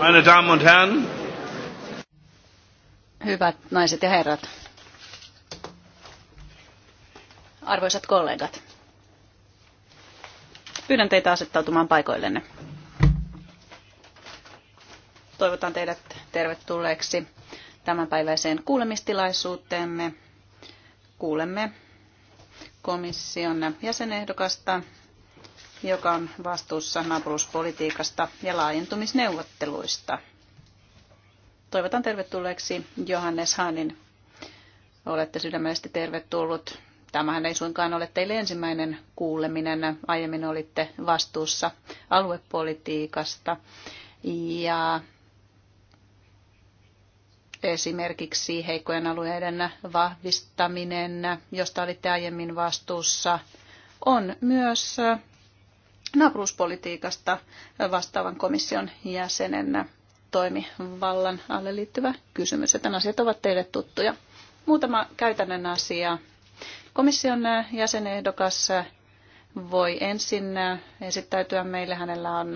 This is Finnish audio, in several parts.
Meine Damen und Herren. Hyvät naiset ja herrat. Arvoisat kollegat. Pyydän teitä asettautumaan paikoillenne. Toivotan teidät tervetulleeksi tämänpäiväiseen kuulemistilaisuuteemme. Kuulemme komission jäsenehdokasta, joka on vastuussa naapuruuspolitiikasta ja laajentumisneuvotteluista. Toivotan tervetulleeksi Johannes Hanin. Olette sydämellisesti tervetullut. Tämähän ei suinkaan ole teille ensimmäinen kuuleminen. Aiemmin olitte vastuussa aluepolitiikasta. Ja esimerkiksi heikkojen alueiden vahvistaminen, josta olitte aiemmin vastuussa, on myös naapuruuspolitiikasta vastaavan komission jäsenenä toimivallan alle liittyvä kysymys. Tämän asiat ovat teille tuttuja. Muutama käytännön asia. Komission jäsenehdokas voi ensin esittäytyä meille. Hänellä on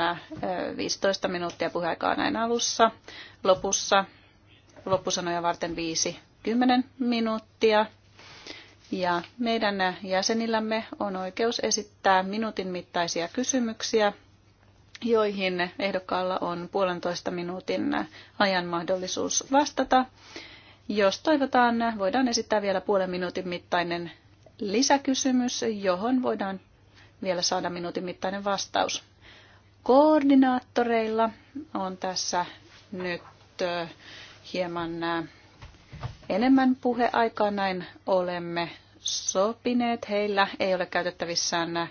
15 minuuttia puheaikaa näin alussa. Lopussa loppusanoja varten viisi kymmenen minuuttia. Ja meidän jäsenillämme on oikeus esittää minuutin mittaisia kysymyksiä, joihin ehdokkaalla on puolentoista minuutin ajan mahdollisuus vastata. Jos toivotaan, voidaan esittää vielä puolen minuutin mittainen lisäkysymys, johon voidaan vielä saada minuutin mittainen vastaus. Koordinaattoreilla on tässä nyt hieman enemmän puheaikaa, näin olemme sopineet. Heillä ei ole käytettävissään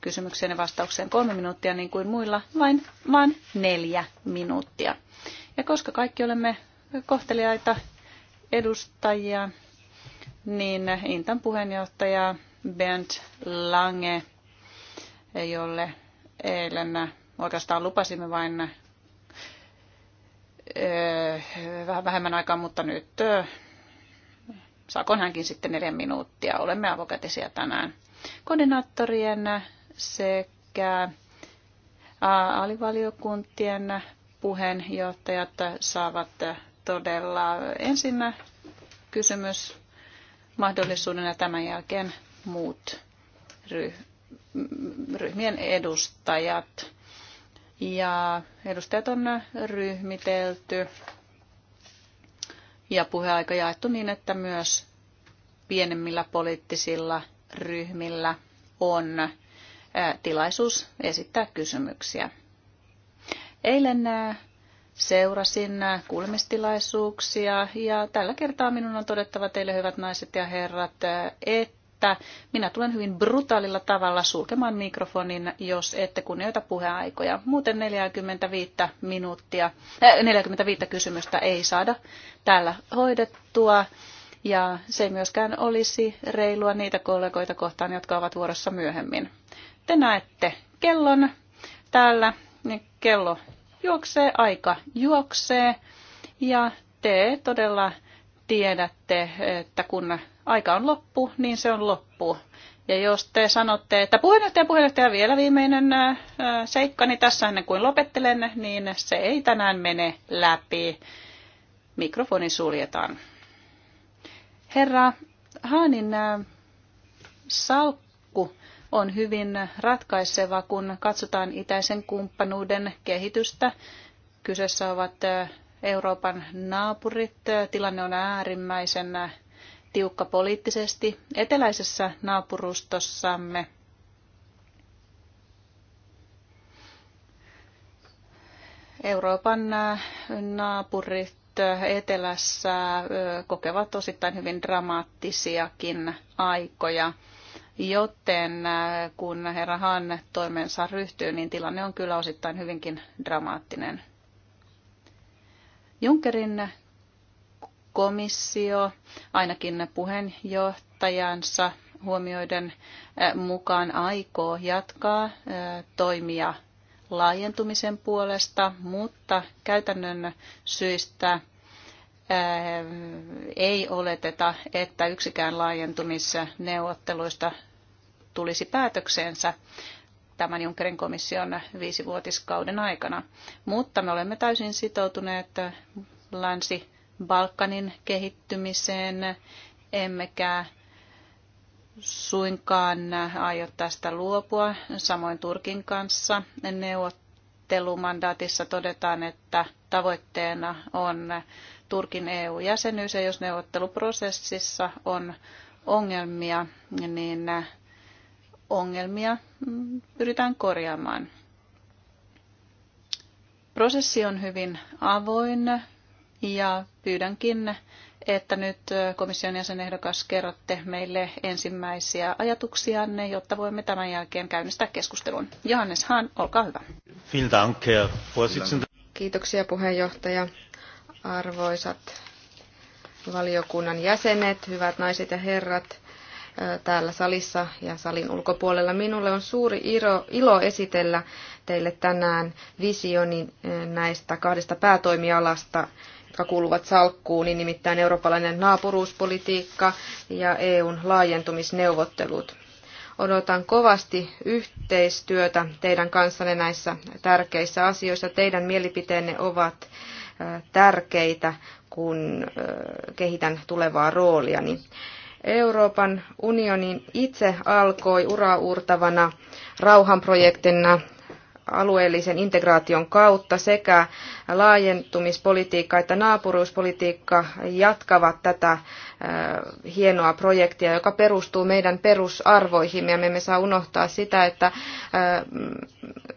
kysymykseen ja vastaukseen kolme minuuttia niin kuin muilla, vain, vain neljä minuuttia. Ja koska kaikki olemme kohteliaita edustajia, niin Intan puheenjohtaja Bernd Lange, jolle eilen oikeastaan lupasimme vain Eh, vähän vähemmän aikaa, mutta nyt eh, saakon hänkin sitten neljä minuuttia. Olemme avokätisiä tänään koordinaattorien sekä alivaliokuntien puheenjohtajat saavat todella ensin kysymys mahdollisuuden ja tämän jälkeen muut ryhmien edustajat. Ja edustajat on ryhmitelty ja puheaika jaettu niin, että myös pienemmillä poliittisilla ryhmillä on tilaisuus esittää kysymyksiä. Eilen seurasin kuulemistilaisuuksia ja tällä kertaa minun on todettava teille hyvät naiset ja herrat, että että minä tulen hyvin brutaalilla tavalla sulkemaan mikrofonin, jos ette kunnioita puheaikoja. Muuten 45 minuuttia, äh, 45 kysymystä ei saada täällä hoidettua. Ja se ei myöskään olisi reilua niitä kollegoita kohtaan, jotka ovat vuorossa myöhemmin. Te näette kellon täällä, kello juoksee, aika juoksee ja te todella tiedätte, että kun aika on loppu, niin se on loppu. Ja jos te sanotte, että puheenjohtaja, puheenjohtaja, vielä viimeinen äh, äh, seikkani tässä ennen kuin lopettelen, niin se ei tänään mene läpi. Mikrofoni suljetaan. Herra Haanin äh, salkku on hyvin ratkaiseva, kun katsotaan itäisen kumppanuuden kehitystä. Kyseessä ovat Euroopan naapurit. Tilanne on äärimmäisen tiukka poliittisesti eteläisessä naapurustossamme. Euroopan naapurit etelässä kokevat osittain hyvin dramaattisiakin aikoja, joten kun herra Han toimensa ryhtyy, niin tilanne on kyllä osittain hyvinkin dramaattinen. Junckerin komissio, ainakin puheenjohtajansa huomioiden eh, mukaan aikoo jatkaa eh, toimia laajentumisen puolesta, mutta käytännön syistä eh, ei oleteta, että yksikään laajentumisneuvotteluista tulisi päätökseensä tämän Junckerin komission viisivuotiskauden aikana. Mutta me olemme täysin sitoutuneet Länsi-Balkanin kehittymiseen, emmekä suinkaan aio tästä luopua. Samoin Turkin kanssa neuvottelumandaatissa todetaan, että tavoitteena on Turkin EU-jäsenyys ja jos neuvotteluprosessissa on ongelmia, niin ongelmia mm, pyritään korjaamaan. Prosessi on hyvin avoin ja pyydänkin, että nyt komission jäsenehdokas kerrotte meille ensimmäisiä ajatuksianne, jotta voimme tämän jälkeen käynnistää keskustelun. Johannes Hahn, olkaa hyvä. Kiitoksia puheenjohtaja. Arvoisat valiokunnan jäsenet, hyvät naiset ja herrat täällä salissa ja salin ulkopuolella. Minulle on suuri ilo, esitellä teille tänään visioni näistä kahdesta päätoimialasta, jotka kuuluvat salkkuun, niin nimittäin eurooppalainen naapuruuspolitiikka ja EUn laajentumisneuvottelut. Odotan kovasti yhteistyötä teidän kanssanne näissä tärkeissä asioissa. Teidän mielipiteenne ovat tärkeitä, kun kehitän tulevaa rooliani. Niin Euroopan unionin itse alkoi uraauurtavana rauhanprojektina alueellisen integraation kautta sekä laajentumispolitiikka että naapuruuspolitiikka jatkavat tätä hienoa projektia, joka perustuu meidän perusarvoihimme ja me emme saa unohtaa sitä, että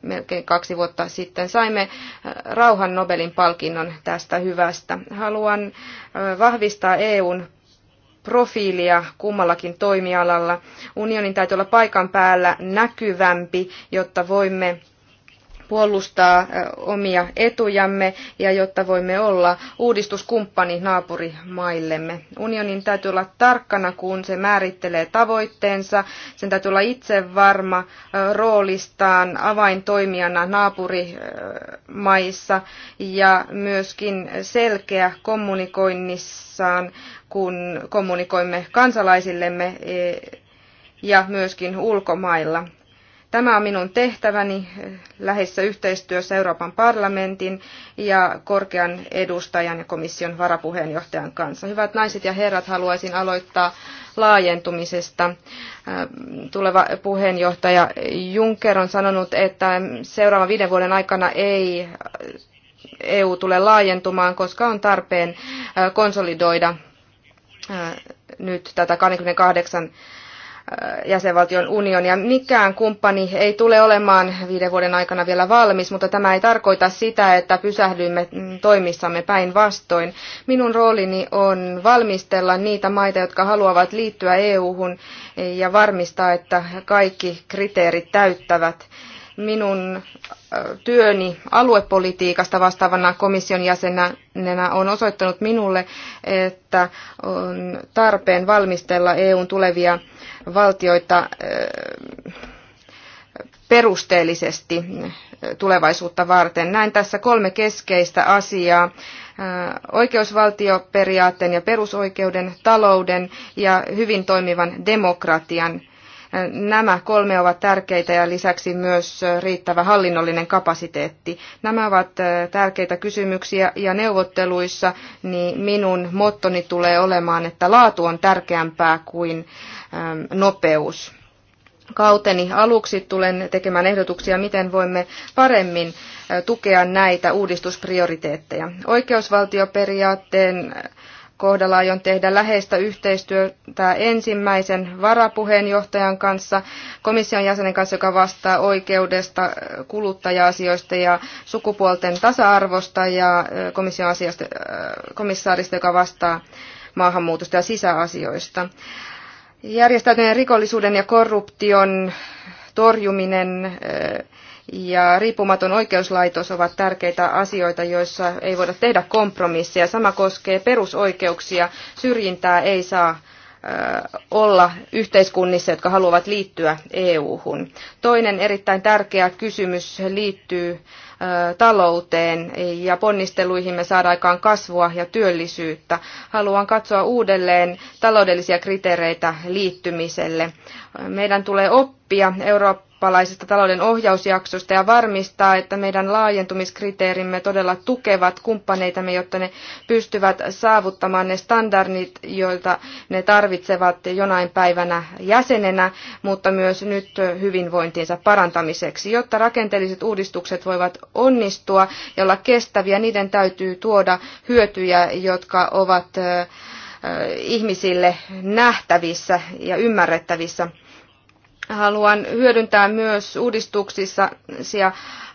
melkein kaksi vuotta sitten saimme rauhan Nobelin palkinnon tästä hyvästä. Haluan vahvistaa EUn profiilia kummallakin toimialalla. Unionin täytyy olla paikan päällä näkyvämpi, jotta voimme puolustaa omia etujamme ja jotta voimme olla uudistuskumppani naapurimaillemme. Unionin täytyy olla tarkkana, kun se määrittelee tavoitteensa. Sen täytyy olla itse varma roolistaan avaintoimijana naapurimaissa ja myöskin selkeä kommunikoinnissaan kun kommunikoimme kansalaisillemme e, ja myöskin ulkomailla. Tämä on minun tehtäväni e, läheisessä yhteistyössä Euroopan parlamentin ja korkean edustajan ja komission varapuheenjohtajan kanssa. Hyvät naiset ja herrat, haluaisin aloittaa laajentumisesta. E, tuleva puheenjohtaja Juncker on sanonut, että seuraavan viiden vuoden aikana ei EU tule laajentumaan, koska on tarpeen konsolidoida Äh, nyt tätä 28 äh, jäsenvaltion unionia. Mikään kumppani ei tule olemaan viiden vuoden aikana vielä valmis, mutta tämä ei tarkoita sitä, että pysähdymme mm, toimissamme päinvastoin. Minun roolini on valmistella niitä maita, jotka haluavat liittyä EU-hun ja varmistaa, että kaikki kriteerit täyttävät. Minun työni aluepolitiikasta vastaavana komission jäsenenä on osoittanut minulle, että on tarpeen valmistella EUn tulevia valtioita äh, perusteellisesti tulevaisuutta varten. Näin tässä kolme keskeistä asiaa äh, oikeusvaltioperiaatteen ja perusoikeuden, talouden ja hyvin toimivan demokratian Nämä kolme ovat tärkeitä ja lisäksi myös riittävä hallinnollinen kapasiteetti. Nämä ovat tärkeitä kysymyksiä ja neuvotteluissa niin minun mottoni tulee olemaan, että laatu on tärkeämpää kuin nopeus. Kauteni aluksi tulen tekemään ehdotuksia, miten voimme paremmin tukea näitä uudistusprioriteetteja. Oikeusvaltioperiaatteen kohdalla aion tehdä läheistä yhteistyötä ensimmäisen varapuheenjohtajan kanssa, komission jäsenen kanssa, joka vastaa oikeudesta, kuluttaja-asioista ja sukupuolten tasa-arvosta ja komission asiasta, komissaarista, joka vastaa maahanmuutosta ja sisäasioista. Järjestäytyneen rikollisuuden ja korruption torjuminen äh, ja riippumaton oikeuslaitos ovat tärkeitä asioita, joissa ei voida tehdä kompromisseja. Sama koskee perusoikeuksia. Syrjintää ei saa olla yhteiskunnissa, jotka haluavat liittyä EU-hun. Toinen erittäin tärkeä kysymys liittyy talouteen ja ponnisteluihimme saadaan aikaan kasvua ja työllisyyttä. Haluan katsoa uudelleen taloudellisia kriteereitä liittymiselle. Meidän tulee oppia eurooppalaisesta talouden ohjausjaksosta ja varmistaa, että meidän laajentumiskriteerimme todella tukevat kumppaneitamme, jotta ne pystyvät saavuttamaan ne standardit, joita ne tarvitsevat jonain päivänä jäsenenä, mutta myös nyt hyvinvointinsa parantamiseksi. Jotta rakenteelliset uudistukset voivat onnistua ja olla kestäviä, niiden täytyy tuoda hyötyjä, jotka ovat ihmisille nähtävissä ja ymmärrettävissä haluan hyödyntää myös uudistuksissa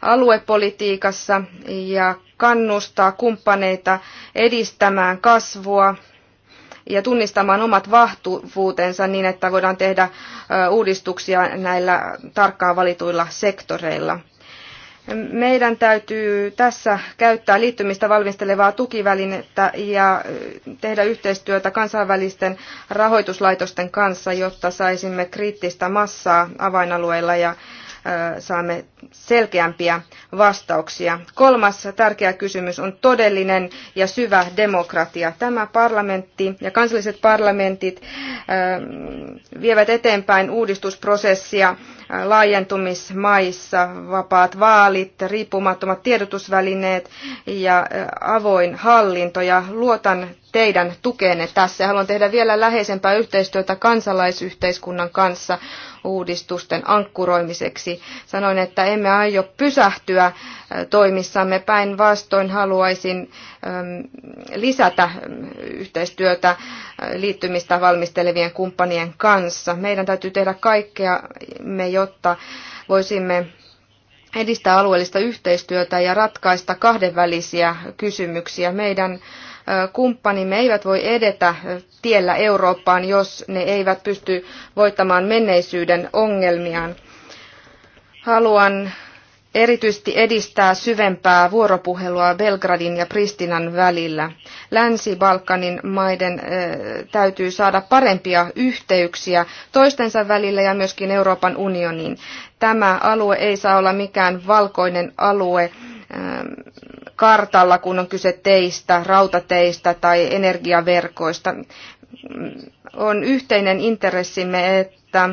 aluepolitiikassa ja kannustaa kumppaneita edistämään kasvua ja tunnistamaan omat vahvuutensa niin, että voidaan tehdä uudistuksia näillä tarkkaan valituilla sektoreilla. Meidän täytyy tässä käyttää liittymistä valmistelevaa tukivälinettä ja tehdä yhteistyötä kansainvälisten rahoituslaitosten kanssa, jotta saisimme kriittistä massaa avainalueilla ja saamme selkeämpiä vastauksia. Kolmas tärkeä kysymys on todellinen ja syvä demokratia. Tämä parlamentti ja kansalliset parlamentit vievät eteenpäin uudistusprosessia laajentumismaissa vapaat vaalit, riippumattomat tiedotusvälineet ja avoin hallinto ja luotan teidän tukeenne tässä. Haluan tehdä vielä läheisempää yhteistyötä kansalaisyhteiskunnan kanssa uudistusten ankkuroimiseksi. Sanoin, että emme aio pysähtyä toimissamme. Päinvastoin haluaisin lisätä yhteistyötä liittymistä valmistelevien kumppanien kanssa. Meidän täytyy tehdä kaikkea, me, jo jotta voisimme edistää alueellista yhteistyötä ja ratkaista kahdenvälisiä kysymyksiä. Meidän kumppanimme eivät voi edetä tiellä Eurooppaan, jos ne eivät pysty voittamaan menneisyyden ongelmiaan. Haluan erityisesti edistää syvempää vuoropuhelua Belgradin ja Pristinan välillä. Länsi-Balkanin maiden täytyy saada parempia yhteyksiä toistensa välillä ja myöskin Euroopan unioniin. Tämä alue ei saa olla mikään valkoinen alue kartalla, kun on kyse teistä, rautateistä tai energiaverkoista. On yhteinen intressimme, että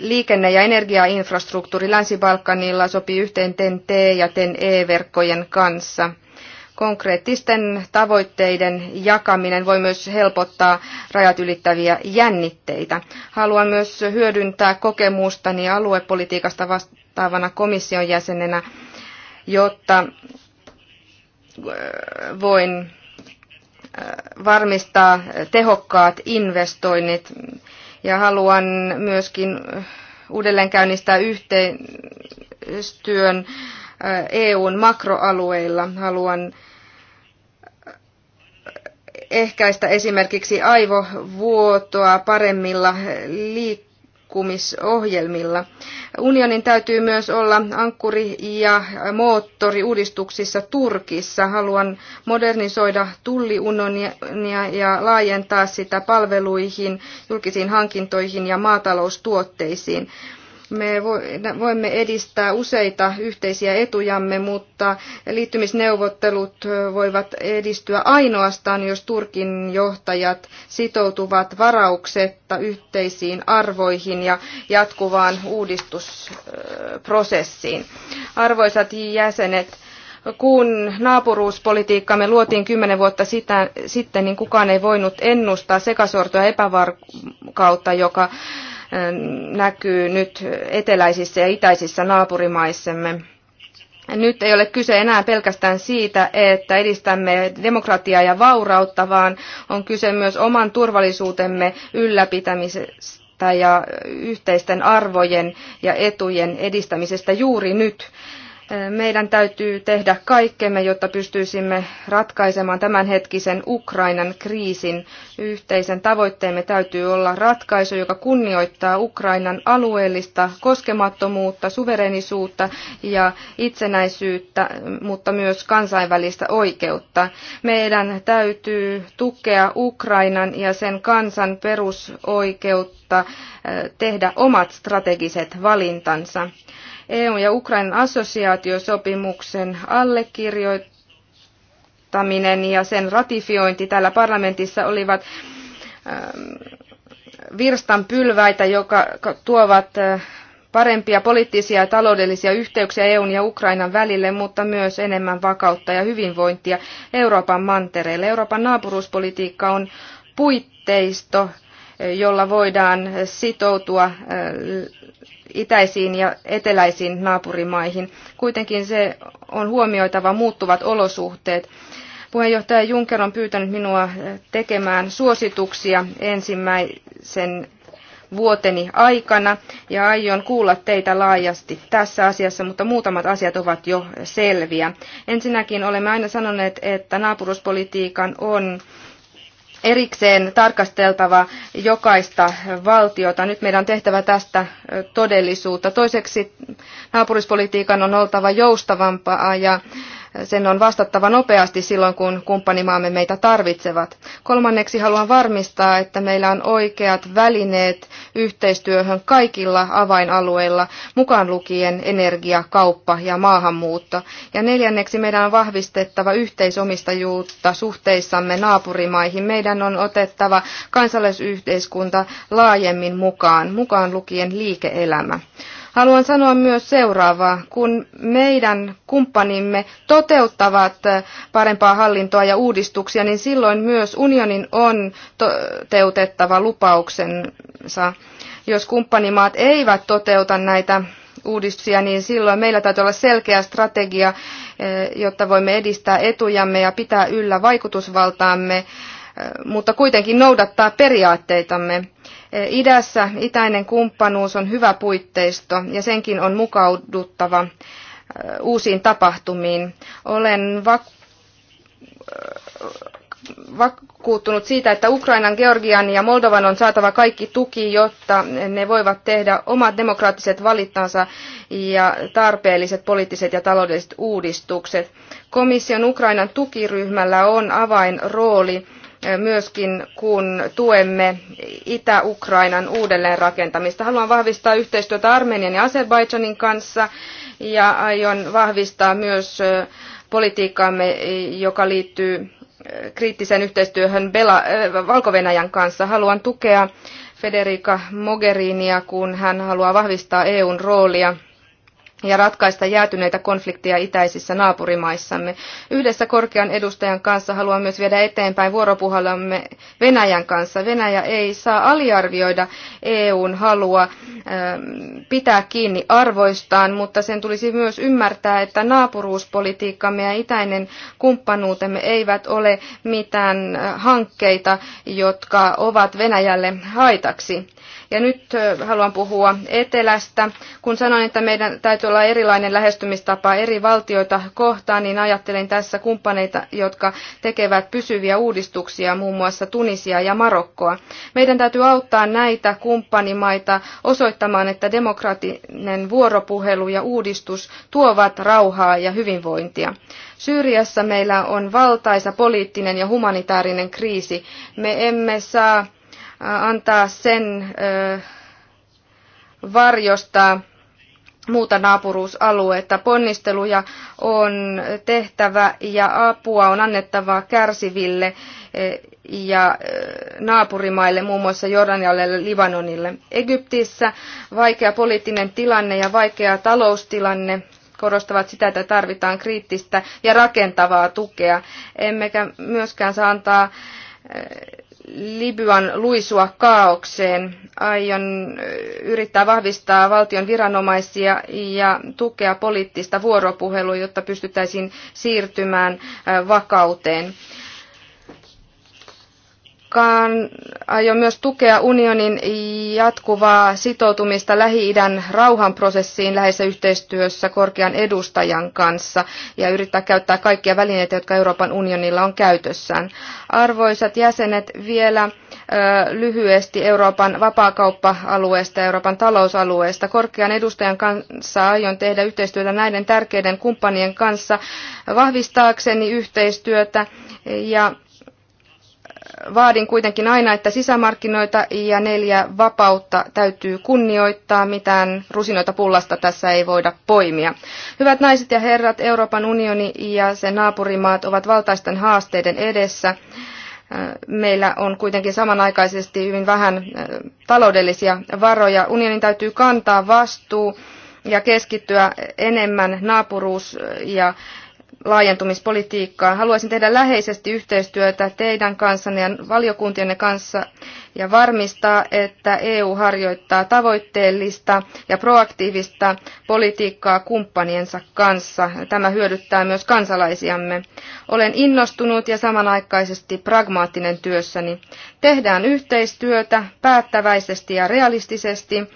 Liikenne- ja energiainfrastruktuuri Länsi-Balkanilla sopii yhteen TEN-T ja TEN-E-verkkojen kanssa. Konkreettisten tavoitteiden jakaminen voi myös helpottaa rajat ylittäviä jännitteitä. Haluan myös hyödyntää kokemustani aluepolitiikasta vastaavana komission jäsenenä, jotta äh, voin äh, varmistaa tehokkaat investoinnit ja haluan myöskin uudelleen käynnistää yhteistyön äh, EUn makroalueilla. Haluan äh, ehkäistä esimerkiksi aivovuotoa paremmilla liikkeellä liikkumisohjelmilla. Unionin täytyy myös olla ankkuri ja moottori uudistuksissa Turkissa. Haluan modernisoida tulliunionia ja laajentaa sitä palveluihin, julkisiin hankintoihin ja maataloustuotteisiin. Me voimme edistää useita yhteisiä etujamme, mutta liittymisneuvottelut voivat edistyä ainoastaan, jos Turkin johtajat sitoutuvat varauksetta yhteisiin arvoihin ja jatkuvaan uudistusprosessiin. Arvoisat jäsenet, kun naapuruuspolitiikkamme luotiin kymmenen vuotta sitä, sitten, niin kukaan ei voinut ennustaa sekasortoa epävarkautta, joka näkyy nyt eteläisissä ja itäisissä naapurimaissamme. Nyt ei ole kyse enää pelkästään siitä, että edistämme demokratiaa ja vaurautta, vaan on kyse myös oman turvallisuutemme ylläpitämisestä ja yhteisten arvojen ja etujen edistämisestä juuri nyt. Meidän täytyy tehdä kaikkemme, jotta pystyisimme ratkaisemaan tämänhetkisen Ukrainan kriisin. Yhteisen tavoitteemme täytyy olla ratkaisu, joka kunnioittaa Ukrainan alueellista koskemattomuutta, suverenisuutta ja itsenäisyyttä, mutta myös kansainvälistä oikeutta. Meidän täytyy tukea Ukrainan ja sen kansan perusoikeutta eh, tehdä omat strategiset valintansa. EU ja Ukrainan assosiaatiosopimuksen allekirjoittaminen ja sen ratifiointi täällä parlamentissa olivat ähm, virstan pylväitä, tuovat äh, parempia poliittisia ja taloudellisia yhteyksiä EUn ja Ukrainan välille, mutta myös enemmän vakautta ja hyvinvointia Euroopan mantereelle. Euroopan naapuruuspolitiikka on puitteisto, jolla voidaan sitoutua äh, itäisiin ja eteläisiin naapurimaihin. Kuitenkin se on huomioitava muuttuvat olosuhteet. Puheenjohtaja Juncker on pyytänyt minua tekemään suosituksia ensimmäisen vuoteni aikana ja aion kuulla teitä laajasti tässä asiassa, mutta muutamat asiat ovat jo selviä. Ensinnäkin olemme aina sanoneet, että naapuruspolitiikan on erikseen tarkasteltava jokaista valtiota. Nyt meidän on tehtävä tästä todellisuutta. Toiseksi naapurispolitiikan on oltava joustavampaa ja sen on vastattava nopeasti silloin, kun kumppanimaamme meitä tarvitsevat. Kolmanneksi haluan varmistaa, että meillä on oikeat välineet yhteistyöhön kaikilla avainalueilla, mukaan lukien energia, kauppa ja maahanmuutto. Ja neljänneksi meidän on vahvistettava yhteisomistajuutta suhteissamme naapurimaihin. Meidän on otettava kansalaisyhteiskunta laajemmin mukaan, mukaan lukien liike-elämä. Haluan sanoa myös seuraavaa. Kun meidän kumppanimme toteuttavat parempaa hallintoa ja uudistuksia, niin silloin myös unionin on toteutettava lupauksensa. Jos kumppanimaat eivät toteuta näitä uudistuksia, niin silloin meillä täytyy olla selkeä strategia, eh, jotta voimme edistää etujamme ja pitää yllä vaikutusvaltaamme mutta kuitenkin noudattaa periaatteitamme. Idässä itäinen kumppanuus on hyvä puitteisto ja senkin on mukauduttava uusiin tapahtumiin. Olen vak- vakuuttunut siitä, että Ukrainan, Georgian ja Moldovan on saatava kaikki tuki, jotta ne voivat tehdä omat demokraattiset valittansa ja tarpeelliset poliittiset ja taloudelliset uudistukset. Komission Ukrainan tukiryhmällä on avainrooli myöskin kun tuemme Itä-Ukrainan uudelleenrakentamista. Haluan vahvistaa yhteistyötä Armenian ja Azerbaidžanin kanssa ja aion vahvistaa myös politiikkaamme, joka liittyy kriittiseen yhteistyöhön Bela, Valko-Venäjän kanssa. Haluan tukea Federica Mogherinia, kun hän haluaa vahvistaa EUn roolia – ja ratkaista jäätyneitä konflikteja itäisissä naapurimaissamme. Yhdessä korkean edustajan kanssa haluan myös viedä eteenpäin vuoropuhallamme Venäjän kanssa. Venäjä ei saa aliarvioida EUn halua ähm, pitää kiinni arvoistaan, mutta sen tulisi myös ymmärtää, että naapuruuspolitiikkamme ja itäinen kumppanuutemme eivät ole mitään äh, hankkeita, jotka ovat Venäjälle haitaksi. Ja nyt haluan puhua etelästä. Kun sanoin, että meidän täytyy olla erilainen lähestymistapa eri valtioita kohtaan, niin ajattelin tässä kumppaneita, jotka tekevät pysyviä uudistuksia, muun muassa Tunisia ja Marokkoa. Meidän täytyy auttaa näitä kumppanimaita osoittamaan, että demokraattinen vuoropuhelu ja uudistus tuovat rauhaa ja hyvinvointia. Syyriassa meillä on valtaisa poliittinen ja humanitaarinen kriisi. Me emme saa antaa sen varjosta muuta naapuruusaluetta. Ponnisteluja on tehtävä ja apua on annettava kärsiville ja naapurimaille, muun muassa Jordanialle ja Libanonille. Egyptissä vaikea poliittinen tilanne ja vaikea taloustilanne korostavat sitä, että tarvitaan kriittistä ja rakentavaa tukea. Emmekä myöskään saa antaa Libyan luisua kaaukseen. Aion yrittää vahvistaa valtion viranomaisia ja tukea poliittista vuoropuhelua, jotta pystyttäisiin siirtymään äh, vakauteen mukaan aion myös tukea unionin jatkuvaa sitoutumista Lähi-idän rauhanprosessiin läheisessä yhteistyössä korkean edustajan kanssa ja yrittää käyttää kaikkia välineitä, jotka Euroopan unionilla on käytössään. Arvoisat jäsenet, vielä lyhyesti Euroopan vapaakauppa-alueesta ja Euroopan talousalueesta. Korkean edustajan kanssa aion tehdä yhteistyötä näiden tärkeiden kumppanien kanssa vahvistaakseni yhteistyötä ja Vaadin kuitenkin aina, että sisämarkkinoita ja neljä vapautta täytyy kunnioittaa, mitään rusinoita pullasta tässä ei voida poimia. Hyvät naiset ja herrat, Euroopan unioni ja sen naapurimaat ovat valtaisten haasteiden edessä meillä on kuitenkin samanaikaisesti hyvin vähän taloudellisia varoja. Unionin täytyy kantaa vastuu ja keskittyä enemmän naapuruus- ja laajentumispolitiikkaa. Haluaisin tehdä läheisesti yhteistyötä teidän kanssanne ja valiokuntienne kanssa ja varmistaa, että EU harjoittaa tavoitteellista ja proaktiivista politiikkaa kumppaniensa kanssa. Tämä hyödyttää myös kansalaisiamme. Olen innostunut ja samanaikaisesti pragmaattinen työssäni. Tehdään yhteistyötä päättäväisesti ja realistisesti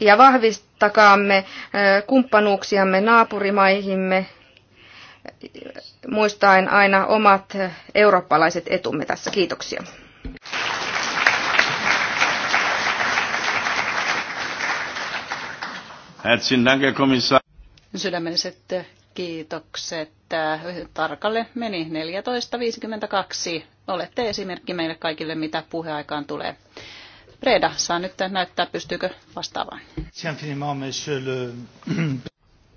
ja vahvistakaamme kumppanuuksiamme naapurimaihimme muistaen aina omat eh, eurooppalaiset etumme tässä. Kiitoksia. Sydämelliset eh, kiitokset. Eh, tarkalle meni 14.52. Olette esimerkki meille kaikille, mitä puheaikaan tulee. Preda saa nyt näyttää, pystyykö vastaamaan.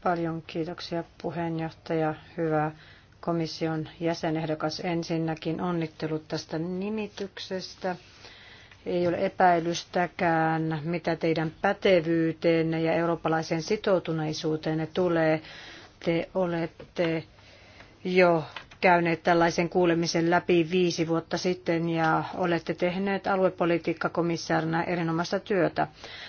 Paljon kiitoksia puheenjohtaja. Hyvä komission jäsenehdokas. Ensinnäkin onnittelut tästä nimityksestä. Ei ole epäilystäkään, mitä teidän pätevyyteenne ja eurooppalaiseen sitoutuneisuuteenne tulee. Te olette jo käyneet tällaisen kuulemisen läpi viisi vuotta sitten ja olette tehneet aluepolitiikkakomissaarina erinomaista työtä.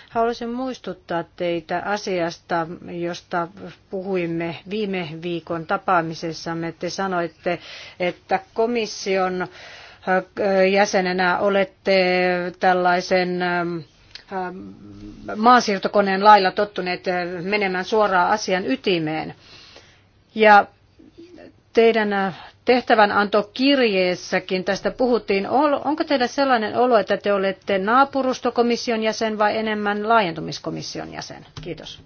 Haluaisin muistuttaa teitä asiasta, josta puhuimme viime viikon tapaamisessamme. Te sanoitte, että komission jäsenenä olette tällaisen maansiirtokoneen lailla tottuneet menemään suoraan asian ytimeen. Ja teidän äh, tehtävänantokirjeessäkin tästä puhuttiin. Onko teillä sellainen olo, että te olette naapurustokomission jäsen vai enemmän laajentumiskomission jäsen? Kiitos.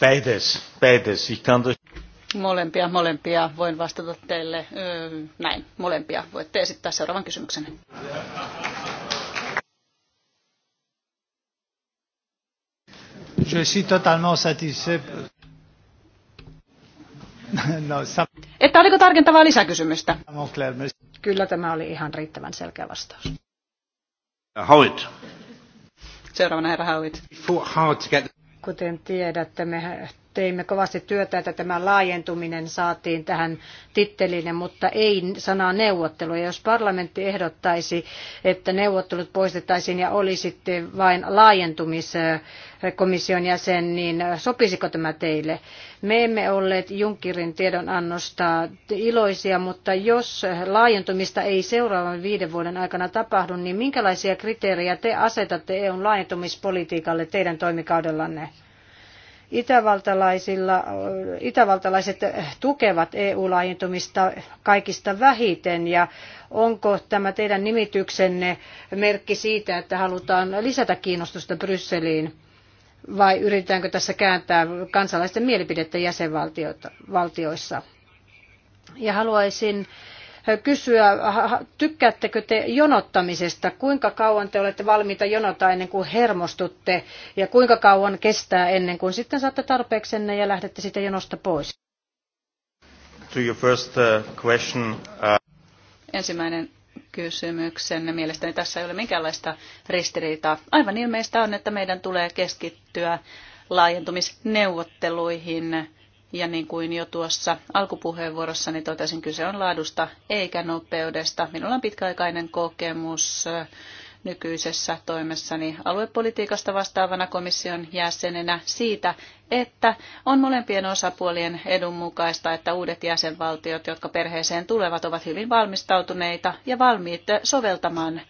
Beides, beides. Ich kann durch... Molempia, molempia. Voin vastata teille näin. Molempia. Voitte esittää seuraavan kysymyksen. Je suis totalement satisfait no, some... Että oliko tarkentavaa lisäkysymystä? Kyllä tämä oli ihan riittävän selkeä vastaus. Howitt. Seuraavana herra Howitt. Kuten tiedätte, me teimme kovasti työtä, että tämä laajentuminen saatiin tähän titteline, mutta ei sanaa neuvottelu. Ja jos parlamentti ehdottaisi, että neuvottelut poistettaisiin ja olisitte vain laajentumiskomission jäsen, niin sopisiko tämä teille? Me emme olleet Junckerin tiedonannosta iloisia, mutta jos laajentumista ei seuraavan viiden vuoden aikana tapahdu, niin minkälaisia kriteerejä te asetatte EUn laajentumispolitiikalle teidän toimikaudellanne? Itävaltalaisilla, itävaltalaiset tukevat EU-laajentumista kaikista vähiten ja onko tämä teidän nimityksenne merkki siitä, että halutaan lisätä kiinnostusta Brysseliin? vai yritetäänkö tässä kääntää kansalaisten mielipidettä jäsenvaltioissa? Ja haluaisin kysyä, tykkäättekö te jonottamisesta? Kuinka kauan te olette valmiita jonota ennen kuin hermostutte ja kuinka kauan kestää ennen kuin sitten saatte tarpeeksenne ja lähdette sitä jonosta pois? To your first uh, question, uh, Ensimmäinen kysymyksenne. Mielestäni tässä ei ole minkäänlaista ristiriitaa. Aivan ilmeistä on, että meidän tulee keskittyä laajentumisneuvotteluihin ja niin kuin jo tuossa alkupuheenvuorossani totesin, kyse on laadusta eikä nopeudesta. Minulla on pitkäaikainen kokemus äh, nykyisessä toimessani aluepolitiikasta vastaavana komission jäsenenä siitä, että on molempien osapuolien edun mukaista, että uudet jäsenvaltiot, jotka perheeseen tulevat, ovat hyvin valmistautuneita ja valmiit soveltamaan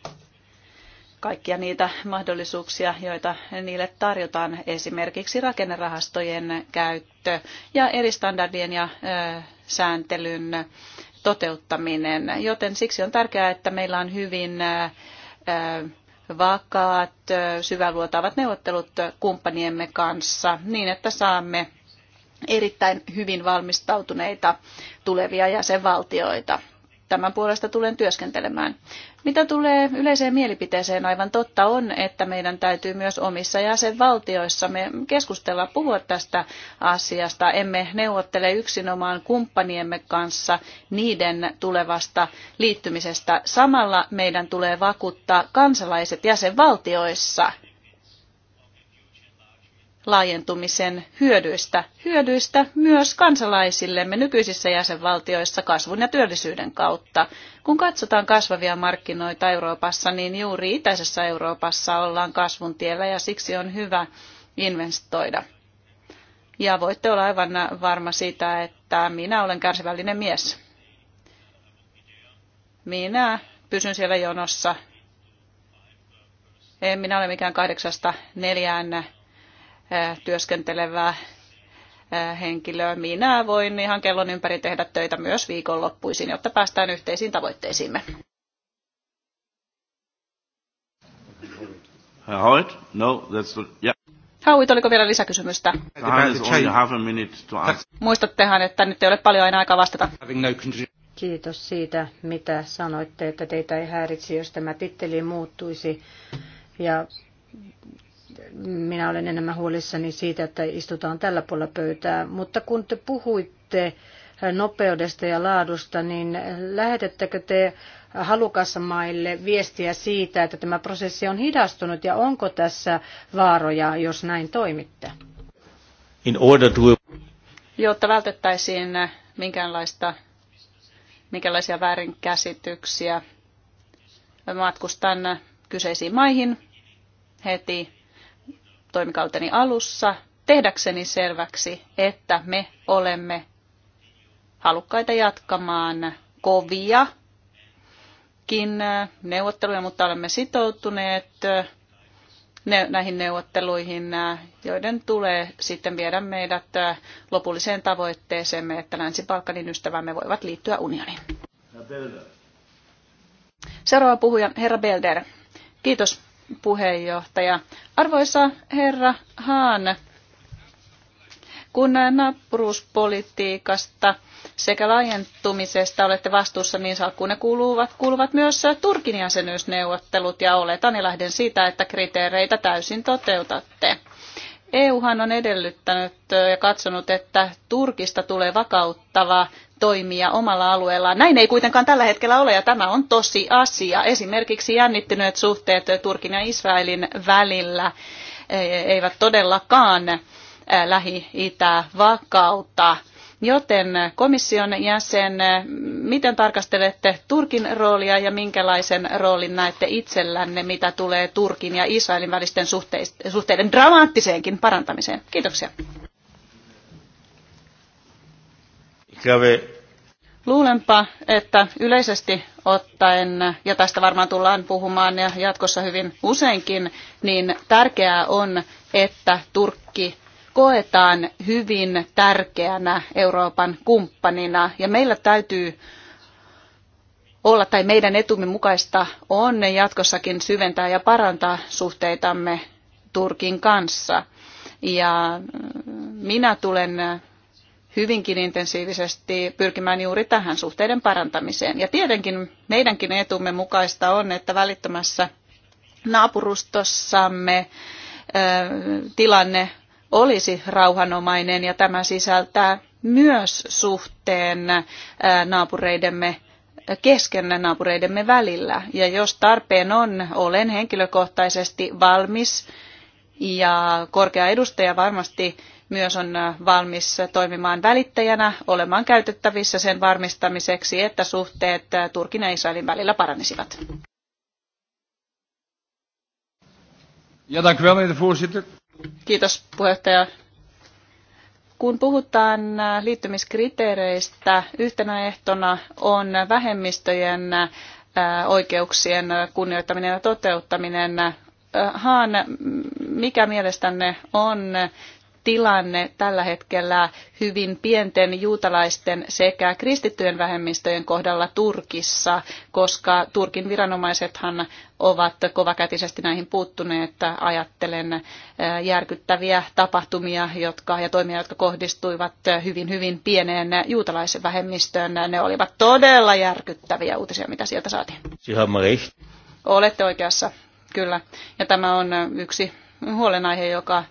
kaikkia niitä mahdollisuuksia, joita niille tarjotaan, esimerkiksi rakennerahastojen käyttö ja eri standardien ja sääntelyn toteuttaminen. Joten siksi on tärkeää, että meillä on hyvin vakaat, syväluotaavat neuvottelut kumppaniemme kanssa niin, että saamme erittäin hyvin valmistautuneita tulevia jäsenvaltioita tämän puolesta tulen työskentelemään. Mitä tulee yleiseen mielipiteeseen, aivan totta on, että meidän täytyy myös omissa jäsenvaltioissamme keskustella, puhua tästä asiasta. Emme neuvottele yksinomaan kumppaniemme kanssa niiden tulevasta liittymisestä. Samalla meidän tulee vakuuttaa kansalaiset jäsenvaltioissa – laajentumisen hyödyistä. Hyödyistä myös kansalaisillemme nykyisissä jäsenvaltioissa kasvun ja työllisyyden kautta. Kun katsotaan kasvavia markkinoita Euroopassa, niin juuri itäisessä Euroopassa ollaan kasvun tiellä ja siksi on hyvä investoida. Ja voitte olla aivan varma siitä, että minä olen kärsivällinen mies. Minä pysyn siellä jonossa. En minä ole mikään kahdeksasta neljään työskentelevää henkilöä. Minä voin ihan kellon ympäri tehdä töitä myös viikonloppuisin, jotta päästään yhteisiin tavoitteisiimme. Howitt? No, that's the, yeah. Hauit, oliko vielä lisäkysymystä? Muistattehan, että nyt ei ole paljon aina aikaa vastata. No Kiitos siitä, mitä sanoitte, että teitä ei häiritsi, jos tämä titteli muuttuisi. Ja minä olen enemmän huolissani siitä, että istutaan tällä puolella pöytää. Mutta kun te puhuitte nopeudesta ja laadusta, niin lähetettekö te maille viestiä siitä, että tämä prosessi on hidastunut ja onko tässä vaaroja, jos näin toimitte? In order to... Jotta vältettäisiin minkäänlaista, minkälaisia väärinkäsityksiä, matkustan kyseisiin maihin heti toimikauteni alussa tehdäkseni selväksi, että me olemme halukkaita jatkamaan koviakin neuvotteluja, mutta olemme sitoutuneet näihin neuvotteluihin, joiden tulee sitten viedä meidät lopulliseen tavoitteeseemme, että Länsi-Balkanin ystävämme voivat liittyä unioniin. Seuraava puhuja, herra Belder. Kiitos puheenjohtaja. Arvoisa herra Haan, kun naapuruuspolitiikasta sekä laajentumisesta olette vastuussa, niin salkkuun kuuluvat, kuuluvat myös Turkin jäsenyysneuvottelut ja oletan ja lähden siitä, että kriteereitä täysin toteutatte. EUhan on edellyttänyt ja katsonut, että Turkista tulee vakauttava toimija omalla alueellaan. Näin ei kuitenkaan tällä hetkellä ole ja tämä on tosi asia. Esimerkiksi jännittyneet suhteet Turkin ja Israelin välillä e, e, eivät todellakaan lähi-itää vakauta. Joten komission jäsen, miten tarkastelette Turkin roolia ja minkälaisen roolin näette itsellänne, mitä tulee Turkin ja Israelin välisten suhteiden dramaattiseenkin parantamiseen? Kiitoksia. Ikäve. Luulenpa, että yleisesti ottaen, ja tästä varmaan tullaan puhumaan ja jatkossa hyvin useinkin, niin tärkeää on, että Turkki koetaan hyvin tärkeänä Euroopan kumppanina ja meillä täytyy olla tai meidän etumme mukaista on jatkossakin syventää ja parantaa suhteitamme Turkin kanssa. Ja mm, minä tulen hyvinkin intensiivisesti pyrkimään juuri tähän suhteiden parantamiseen. Ja tietenkin meidänkin etumme mukaista on, että välittömässä naapurustossamme tilanne olisi rauhanomainen ja tämä sisältää myös suhteen naapureidemme kesken naapureidemme välillä. Ja jos tarpeen on, olen henkilökohtaisesti valmis ja korkea edustaja varmasti myös on valmis toimimaan välittäjänä, olemaan käytettävissä sen varmistamiseksi, että suhteet Turkin ja Israelin välillä paranisivat. Ja, dank u Kiitos puheenjohtaja. Kun puhutaan äh, liittymiskriteereistä, yhtenä ehtona on vähemmistöjen äh, oikeuksien kunnioittaminen ja toteuttaminen. Äh, Haan, mikä mielestänne on tilanne tällä hetkellä hyvin pienten juutalaisten sekä kristittyjen vähemmistöjen kohdalla Turkissa, koska Turkin viranomaisethan ovat kovakätisesti näihin puuttuneet. Ajattelen eh, järkyttäviä tapahtumia jotka, ja toimia, jotka kohdistuivat hyvin, hyvin pieneen juutalaisen vähemmistöön. Ne olivat todella järkyttäviä uutisia, mitä sieltä saatiin. Olette oikeassa, kyllä. Ja tämä on yksi huolenaihe, joka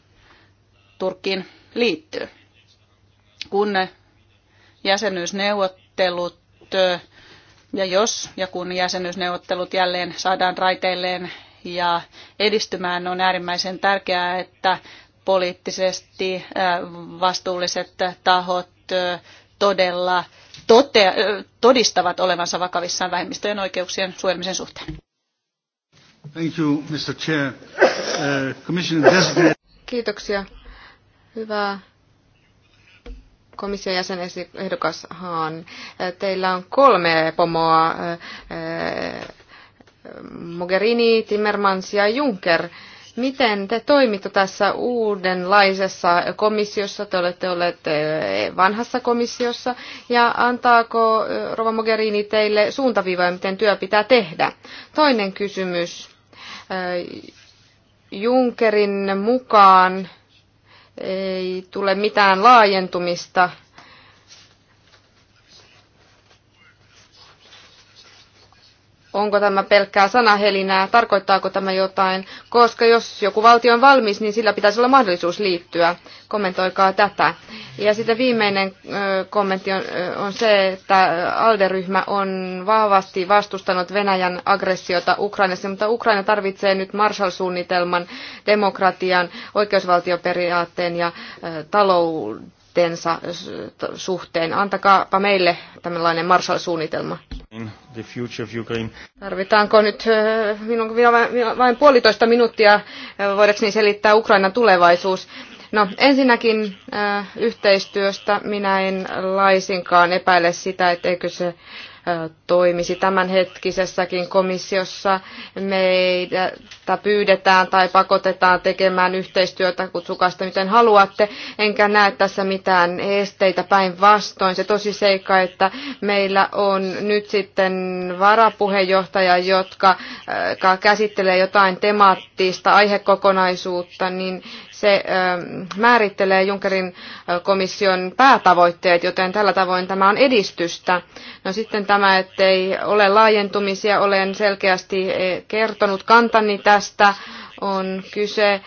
Turkkiin liittyy. Kun jäsenyysneuvottelut ja jos ja kun jäsenyysneuvottelut jälleen saadaan raiteilleen ja edistymään, on äärimmäisen tärkeää, että poliittisesti vastuulliset tahot todella tote, todistavat olevansa vakavissaan vähemmistöjen oikeuksien suojelmisen suhteen. Thank you, Mr. Chair. Uh, Kiitoksia Hyvä komission jäsen ehdokas Haan. Teillä on kolme pomoa, eh, Mogherini, Timmermans ja Juncker. Miten te toimitte tässä uudenlaisessa komissiossa? Te olette olleet eh, vanhassa komissiossa. Ja antaako eh, Rova Mogherini teille suuntaviivoja, miten työ pitää tehdä? Toinen kysymys. Junckerin mukaan ei tule mitään laajentumista onko tämä pelkkää sanahelinää, tarkoittaako tämä jotain, koska jos joku valtio on valmis, niin sillä pitäisi olla mahdollisuus liittyä. Kommentoikaa tätä. Ja sitten viimeinen kommentti on, on se, että ALDE-ryhmä on vahvasti vastustanut Venäjän aggressiota Ukrainassa, mutta Ukraina tarvitsee nyt Marshall-suunnitelman, demokratian, oikeusvaltioperiaatteen ja talouden tavoitteensa suhteen. Antakaapa meille tällainen Marshall-suunnitelma. Tarvitaanko nyt minun minä vain, vain puolitoista minuuttia, voidakseni selittää Ukrainan tulevaisuus? No ensinnäkin yhteistyöstä minä en laisinkaan epäile sitä, etteikö se toimisi tämänhetkisessäkin komissiossa. Meitä pyydetään tai pakotetaan tekemään yhteistyötä, kutsukaa sitä miten haluatte, enkä näe tässä mitään esteitä päinvastoin. Se tosi seikka, että meillä on nyt sitten varapuheenjohtaja, jotka käsittelee jotain temaattista aihekokonaisuutta, niin se määrittelee Junckerin komission päätavoitteet, joten tällä tavoin tämä on edistystä. No sitten tämä, ettei ole laajentumisia. Olen selkeästi eh, kertonut kantani tästä. On kyse eh,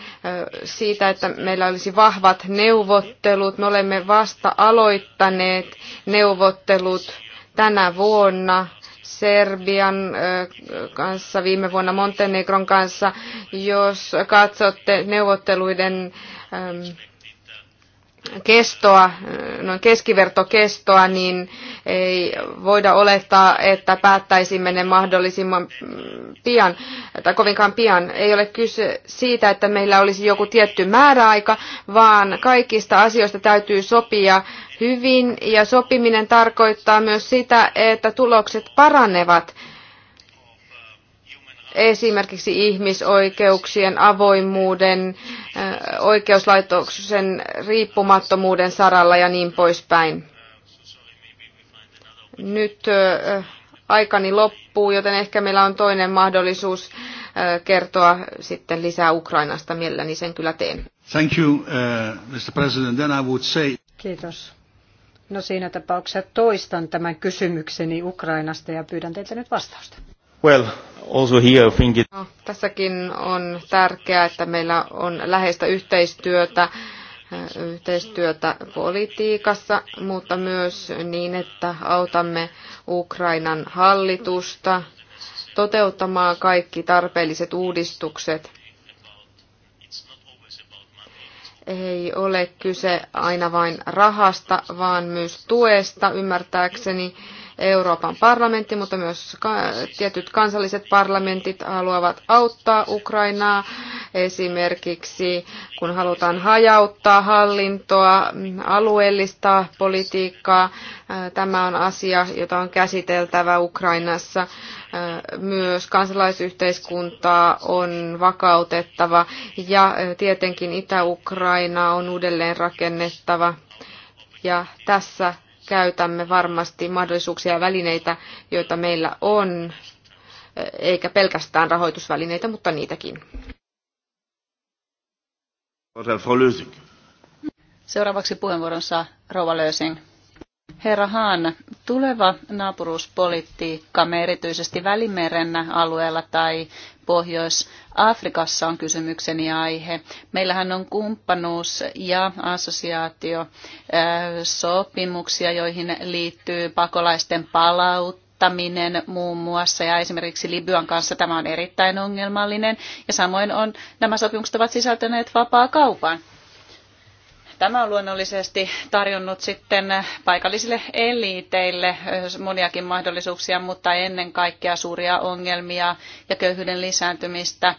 siitä, että meillä olisi vahvat neuvottelut. Me olemme vasta aloittaneet neuvottelut tänä vuonna Serbian eh, kanssa, viime vuonna Montenegron kanssa. Jos katsotte neuvotteluiden kestoa, noin keskivertokestoa, niin ei voida olettaa, että päättäisimme ne mahdollisimman pian, tai kovinkaan pian. Ei ole kyse siitä, että meillä olisi joku tietty määräaika, vaan kaikista asioista täytyy sopia hyvin, ja sopiminen tarkoittaa myös sitä, että tulokset paranevat esimerkiksi ihmisoikeuksien, avoimuuden, oikeuslaitoksen riippumattomuuden saralla ja niin poispäin. Nyt aikani loppuu, joten ehkä meillä on toinen mahdollisuus kertoa sitten lisää Ukrainasta. Mielelläni sen kyllä teen. Thank you, uh, Mr. President. Then I would say... Kiitos. No siinä tapauksessa toistan tämän kysymykseni Ukrainasta ja pyydän teiltä nyt vastausta. Well, also here I think it... no, tässäkin on tärkeää, että meillä on läheistä yhteistyötä eh, yhteistyötä politiikassa, mutta myös niin, että autamme Ukrainan hallitusta toteuttamaan kaikki tarpeelliset uudistukset. Ei ole kyse aina vain rahasta, vaan myös tuesta, ymmärtääkseni Euroopan parlamentti, mutta myös tietyt kansalliset parlamentit haluavat auttaa Ukrainaa. Esimerkiksi kun halutaan hajauttaa hallintoa, alueellista politiikkaa, äh, tämä on asia, jota on käsiteltävä Ukrainassa. Äh, myös kansalaisyhteiskuntaa on vakautettava ja äh, tietenkin Itä-Ukraina on uudelleen rakennettava. Ja tässä käytämme varmasti mahdollisuuksia ja välineitä, joita meillä on, eikä pelkästään rahoitusvälineitä, mutta niitäkin. Seuraavaksi puheenvuoron saa Lösing. Herra Haan, tuleva me erityisesti Välimeren alueella tai Pohjois-Afrikassa on kysymykseni aihe. Meillähän on kumppanuus- ja assosiaatiosopimuksia, joihin liittyy pakolaisten palautta muun muassa ja esimerkiksi Libyan kanssa tämä on erittäin ongelmallinen ja samoin on, nämä sopimukset ovat sisältäneet vapaa kaupan. Tämä on luonnollisesti tarjonnut sitten paikallisille eliiteille moniakin mahdollisuuksia, mutta ennen kaikkea suuria ongelmia ja köyhyyden lisääntymistä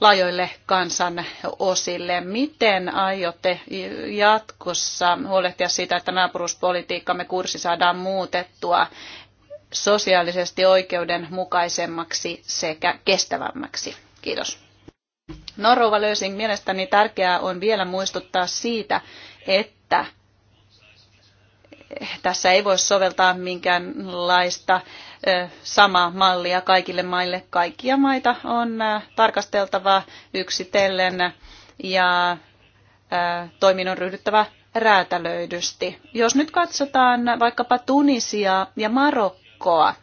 laajoille kansan osille. Miten aiotte jatkossa huolehtia siitä, että naapuruspolitiikkamme kurssi saadaan muutettua sosiaalisesti oikeudenmukaisemmaksi sekä kestävämmäksi? Kiitos. No Rouva Lösing, mielestäni tärkeää on vielä muistuttaa siitä, että tässä ei voi soveltaa minkäänlaista samaa mallia kaikille maille. Kaikkia maita on tarkasteltava yksitellen ja toiminnon ryhdyttävä räätälöidysti. Jos nyt katsotaan vaikkapa Tunisiaa ja Marokkoa,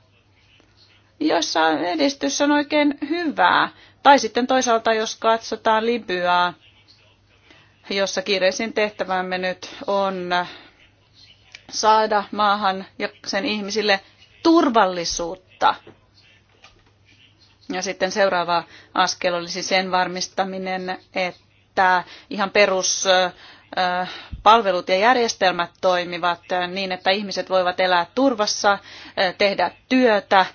jossa edistys on oikein hyvää, tai sitten toisaalta, jos katsotaan Libyaa, jossa kiireisin tehtävämme nyt on saada maahan ja sen ihmisille turvallisuutta. Ja sitten seuraava askel olisi sen varmistaminen, että ihan peruspalvelut ja järjestelmät toimivat niin, että ihmiset voivat elää turvassa, tehdä työtä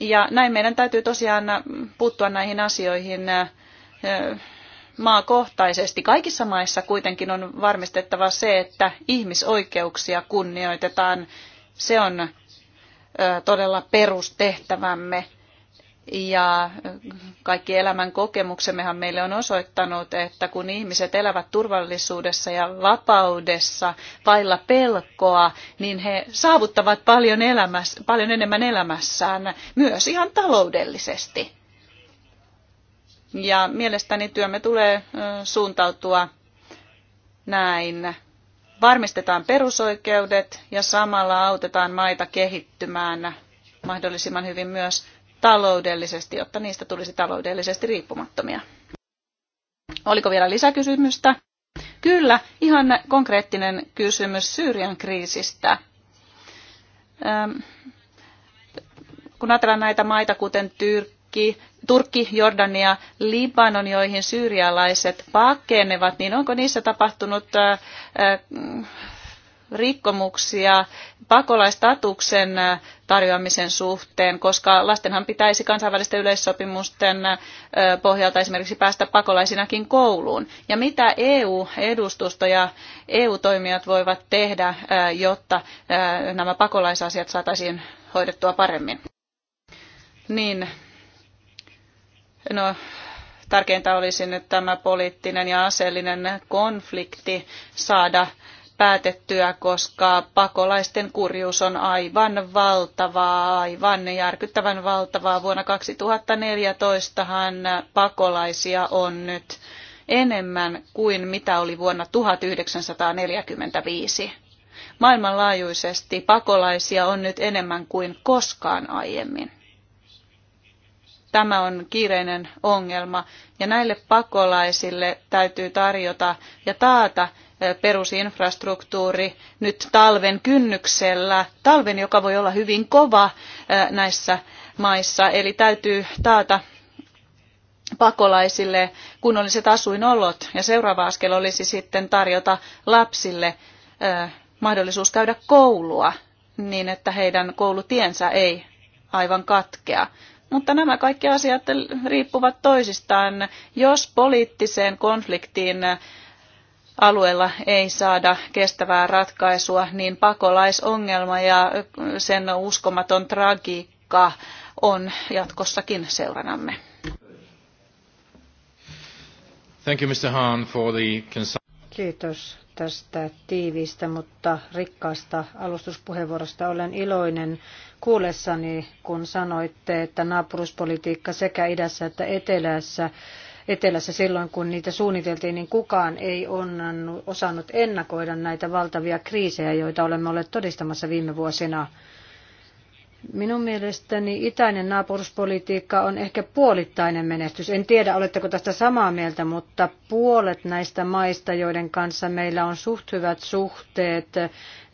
ja näin meidän täytyy tosiaan puuttua näihin asioihin maakohtaisesti. Kaikissa maissa kuitenkin on varmistettava se, että ihmisoikeuksia kunnioitetaan. Se on todella perustehtävämme. Ja kaikki elämän kokemuksemmehan meille on osoittanut, että kun ihmiset elävät turvallisuudessa ja vapaudessa vailla pelkoa, niin he saavuttavat paljon, elämässä, paljon enemmän elämässään, myös ihan taloudellisesti. Ja mielestäni työmme tulee suuntautua näin. Varmistetaan perusoikeudet ja samalla autetaan maita kehittymään mahdollisimman hyvin myös taloudellisesti, jotta niistä tulisi taloudellisesti riippumattomia. Oliko vielä lisäkysymystä? Kyllä, ihan konkreettinen kysymys Syyrian kriisistä. Ähm, kun ajatellaan näitä maita, kuten Tyrkki, Turkki, Jordania, Libanon, joihin syyrialaiset pakenevat, niin onko niissä tapahtunut äh, rikkomuksia pakolaistatuksen tarjoamisen suhteen, koska lastenhan pitäisi kansainvälisten yleissopimusten pohjalta esimerkiksi päästä pakolaisinakin kouluun. Ja mitä EU-edustusto ja EU-toimijat voivat tehdä, jotta nämä pakolaisasiat saataisiin hoidettua paremmin? Niin, no, tärkeintä olisi nyt tämä poliittinen ja aseellinen konflikti saada päätettyä, koska pakolaisten kurjuus on aivan valtavaa, aivan järkyttävän valtavaa. Vuonna 2014han pakolaisia on nyt enemmän kuin mitä oli vuonna 1945. Maailmanlaajuisesti pakolaisia on nyt enemmän kuin koskaan aiemmin. Tämä on kiireinen ongelma ja näille pakolaisille täytyy tarjota ja taata perusinfrastruktuuri nyt talven kynnyksellä, talven, joka voi olla hyvin kova näissä maissa, eli täytyy taata pakolaisille kunnolliset asuinolot ja seuraava askel olisi sitten tarjota lapsille mahdollisuus käydä koulua niin, että heidän koulutiensä ei aivan katkea. Mutta nämä kaikki asiat riippuvat toisistaan. Jos poliittiseen konfliktiin alueella ei saada kestävää ratkaisua, niin pakolaisongelma ja sen uskomaton tragiikka on jatkossakin seuranamme. Thank you, Mr. Hahn, for the Kiitos tästä tiiviistä, mutta rikkaasta alustuspuheenvuorosta. Olen iloinen kuullessani, kun sanoitte, että naapuruspolitiikka sekä idässä että etelässä etelässä silloin, kun niitä suunniteltiin, niin kukaan ei onnannut, osannut ennakoida näitä valtavia kriisejä, joita olemme olleet todistamassa viime vuosina. Minun mielestäni itäinen naapuruspolitiikka on ehkä puolittainen menestys. En tiedä, oletteko tästä samaa mieltä, mutta puolet näistä maista, joiden kanssa meillä on suht hyvät suhteet,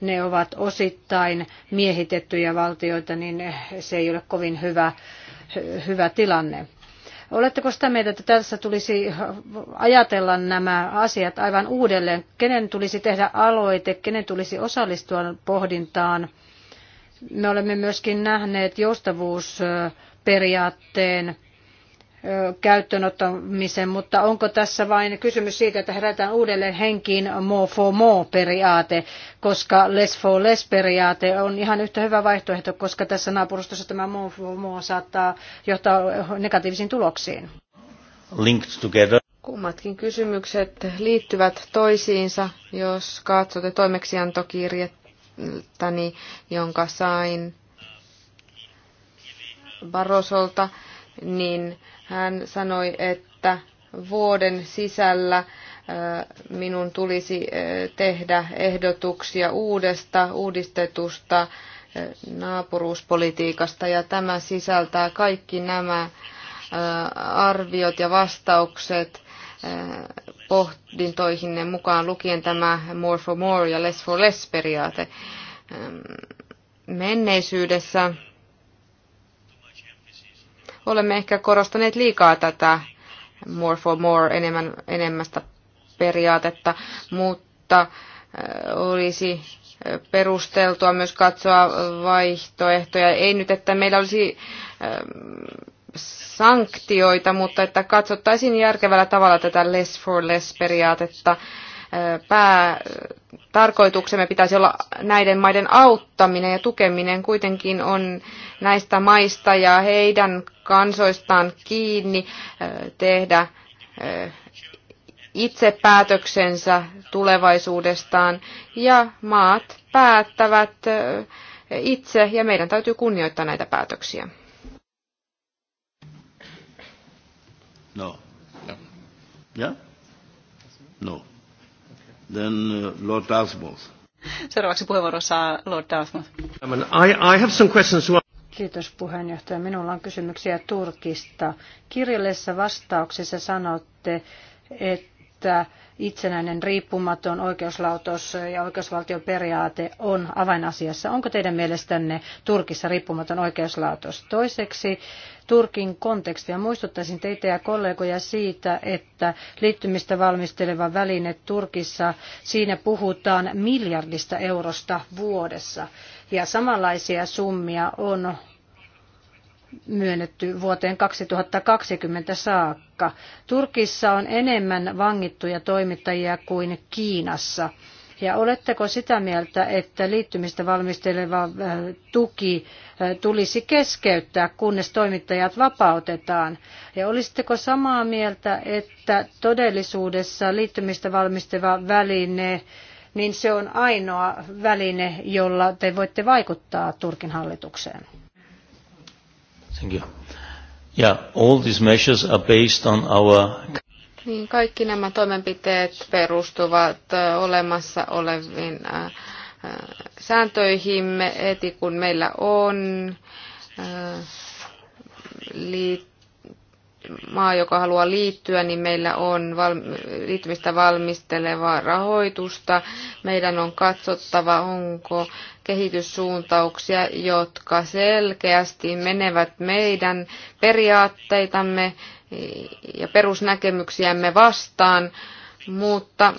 ne ovat osittain miehitettyjä valtioita, niin se ei ole kovin hyvä, hyvä tilanne. Oletteko sitä mieltä, että tässä tulisi ajatella nämä asiat aivan uudelleen? Kenen tulisi tehdä aloite, kenen tulisi osallistua pohdintaan? Me olemme myöskin nähneet joustavuusperiaatteen käyttöönottamisen, mutta onko tässä vain kysymys siitä, että herätään uudelleen henkiin more for more periaate, koska less for less periaate on ihan yhtä hyvä vaihtoehto, koska tässä naapurustossa tämä more for more saattaa johtaa negatiivisiin tuloksiin. Linked together. Kummatkin kysymykset liittyvät toisiinsa, jos katsotte toimeksiantokirjettäni, jonka sain Barosolta, niin hän sanoi, että vuoden sisällä minun tulisi tehdä ehdotuksia uudesta, uudistetusta naapuruuspolitiikasta ja tämä sisältää kaikki nämä arviot ja vastaukset pohdintoihinne mukaan lukien tämä more for more ja less for less periaate. Menneisyydessä olemme ehkä korostaneet liikaa tätä more for more enemmän, enemmästä periaatetta, mutta äh, olisi äh, perusteltua myös katsoa vaihtoehtoja. Ei nyt, että meillä olisi ähm, sanktioita, mutta että katsottaisiin järkevällä tavalla tätä less for less periaatetta päätarkoituksemme pitäisi olla näiden maiden auttaminen ja tukeminen kuitenkin on näistä maista ja heidän kansoistaan kiinni äh, tehdä äh, itse päätöksensä tulevaisuudestaan ja maat päättävät äh, itse ja meidän täytyy kunnioittaa näitä päätöksiä. No. Yeah. No than uh, Lord Dartmouth. Seuraavaksi puheenvuoro saa Lord Dartmouth. I, I have some questions to... Kiitos puheenjohtaja. Minulla on kysymyksiä Turkista. Kirjallisessa vastauksessa sanotte, että että itsenäinen, riippumaton oikeuslautos ja oikeusvaltioperiaate on avainasiassa. Onko teidän mielestänne Turkissa riippumaton oikeuslautos? Toiseksi Turkin kontekstia. Muistuttaisin teitä ja kollegoja siitä, että liittymistä valmisteleva väline Turkissa, siinä puhutaan miljardista eurosta vuodessa. Ja samanlaisia summia on myönnetty vuoteen 2020 saakka. Turkissa on enemmän vangittuja toimittajia kuin Kiinassa. Ja oletteko sitä mieltä, että liittymistä valmisteleva äh, tuki äh, tulisi keskeyttää, kunnes toimittajat vapautetaan? Ja olisitteko samaa mieltä, että todellisuudessa liittymistä valmisteva väline, niin se on ainoa väline, jolla te voitte vaikuttaa Turkin hallitukseen? Thank you. Yeah, all these measures are based on our... Niin, kaikki nämä toimenpiteet perustuvat olemassa oleviin sääntöihimme, eti kun meillä on liittyen maa, joka haluaa liittyä, niin meillä on valmi- liittymistä valmistelevaa rahoitusta. Meidän on katsottava, onko kehityssuuntauksia, jotka selkeästi menevät meidän periaatteitamme ja perusnäkemyksiämme vastaan, mutta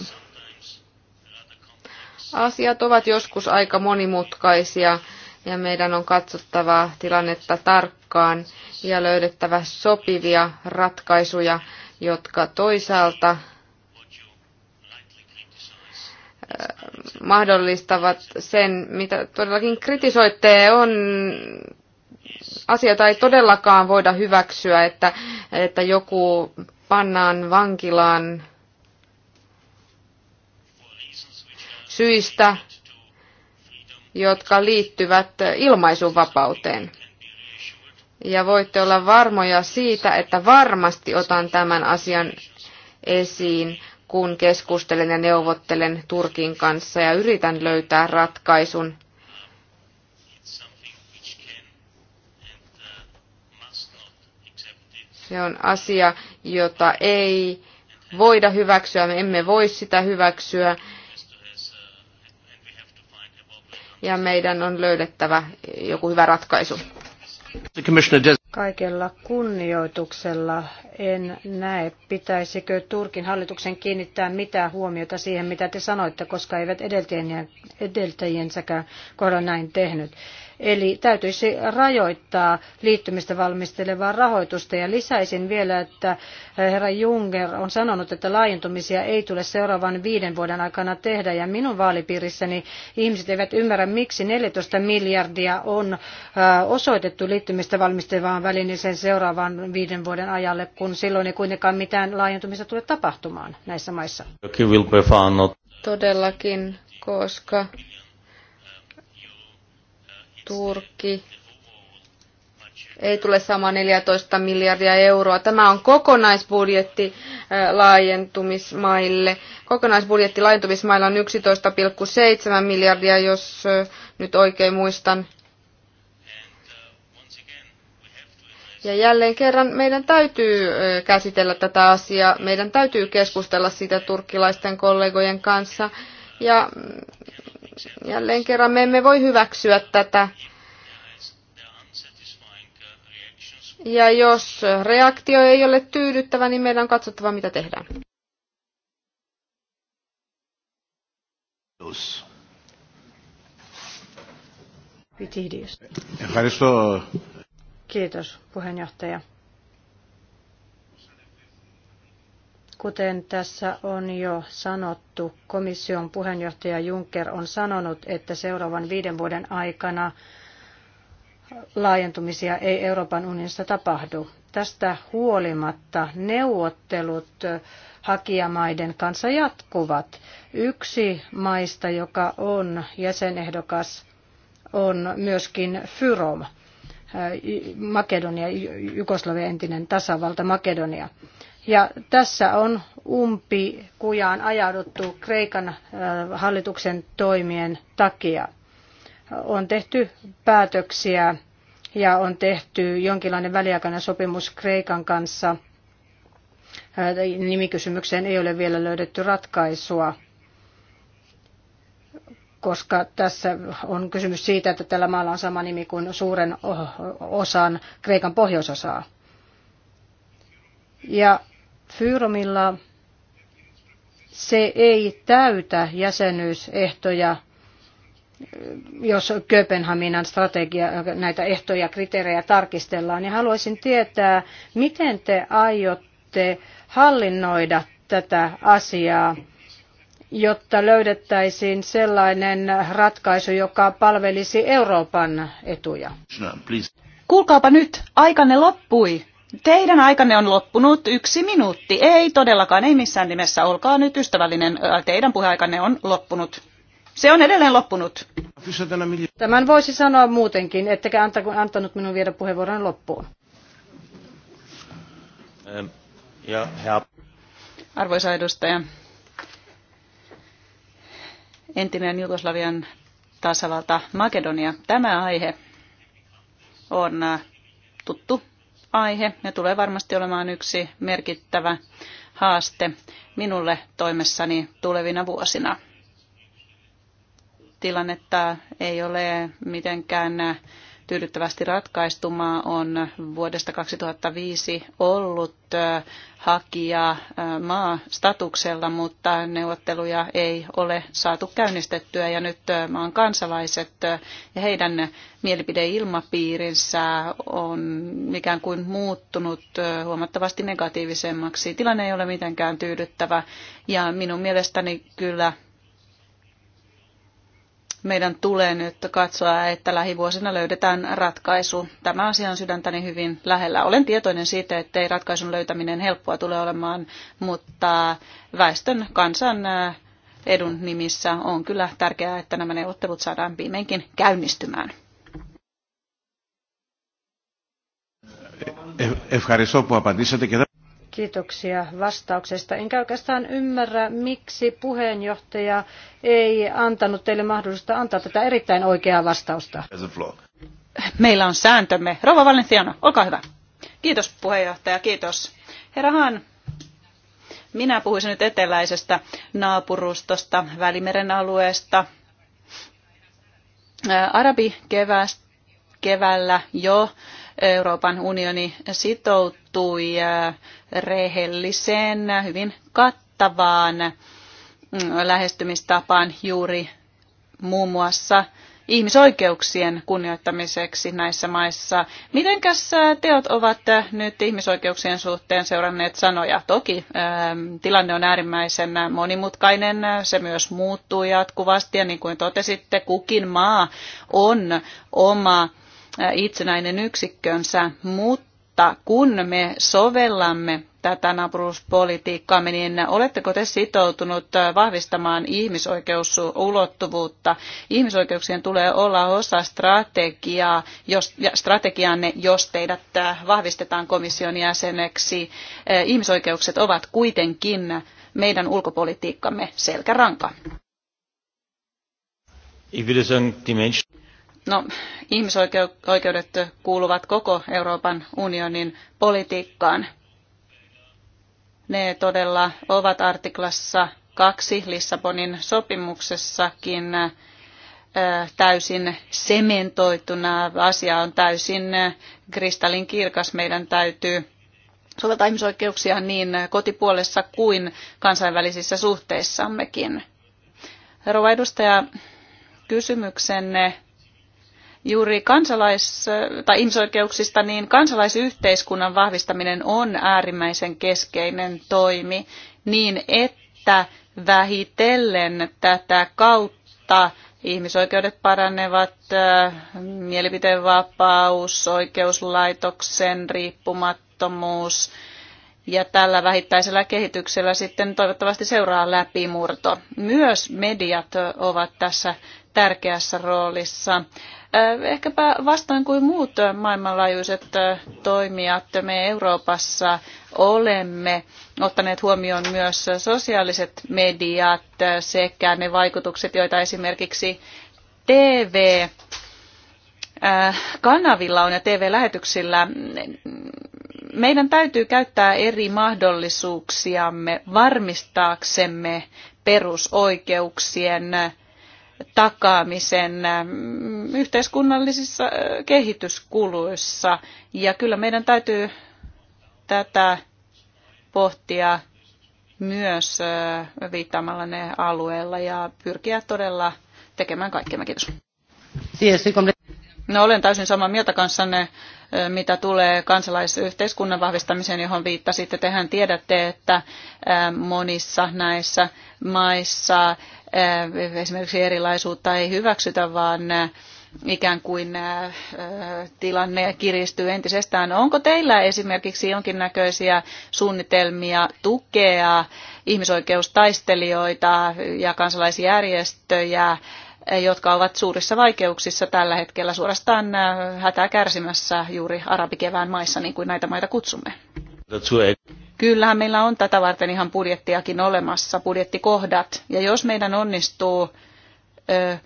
asiat ovat joskus aika monimutkaisia ja meidän on katsottava tilannetta tarkkaan ja löydettävä sopivia ratkaisuja, jotka toisaalta mahdollistavat sen, mitä todellakin kritisoitte, on asioita ei todellakaan voida hyväksyä, että, että joku pannaan vankilaan syistä, jotka liittyvät ilmaisuvapauteen. Ja voitte olla varmoja siitä, että varmasti otan tämän asian esiin, kun keskustelen ja neuvottelen Turkin kanssa ja yritän löytää ratkaisun Se on asia, jota ei voida hyväksyä, me emme voi sitä hyväksyä ja meidän on löydettävä joku hyvä ratkaisu. Kaikella kunnioituksella en näe, pitäisikö Turkin hallituksen kiinnittää mitään huomiota siihen, mitä te sanoitte, koska eivät edeltäjiensäkään kohdalla näin tehnyt. Eli täytyisi rajoittaa liittymistä valmistelevaa rahoitusta. Ja lisäisin vielä, että eh, herra Junger on sanonut, että laajentumisia ei tule seuraavan viiden vuoden aikana tehdä. Ja minun vaalipiirissäni ihmiset eivät ymmärrä, miksi 14 miljardia on eh, osoitettu liittymistä valmistelevaan välineeseen seuraavan viiden vuoden ajalle, kun silloin ei kuitenkaan mitään laajentumista tule tapahtumaan näissä maissa. Todellakin, koska Turkki ei tule saamaan 14 miljardia euroa. Tämä on kokonaisbudjetti äh, laajentumismaille. Kokonaisbudjetti laajentumismailla on 11,7 miljardia, jos äh, nyt oikein muistan. Ja jälleen kerran meidän täytyy äh, käsitellä tätä asiaa, meidän täytyy keskustella sitä turkkilaisten kollegojen kanssa. Ja mm, jälleen kerran me emme voi hyväksyä tätä. Ja jos reaktio ei ole tyydyttävä, niin meidän on katsottava, mitä tehdään. Kiitos puheenjohtaja. Kuten tässä on jo sanottu, komission puheenjohtaja Juncker on sanonut, että seuraavan viiden vuoden aikana laajentumisia ei Euroopan unionissa tapahdu. Tästä huolimatta neuvottelut hakijamaiden kanssa jatkuvat. Yksi maista, joka on jäsenehdokas, on myöskin Fyrom, Makedonia, Jugoslavia entinen tasavalta Makedonia. Ja tässä on umpikujaan ajauduttu Kreikan äh, hallituksen toimien takia. On tehty päätöksiä ja on tehty jonkinlainen väliaikainen sopimus Kreikan kanssa. Äh, nimikysymykseen ei ole vielä löydetty ratkaisua, koska tässä on kysymys siitä, että tällä maalla on sama nimi kuin suuren osan Kreikan pohjoisosaa. Ja Fyromilla se ei täytä jäsenyysehtoja, jos Kööpenhaminan strategia, näitä ehtoja, kriteerejä tarkistellaan, niin haluaisin tietää, miten te aiotte hallinnoida tätä asiaa, jotta löydettäisiin sellainen ratkaisu, joka palvelisi Euroopan etuja. Kuulkaapa nyt, aikanne loppui. Teidän aikanne on loppunut yksi minuutti. Ei todellakaan, ei missään nimessä. Olkaa nyt ystävällinen. Teidän puheaikanne on loppunut. Se on edelleen loppunut. Tämän voisi sanoa muutenkin, ettekä antanut minun viedä puheenvuoron loppuun. Ähm, Arvoisa edustaja, entinen Jugoslavian tasavalta Makedonia. Tämä aihe on äh, tuttu aihe ja tulee varmasti olemaan yksi merkittävä haaste minulle toimessani tulevina vuosina. Tilannetta ei ole mitenkään tyydyttävästi ratkaistumaa on vuodesta 2005 ollut hakija maa statuksella, mutta neuvotteluja ei ole saatu käynnistettyä ja nyt maan kansalaiset ja heidän mielipideilmapiirinsä on ikään kuin muuttunut huomattavasti negatiivisemmaksi. Tilanne ei ole mitenkään tyydyttävä ja minun mielestäni kyllä meidän tulee nyt katsoa, että lähivuosina löydetään ratkaisu. Tämä asia on sydäntäni hyvin lähellä. Olen tietoinen siitä, että ei ratkaisun löytäminen helppoa tule olemaan, mutta väestön kansan äh, edun nimissä on kyllä tärkeää, että nämä neuvottelut saadaan viimeinkin käynnistymään. Ευχαριστώ που απαντήσατε και Kiitoksia vastauksesta. Enkä oikeastaan ymmärrä, miksi puheenjohtaja ei antanut teille mahdollisuutta antaa tätä erittäin oikeaa vastausta. Meillä on sääntömme. Rova Valenciano, olkaa hyvä. Kiitos puheenjohtaja, kiitos. Herra Hahn, minä puhuisin nyt eteläisestä naapurustosta, Välimeren alueesta. Arabi keväällä jo Euroopan unioni sitoutui perustui äh, rehelliseen, hyvin kattavaan mm, lähestymistapaan juuri muun muassa ihmisoikeuksien kunnioittamiseksi näissä maissa. Mitenkäs äh, teot ovat äh, nyt ihmisoikeuksien suhteen seuranneet sanoja? Toki ähm, tilanne on äärimmäisen monimutkainen, se myös muuttuu jatkuvasti ja niin kuin totesitte, kukin maa on oma itsenäinen yksikkönsä, mutta mutta kun me sovellamme tätä naapuruuspolitiikkaa, niin oletteko te sitoutunut vahvistamaan ihmisoikeusulottuvuutta? Ihmisoikeuksien tulee olla osa strategiaa, jos, strategianne, jos teidät äh, vahvistetaan komission jäseneksi. Äh, ihmisoikeukset ovat kuitenkin meidän ulkopolitiikkamme selkäranka. Ich würde sagen, die Menschen No, ihmisoikeudet kuuluvat koko Euroopan unionin politiikkaan. Ne todella ovat artiklassa kaksi Lissabonin sopimuksessakin äh, täysin sementoituna. Asia on täysin äh, kristallin kirkas. Meidän täytyy soveltaa ihmisoikeuksia niin kotipuolessa kuin kansainvälisissä suhteissammekin. Rouva edustaja, kysymyksenne juuri kansalais- tai ihmisoikeuksista, niin kansalaisyhteiskunnan vahvistaminen on äärimmäisen keskeinen toimi niin, että vähitellen tätä kautta ihmisoikeudet paranevat, äh, mielipiteenvapaus, oikeuslaitoksen riippumattomuus, ja tällä vähittäisellä kehityksellä sitten toivottavasti seuraa läpimurto. Myös mediat ovat tässä tärkeässä roolissa. Äh, ehkäpä vastoin kuin muut maailmanlaajuiset äh, toimijat, me Euroopassa olemme ottaneet huomioon myös sosiaaliset mediat äh, sekä ne vaikutukset, joita esimerkiksi TV kanavilla on ja TV-lähetyksillä, meidän täytyy käyttää eri mahdollisuuksiamme varmistaaksemme perusoikeuksien takaamisen ähm, yhteiskunnallisissa äh, kehityskuluissa. Ja kyllä meidän täytyy tätä pohtia myös äh, viittaamalla ne alueella ja pyrkiä todella tekemään kaikkemme. Kiitos. Siis, No, olen täysin samaa mieltä kanssanne, eh, mitä tulee kansalaisyhteiskunnan vahvistamiseen, johon viittasitte. Tehän tiedätte, että eh, monissa näissä maissa eh, esimerkiksi erilaisuutta ei hyväksytä, vaan ikään kuin tilanne kiristyy entisestään. Onko teillä esimerkiksi jonkinnäköisiä suunnitelmia tukea ihmisoikeustaistelijoita ja kansalaisjärjestöjä jotka ovat suurissa vaikeuksissa tällä hetkellä suorastaan äh, hätää kärsimässä juuri arabikevään maissa, niin kuin näitä maita kutsumme. Kyllähän meillä on tätä varten ihan budjettiakin olemassa, budjettikohdat. Ja jos meidän onnistuu ö,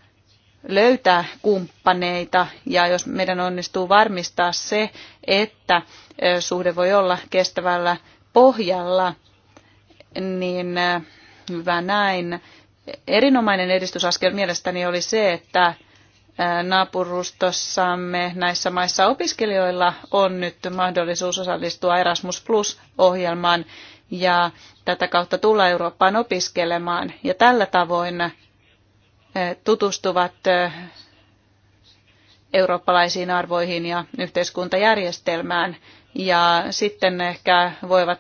löytää kumppaneita ja jos meidän onnistuu varmistaa se, että ö, suhde voi olla kestävällä pohjalla, niin ö, hyvä näin erinomainen edistysaskel mielestäni oli se, että naapurustossamme näissä maissa opiskelijoilla on nyt mahdollisuus osallistua Erasmus Plus-ohjelmaan ja tätä kautta tulla Eurooppaan opiskelemaan. Ja tällä tavoin tutustuvat eurooppalaisiin arvoihin ja yhteiskuntajärjestelmään ja sitten ehkä voivat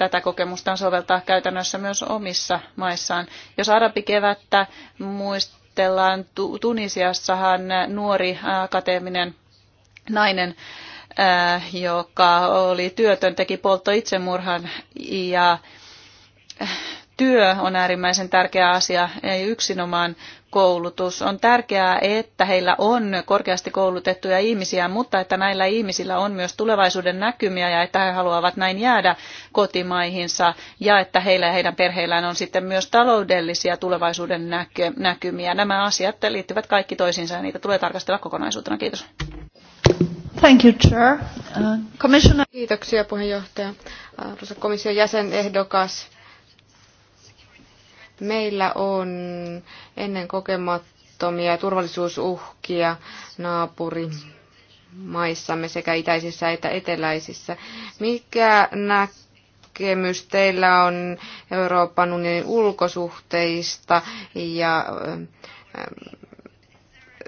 tätä kokemustaan soveltaa käytännössä myös omissa maissaan. Jos arabikevättä muistellaan, Tunisiassahan nuori akateeminen nainen äh, joka oli työtön, teki poltto itsemurhan ja äh, työ on äärimmäisen tärkeä asia, ei yksinomaan koulutus. On tärkeää, että heillä on korkeasti koulutettuja ihmisiä, mutta että näillä ihmisillä on myös tulevaisuuden näkymiä ja että he haluavat näin jäädä kotimaihinsa ja että heillä ja heidän perheillään on sitten myös taloudellisia tulevaisuuden näkymiä. Nämä asiat liittyvät kaikki toisiinsa ja niitä tulee tarkastella kokonaisuutena. Kiitos. Thank you, Chair. Uh, Kiitoksia puheenjohtaja. Arvoisa komission jäsenehdokas Meillä on ennen kokemattomia turvallisuusuhkia naapuri maissamme sekä itäisissä että eteläisissä. Mikä näkemys teillä on Euroopan unionin ulkosuhteista ja ähm,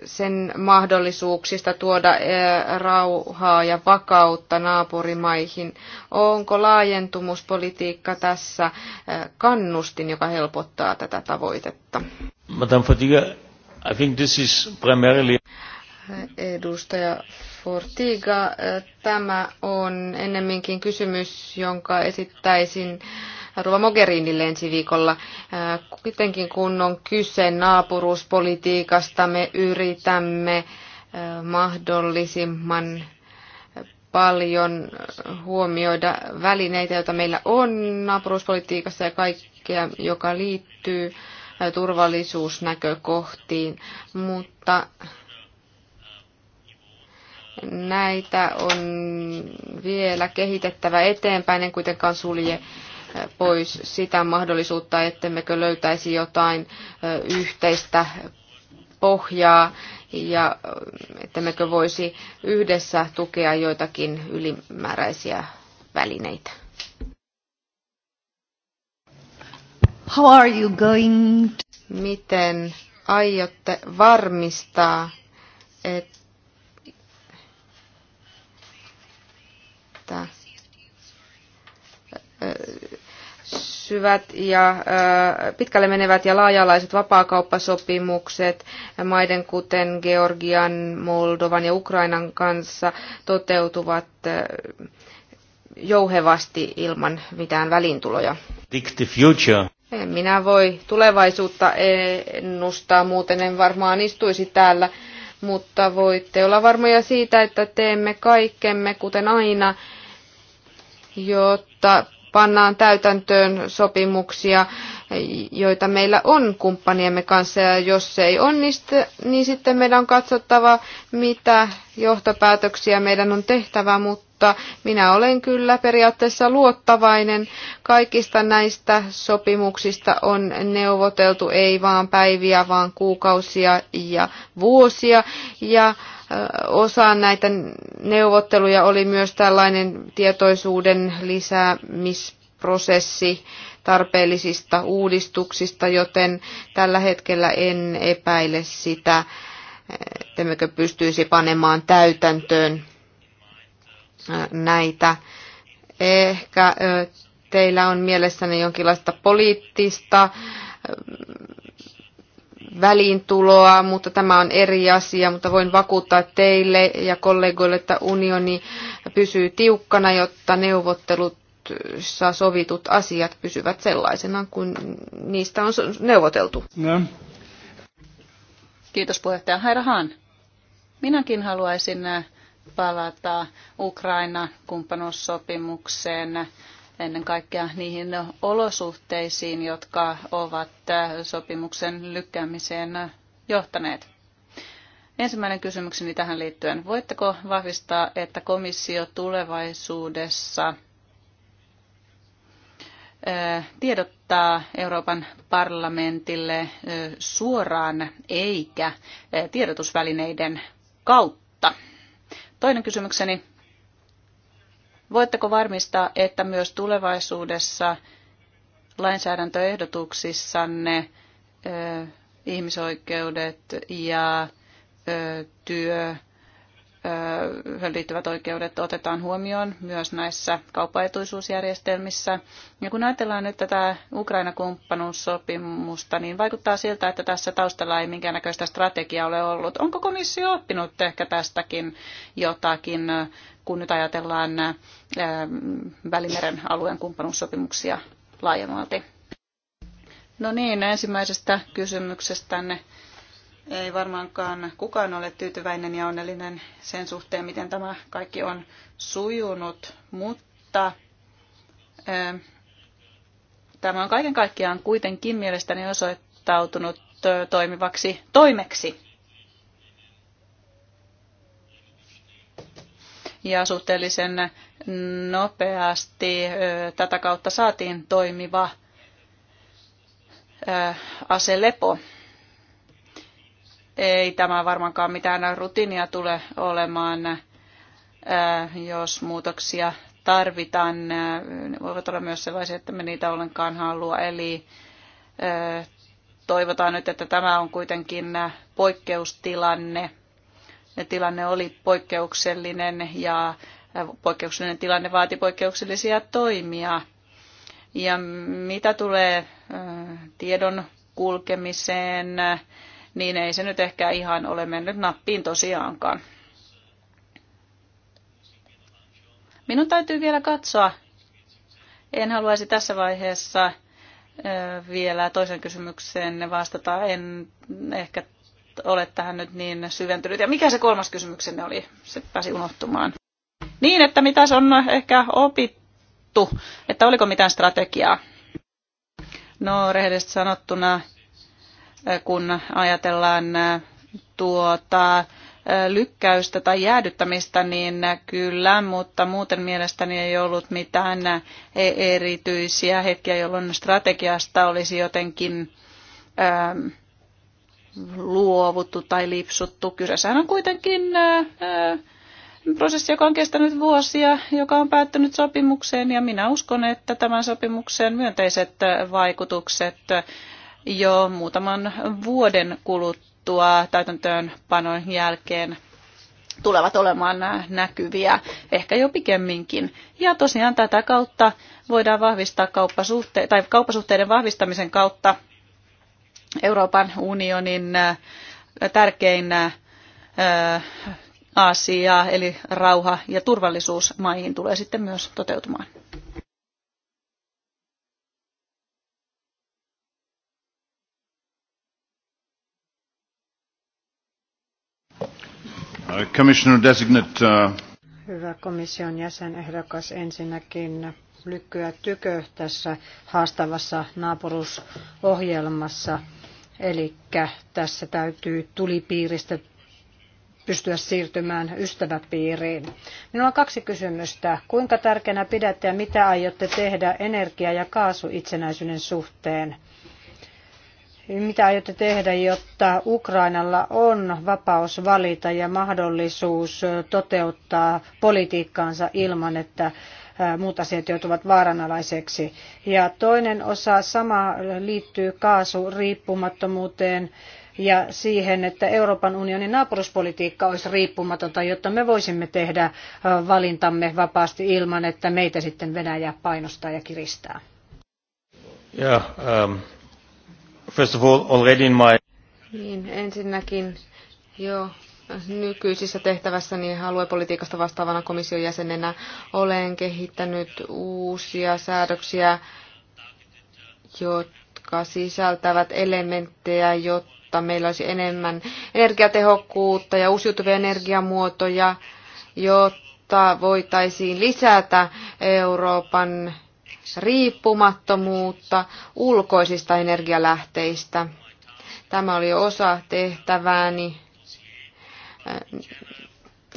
sen mahdollisuuksista tuoda eh, rauhaa ja vakautta naapurimaihin? Onko laajentumuspolitiikka tässä eh, kannustin, joka helpottaa tätä tavoitetta? Madame Fatiga, I think this is primarily... Edustaja Fortiga, eh, tämä on ennemminkin kysymys, jonka esittäisin Rova Mogherinille ensi viikolla. Äh, kuitenkin kun on kyse naapuruuspolitiikasta, me yritämme äh, mahdollisimman paljon huomioida välineitä, joita meillä on naapuruuspolitiikassa ja kaikkea, joka liittyy äh, turvallisuusnäkökohtiin, mutta näitä on vielä kehitettävä eteenpäin, en kuitenkaan sulje pois sitä mahdollisuutta, ettemmekö löytäisi jotain yhteistä pohjaa ja ettemmekö voisi yhdessä tukea joitakin ylimääräisiä välineitä. How are you going to... Miten aiotte varmistaa, että syvät ja pitkälle menevät ja laajalaiset vapaakauppasopimukset maiden kuten Georgian, Moldovan ja Ukrainan kanssa toteutuvat jouhevasti ilman mitään välintuloja. En minä voi tulevaisuutta ennustaa, muuten en varmaan istuisi täällä, mutta voitte olla varmoja siitä, että teemme kaikkemme, kuten aina, jotta pannaan täytäntöön sopimuksia, joita meillä on kumppaniemme kanssa. Ja jos se ei onnistu, niin sitten meidän on katsottava, mitä johtopäätöksiä meidän on tehtävä, mutta minä olen kyllä periaatteessa luottavainen. Kaikista näistä sopimuksista on neuvoteltu ei vaan päiviä, vaan kuukausia ja vuosia. Ja osa näitä neuvotteluja oli myös tällainen tietoisuuden lisäämisprosessi tarpeellisista uudistuksista, joten tällä hetkellä en epäile sitä, ettemmekö pystyisi panemaan täytäntöön näitä. Ehkä teillä on mielessäni jonkinlaista poliittista väliintuloa, mutta tämä on eri asia, mutta voin vakuuttaa teille ja kollegoille, että unioni pysyy tiukkana, jotta neuvottelut saa sovitut asiat pysyvät sellaisena kuin niistä on neuvoteltu. No. Kiitos puheenjohtaja Haira Haan. Minäkin haluaisin palata Ukraina-kumppanuussopimukseen ennen kaikkea niihin olosuhteisiin, jotka ovat sopimuksen lykkäämiseen johtaneet. Ensimmäinen kysymykseni tähän liittyen. Voitteko vahvistaa, että komissio tulevaisuudessa tiedottaa Euroopan parlamentille suoraan eikä tiedotusvälineiden kautta? Toinen kysymykseni Voitteko varmistaa, että myös tulevaisuudessa lainsäädäntöehdotuksissanne ö, ihmisoikeudet ja ö, työ liittyvät oikeudet otetaan huomioon myös näissä kauppaetuisuusjärjestelmissä. Ja kun ajatellaan nyt tätä Ukraina-kumppanuussopimusta, niin vaikuttaa siltä, että tässä taustalla ei minkäännäköistä strategiaa ole ollut. Onko komissio oppinut ehkä tästäkin jotakin kun nyt ajatellaan Välimeren alueen kumppanuussopimuksia laajemmalti. No niin, ensimmäisestä kysymyksestänne ei varmaankaan kukaan ole tyytyväinen ja onnellinen sen suhteen, miten tämä kaikki on sujunut, mutta tämä on kaiken kaikkiaan kuitenkin mielestäni osoittautunut toimivaksi toimeksi ja suhteellisen nopeasti tätä kautta saatiin toimiva aselepo. Ei tämä varmaankaan mitään rutiinia tule olemaan, jos muutoksia tarvitaan. Ne voivat olla myös sellaisia, että me niitä ollenkaan halua. Eli toivotaan nyt, että tämä on kuitenkin poikkeustilanne tilanne oli poikkeuksellinen ja poikkeuksellinen tilanne vaati poikkeuksellisia toimia. Ja mitä tulee tiedon kulkemiseen, niin ei se nyt ehkä ihan ole mennyt nappiin tosiaankaan. Minun täytyy vielä katsoa. En haluaisi tässä vaiheessa vielä toisen kysymykseen vastata. En ehkä ole tähän nyt niin syventynyt. Ja mikä se kolmas kysymyksenne oli? Se pääsi unohtumaan. Niin, että mitä se on ehkä opittu, että oliko mitään strategiaa? No, rehellisesti sanottuna, eh, kun ajatellaan eh, tuota, eh, lykkäystä tai jäädyttämistä, niin kyllä, mutta muuten mielestäni ei ollut mitään erityisiä hetkiä, jolloin strategiasta olisi jotenkin ähm, luovuttu tai lipsuttu. Kyseessähän on kuitenkin prosessi, joka on kestänyt vuosia, joka on päättynyt sopimukseen ja minä uskon, että tämän sopimuksen myönteiset vaikutukset jo muutaman vuoden kuluttua täytäntöönpanon jälkeen tulevat olemaan näkyviä, ehkä jo pikemminkin. Ja tosiaan tätä kautta voidaan vahvistaa kauppasuhte- tai kauppasuhteiden vahvistamisen kautta Euroopan unionin äh, tärkein äh, asia, eli rauha ja turvallisuus maihin tulee sitten myös toteutumaan. Uh, Commissioner designate, uh, Hyvä komission ehdokas ensinnäkin lykkyä tykö tässä haastavassa naapuruusohjelmassa. Eli tässä täytyy tulipiiristä pystyä siirtymään ystäväpiiriin. Minulla on kaksi kysymystä. Kuinka tärkeänä pidätte ja mitä aiotte tehdä energia- ja kaasuitsenäisyyden suhteen? Mitä aiotte tehdä, jotta Ukrainalla on vapaus valita ja mahdollisuus toteuttaa politiikkaansa ilman, että muut asiat joutuvat vaaranalaiseksi. Ja toinen osa sama liittyy kaasuriippumattomuuteen ja siihen, että Euroopan unionin naapuruspolitiikka olisi riippumatonta, jotta me voisimme tehdä valintamme vapaasti ilman, että meitä sitten Venäjä painostaa ja kiristää. Yeah, um, first of all, already in my... Niin, ensinnäkin jo nykyisissä tehtävässäni aluepolitiikasta vastaavana komission jäsenenä olen kehittänyt uusia säädöksiä, jotka sisältävät elementtejä, jotta meillä olisi enemmän energiatehokkuutta ja uusiutuvia energiamuotoja, jotta voitaisiin lisätä Euroopan riippumattomuutta ulkoisista energialähteistä. Tämä oli osa tehtävääni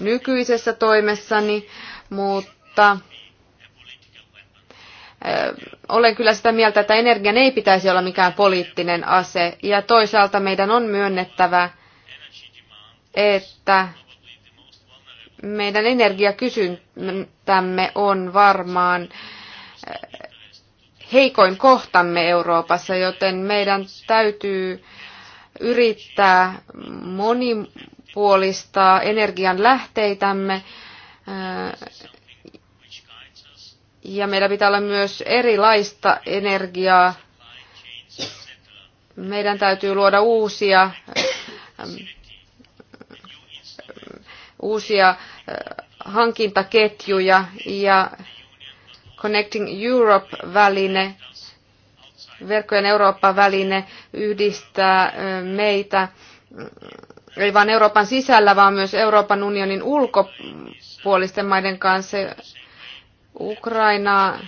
nykyisessä toimessani, mutta olen kyllä sitä mieltä, että energian ei pitäisi olla mikään poliittinen ase. Ja toisaalta meidän on myönnettävä, että meidän energiakysyntämme on varmaan heikoin kohtamme Euroopassa, joten meidän täytyy yrittää moni monipuolistaa energian lähteitämme. Ja meillä pitää olla myös erilaista energiaa. Meidän täytyy luoda uusia, uusia hankintaketjuja ja Connecting Europe-väline, verkkojen Eurooppa-väline yhdistää meitä ei vain Euroopan sisällä, vaan myös Euroopan unionin ulkopuolisten maiden kanssa. Ukraina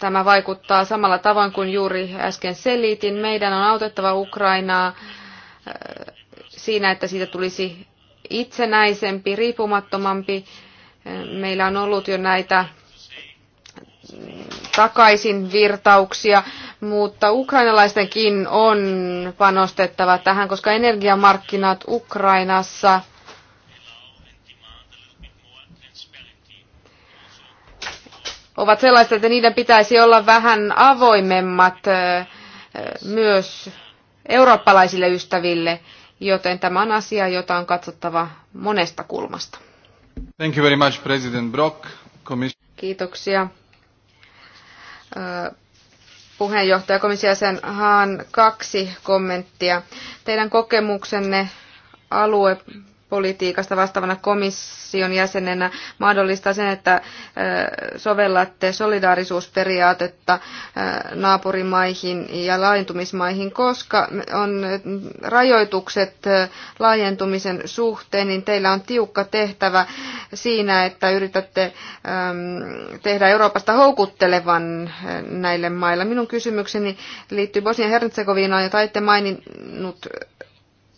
tämä vaikuttaa samalla tavoin kuin juuri äsken selitin. Meidän on autettava Ukrainaa äh, siinä, että siitä tulisi itsenäisempi, riippumattomampi. Äh, meillä on ollut jo näitä takaisin virtauksia, mutta ukrainalaistenkin on panostettava tähän, koska energiamarkkinat Ukrainassa ovat sellaista, että niiden pitäisi olla vähän avoimemmat myös eurooppalaisille ystäville, joten tämä on asia, jota on katsottava monesta kulmasta. Thank you very much, President Brock. Kiitoksia puheenjohtaja komissiasen Haan kaksi kommenttia. Teidän kokemuksenne alue politiikasta vastaavana komission jäsenenä mahdollistaa sen, että sovellatte solidaarisuusperiaatetta naapurimaihin ja laajentumismaihin, koska on rajoitukset laajentumisen suhteen, niin teillä on tiukka tehtävä siinä, että yritätte tehdä Euroopasta houkuttelevan näille maille. Minun kysymykseni liittyy Bosnia-Herzegovinaan, jota ette maininnut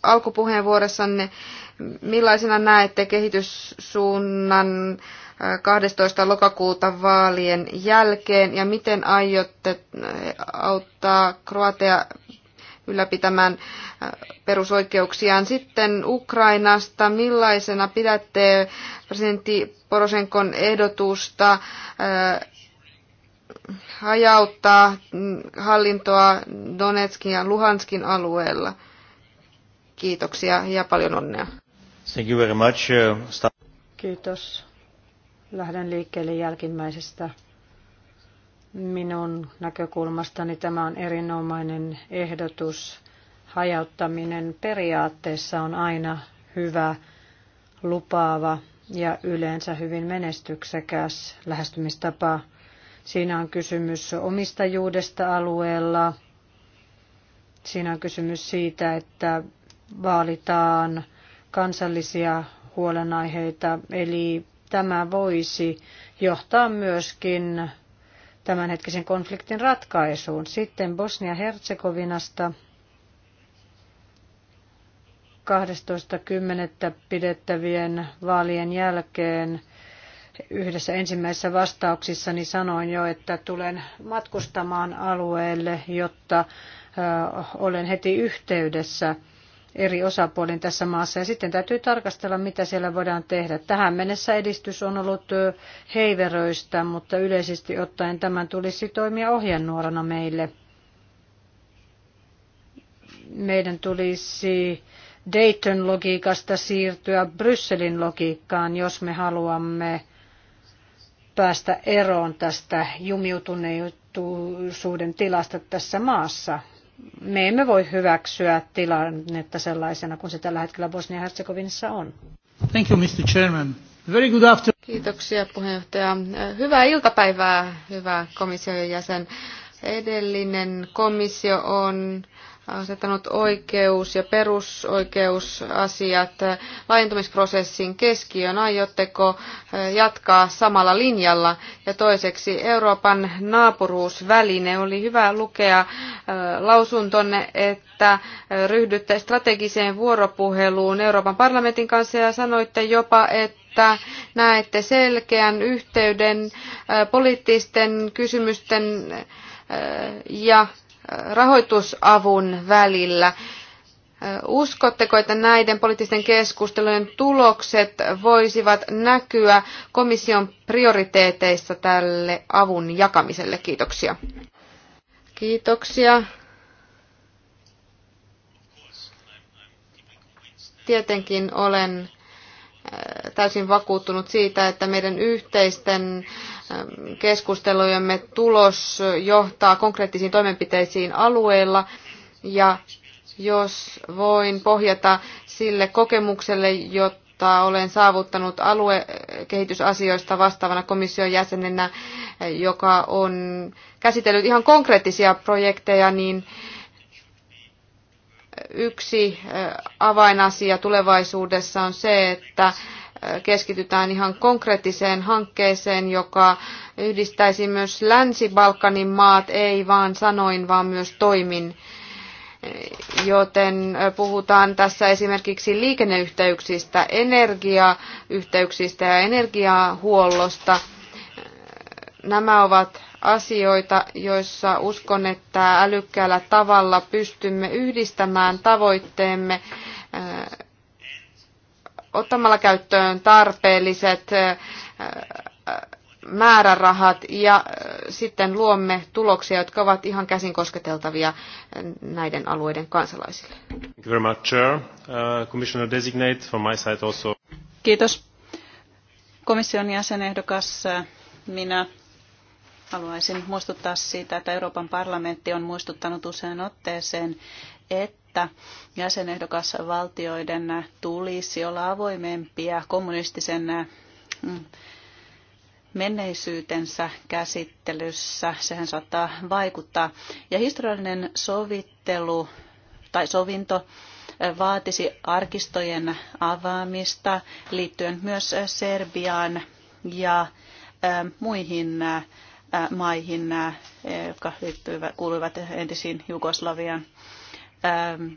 alkupuheenvuorossanne, millaisena näette kehityssuunnan 12. lokakuuta vaalien jälkeen ja miten aiotte auttaa Kroatia ylläpitämään perusoikeuksiaan. Sitten Ukrainasta, millaisena pidätte presidentti Porosenkon ehdotusta hajauttaa hallintoa Donetskin ja Luhanskin alueella? Kiitoksia ja paljon onnea. Thank you very much. Uh, Kiitos. Lähden liikkeelle jälkimmäisestä. Minun näkökulmastani tämä on erinomainen ehdotus. Hajauttaminen periaatteessa on aina hyvä, lupaava ja yleensä hyvin menestyksekäs lähestymistapa. Siinä on kysymys omistajuudesta alueella. Siinä on kysymys siitä, että vaalitaan kansallisia huolenaiheita, eli tämä voisi johtaa myöskin tämänhetkisen konfliktin ratkaisuun. Sitten Bosnia-Herzegovinasta 12.10. pidettävien vaalien jälkeen yhdessä ensimmäisessä vastauksissani sanoin jo, että tulen matkustamaan alueelle, jotta olen heti yhteydessä – eri osapuolin tässä maassa. Ja sitten täytyy tarkastella, mitä siellä voidaan tehdä. Tähän mennessä edistys on ollut heiveröistä, mutta yleisesti ottaen tämän tulisi toimia ohjenuorana meille. Meidän tulisi Dayton logiikasta siirtyä Brysselin logiikkaan, jos me haluamme päästä eroon tästä jumiutuneisuuden tilasta tässä maassa me emme voi hyväksyä tilannetta sellaisena kuin se tällä hetkellä Bosnia-Herzegovinassa on. Thank you, Mr. Chairman. Very good after- Kiitoksia puheenjohtaja. Hyvää iltapäivää, hyvä komission jäsen. Edellinen komissio on asettanut oikeus- ja perusoikeusasiat laajentumisprosessin keskiöön. Aiotteko eh, jatkaa samalla linjalla? Ja toiseksi Euroopan naapuruusväline. Oli hyvä lukea eh, lausuntonne, että eh, ryhdytte strategiseen vuoropuheluun Euroopan parlamentin kanssa ja sanoitte jopa, että että näette selkeän yhteyden poliittisten kysymysten ja rahoitusavun välillä. Uskotteko, että näiden poliittisten keskustelujen tulokset voisivat näkyä komission prioriteeteissa tälle avun jakamiselle? Kiitoksia. Kiitoksia. Tietenkin olen äh, täysin vakuuttunut siitä, että meidän yhteisten keskustelujemme tulos johtaa konkreettisiin toimenpiteisiin alueilla ja jos voin pohjata sille kokemukselle, jota olen saavuttanut aluekehitysasioista vastaavana komission jäsenenä, joka on käsitellyt ihan konkreettisia projekteja, niin yksi avainasia tulevaisuudessa on se, että keskitytään ihan konkreettiseen hankkeeseen, joka yhdistäisi myös Länsi-Balkanin maat, ei vaan sanoin, vaan myös toimin. Joten puhutaan tässä esimerkiksi liikenneyhteyksistä, energiayhteyksistä ja energiahuollosta. Nämä ovat asioita, joissa uskon, että älykkäällä tavalla pystymme yhdistämään tavoitteemme ottamalla käyttöön tarpeelliset määrärahat ja sitten luomme tuloksia, jotka ovat ihan käsin kosketeltavia näiden alueiden kansalaisille. Thank you very much, Chair. Uh, Commissioner Designate from my side also. Kiitos. Komission jäsenehdokas, minä haluaisin muistuttaa siitä, että Euroopan parlamentti on muistuttanut usein otteeseen, että jäsenehdokasvaltioiden tulisi olla avoimempia kommunistisen mm, menneisyytensä käsittelyssä. Sehän saattaa vaikuttaa. Ja historiallinen sovittelu tai sovinto eh, vaatisi arkistojen avaamista liittyen myös eh, Serbiaan ja eh, muihin maihin, jotka kuuluivat entisiin Jugoslavian Ähm,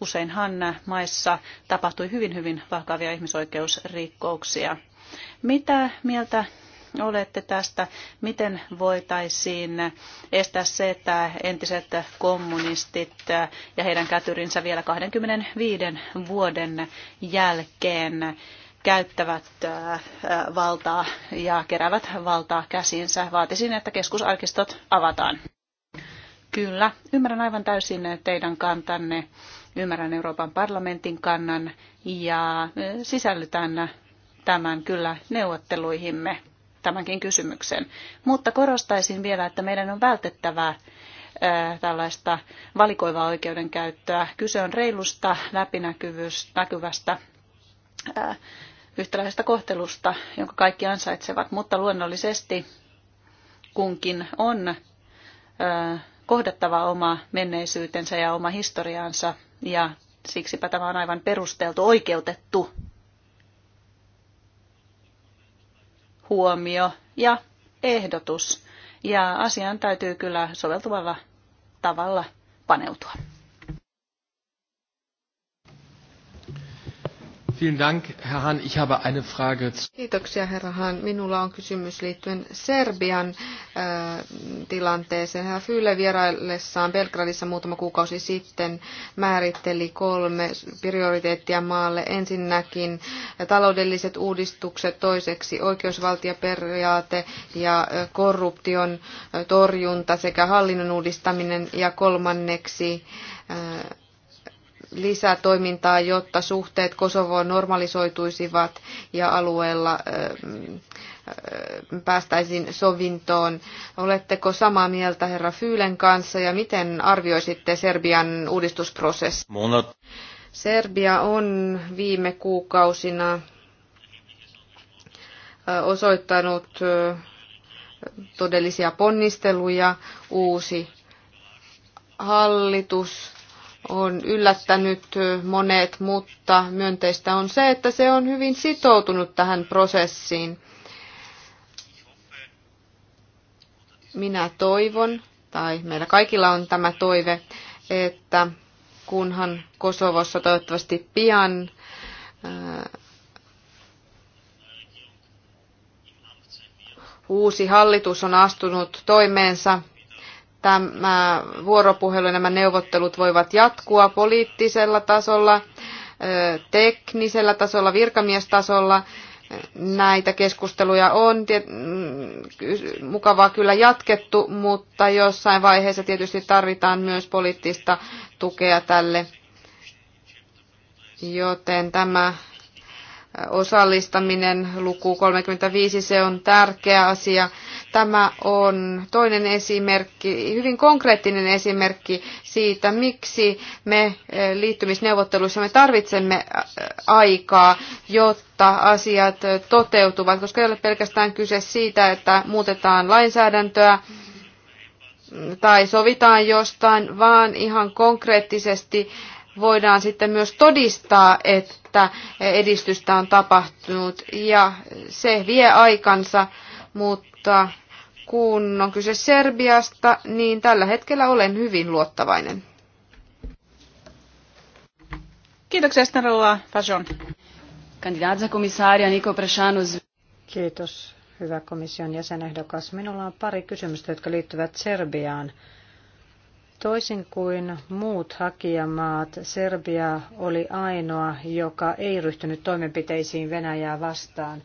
useinhan maissa tapahtui hyvin, hyvin vakavia ihmisoikeusrikkouksia. Mitä mieltä olette tästä? Miten voitaisiin estää se, että entiset kommunistit ja heidän kätyrinsä vielä 25 vuoden jälkeen käyttävät äh, valtaa ja keräävät valtaa käsiinsä? Vaatisin, että keskusarkistot avataan. Kyllä, ymmärrän aivan täysin teidän kantanne, ymmärrän Euroopan parlamentin kannan ja e, sisällytän tämän kyllä neuvotteluihimme tämänkin kysymyksen. Mutta korostaisin vielä, että meidän on vältettävää e, tällaista valikoivaa oikeudenkäyttöä. Kyse on reilusta, läpinäkyvästä e, yhtäläisestä kohtelusta, jonka kaikki ansaitsevat, mutta luonnollisesti kunkin on kohdattava oma menneisyytensä ja oma historiaansa ja siksipä tämä on aivan perusteltu, oikeutettu huomio ja ehdotus. Ja asiaan täytyy kyllä soveltuvalla tavalla paneutua. Vielen Dank, Herr Hahn. Ich habe eine Frage. Kiitoksia, Herra Hahn. Minulla on kysymys liittyen Serbian äh, tilanteeseen. Herra Fyle vieraillessaan Belgradissa muutama kuukausi sitten määritteli kolme prioriteettia maalle. Ensinnäkin äh, taloudelliset uudistukset, toiseksi oikeusvaltioperiaate ja äh, korruption äh, torjunta sekä hallinnon uudistaminen ja kolmanneksi äh, lisää toimintaa, jotta suhteet Kosovoon normalisoituisivat ja alueella päästäisiin sovintoon. Oletteko samaa mieltä herra Fyylen kanssa ja miten arvioisitte Serbian uudistusprosessia? Serbia on viime kuukausina osoittanut todellisia ponnisteluja. Uusi hallitus on yllättänyt monet, mutta myönteistä on se, että se on hyvin sitoutunut tähän prosessiin. Minä toivon, tai meillä kaikilla on tämä toive, että kunhan Kosovossa toivottavasti pian uusi hallitus on astunut toimeensa, tämä vuoropuhelu ja nämä neuvottelut voivat jatkua poliittisella tasolla, teknisellä tasolla, virkamiestasolla. Näitä keskusteluja on mm, mukavaa kyllä jatkettu, mutta jossain vaiheessa tietysti tarvitaan myös poliittista tukea tälle, joten tämä osallistaminen, luku 35, se on tärkeä asia. Tämä on toinen esimerkki, hyvin konkreettinen esimerkki siitä, miksi me eh, liittymisneuvotteluissa me tarvitsemme eh, aikaa, jotta asiat eh, toteutuvat, koska ei ole pelkästään kyse siitä, että muutetaan lainsäädäntöä, tai sovitaan jostain, vaan ihan konkreettisesti voidaan sitten myös todistaa, että edistystä on tapahtunut ja se vie aikansa, mutta kun on kyse Serbiasta, niin tällä hetkellä olen hyvin luottavainen. Kiitoksia, Stenrova Fajon. Kandidaatsa komissaaria Niko Prešanus. Kiitos, hyvä komission jäsenehdokas. Minulla on pari kysymystä, jotka liittyvät Serbiaan. Toisin kuin muut hakijamaat, Serbia oli ainoa, joka ei ryhtynyt toimenpiteisiin Venäjää vastaan.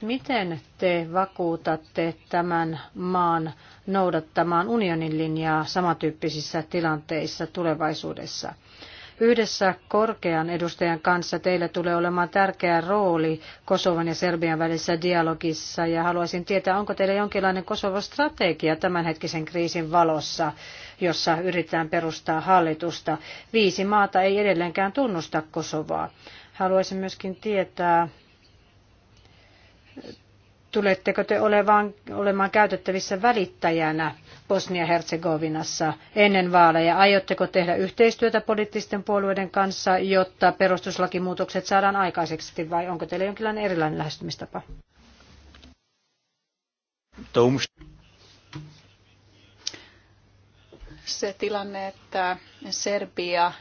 Miten te vakuutatte tämän maan noudattamaan unionin linjaa samantyyppisissä tilanteissa tulevaisuudessa? Yhdessä korkean edustajan kanssa teillä tulee olemaan tärkeä rooli Kosovan ja Serbian välisessä dialogissa ja haluaisin tietää, onko teillä jonkinlainen Kosovo-strategia tämänhetkisen kriisin valossa, jossa yritetään perustaa hallitusta. Viisi maata ei edelleenkään tunnusta Kosovaa. Haluaisin myöskin tietää, tuletteko te olemaan, olemaan käytettävissä välittäjänä Bosnia-Herzegovinassa ennen vaaleja. Aiotteko tehdä yhteistyötä poliittisten puolueiden kanssa, jotta perustuslakimuutokset saadaan aikaiseksi, vai onko teillä jonkinlainen erilainen lähestymistapa? Se tilanne, että Serbia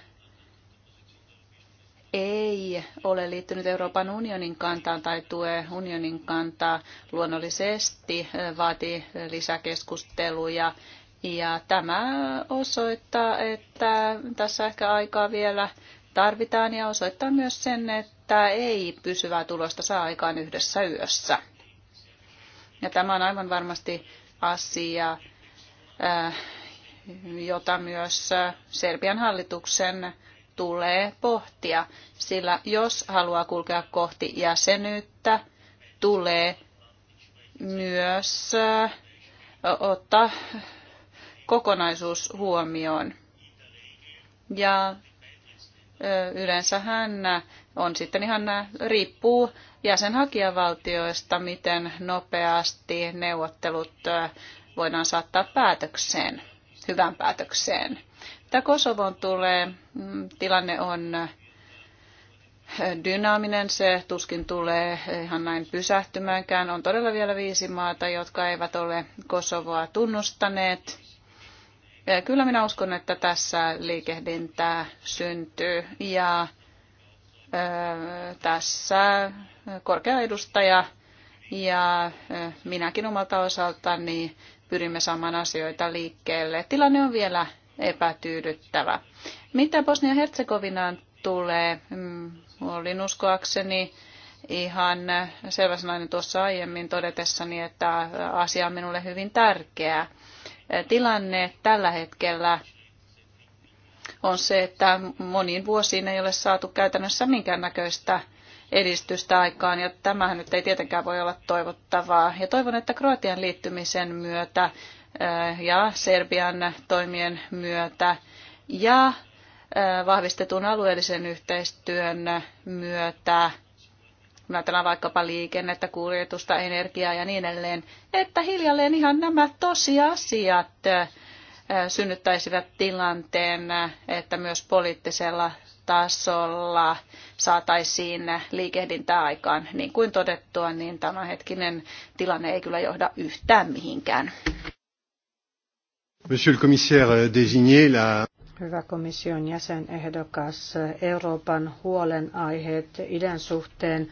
ei ole liittynyt Euroopan unionin kantaan tai tue unionin kantaa, luonnollisesti vaatii lisäkeskusteluja. Ja tämä osoittaa, että tässä ehkä aikaa vielä tarvitaan ja osoittaa myös sen, että ei pysyvää tulosta saa aikaan yhdessä yössä. Ja tämä on aivan varmasti asia, jota myös Serbian hallituksen tulee pohtia, sillä jos haluaa kulkea kohti jäsenyyttä, tulee myös ottaa kokonaisuus huomioon. Ja yleensähän on sitten ihan riippuu jäsenhakijavaltioista, miten nopeasti neuvottelut voidaan saattaa päätökseen, hyvään päätökseen. Mitä Kosovoon tulee, mm, tilanne on äh, dynaaminen, se tuskin tulee ihan näin pysähtymäänkään. On todella vielä viisi maata, jotka eivät ole Kosovoa tunnustaneet. Kyllä minä uskon, että tässä liikehdintää syntyy ja äh, tässä korkea edustaja ja äh, minäkin omalta osaltani pyrimme saamaan asioita liikkeelle. Tilanne on vielä epätyydyttävä. Mitä Bosnia-Herzegovinaan tulee, mm, olin uskoakseni ihan selväsanainen tuossa aiemmin todetessani, että asia on minulle hyvin tärkeä. Tilanne tällä hetkellä on se, että moniin vuosiin ei ole saatu käytännössä minkäännäköistä edistystä aikaan, ja tämähän nyt ei tietenkään voi olla toivottavaa. Ja toivon, että Kroatian liittymisen myötä Äh, ja Serbian toimien myötä ja äh, vahvistetun alueellisen yhteistyön myötä, kun ajatellaan vaikkapa liikennettä, kuljetusta, energiaa ja niin edelleen, että hiljalleen ihan nämä tosiasiat äh, synnyttäisivät tilanteen, että myös poliittisella tasolla saataisiin liikehdintää aikaan. Niin kuin todettua, niin tämänhetkinen tilanne ei kyllä johda yhtään mihinkään. Monsieur le commissaire euh, désigné, la... Hyvä komission ehdokas, Euroopan huolenaiheet idän suhteen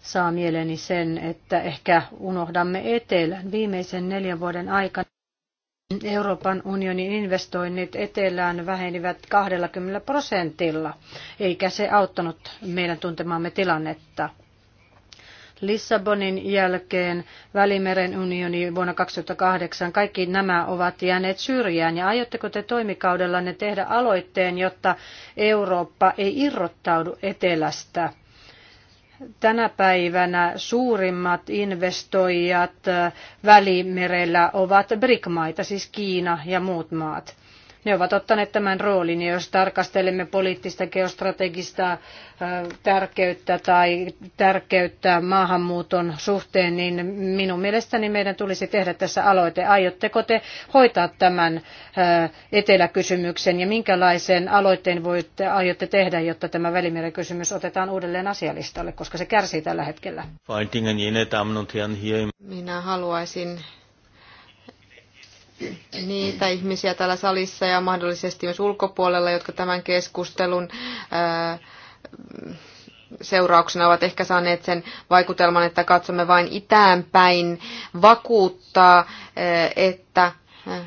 saa mieleni sen, että ehkä unohdamme etelän. Viimeisen neljän vuoden aikana Euroopan unionin investoinnit etelään vähenivät 20 prosentilla, eikä se auttanut meidän tuntemaamme tilannetta. Lissabonin jälkeen, Välimeren unioni vuonna 2008, kaikki nämä ovat jääneet syrjään. Ja aiotteko te toimikaudellanne tehdä aloitteen, jotta Eurooppa ei irrottaudu etelästä? tänä päivänä suurimmat investoijat Välimerellä ovat BRIC-maita, siis Kiina ja muut maat. Ne ovat ottaneet tämän roolin ja jos tarkastelemme poliittista geostrategista tärkeyttä tai tärkeyttä maahanmuuton suhteen, niin minun mielestäni meidän tulisi tehdä tässä aloite. Aiotteko te hoitaa tämän eteläkysymyksen ja minkälaisen aloitteen voitte, aiotte tehdä, jotta tämä välimeren kysymys otetaan uudelleen asialistalle, koska se kärsii tällä hetkellä? Minä haluaisin niitä ihmisiä täällä salissa ja mahdollisesti myös ulkopuolella, jotka tämän keskustelun äh, seurauksena ovat ehkä saaneet sen vaikutelman, että katsomme vain itään päin vakuuttaa, äh, että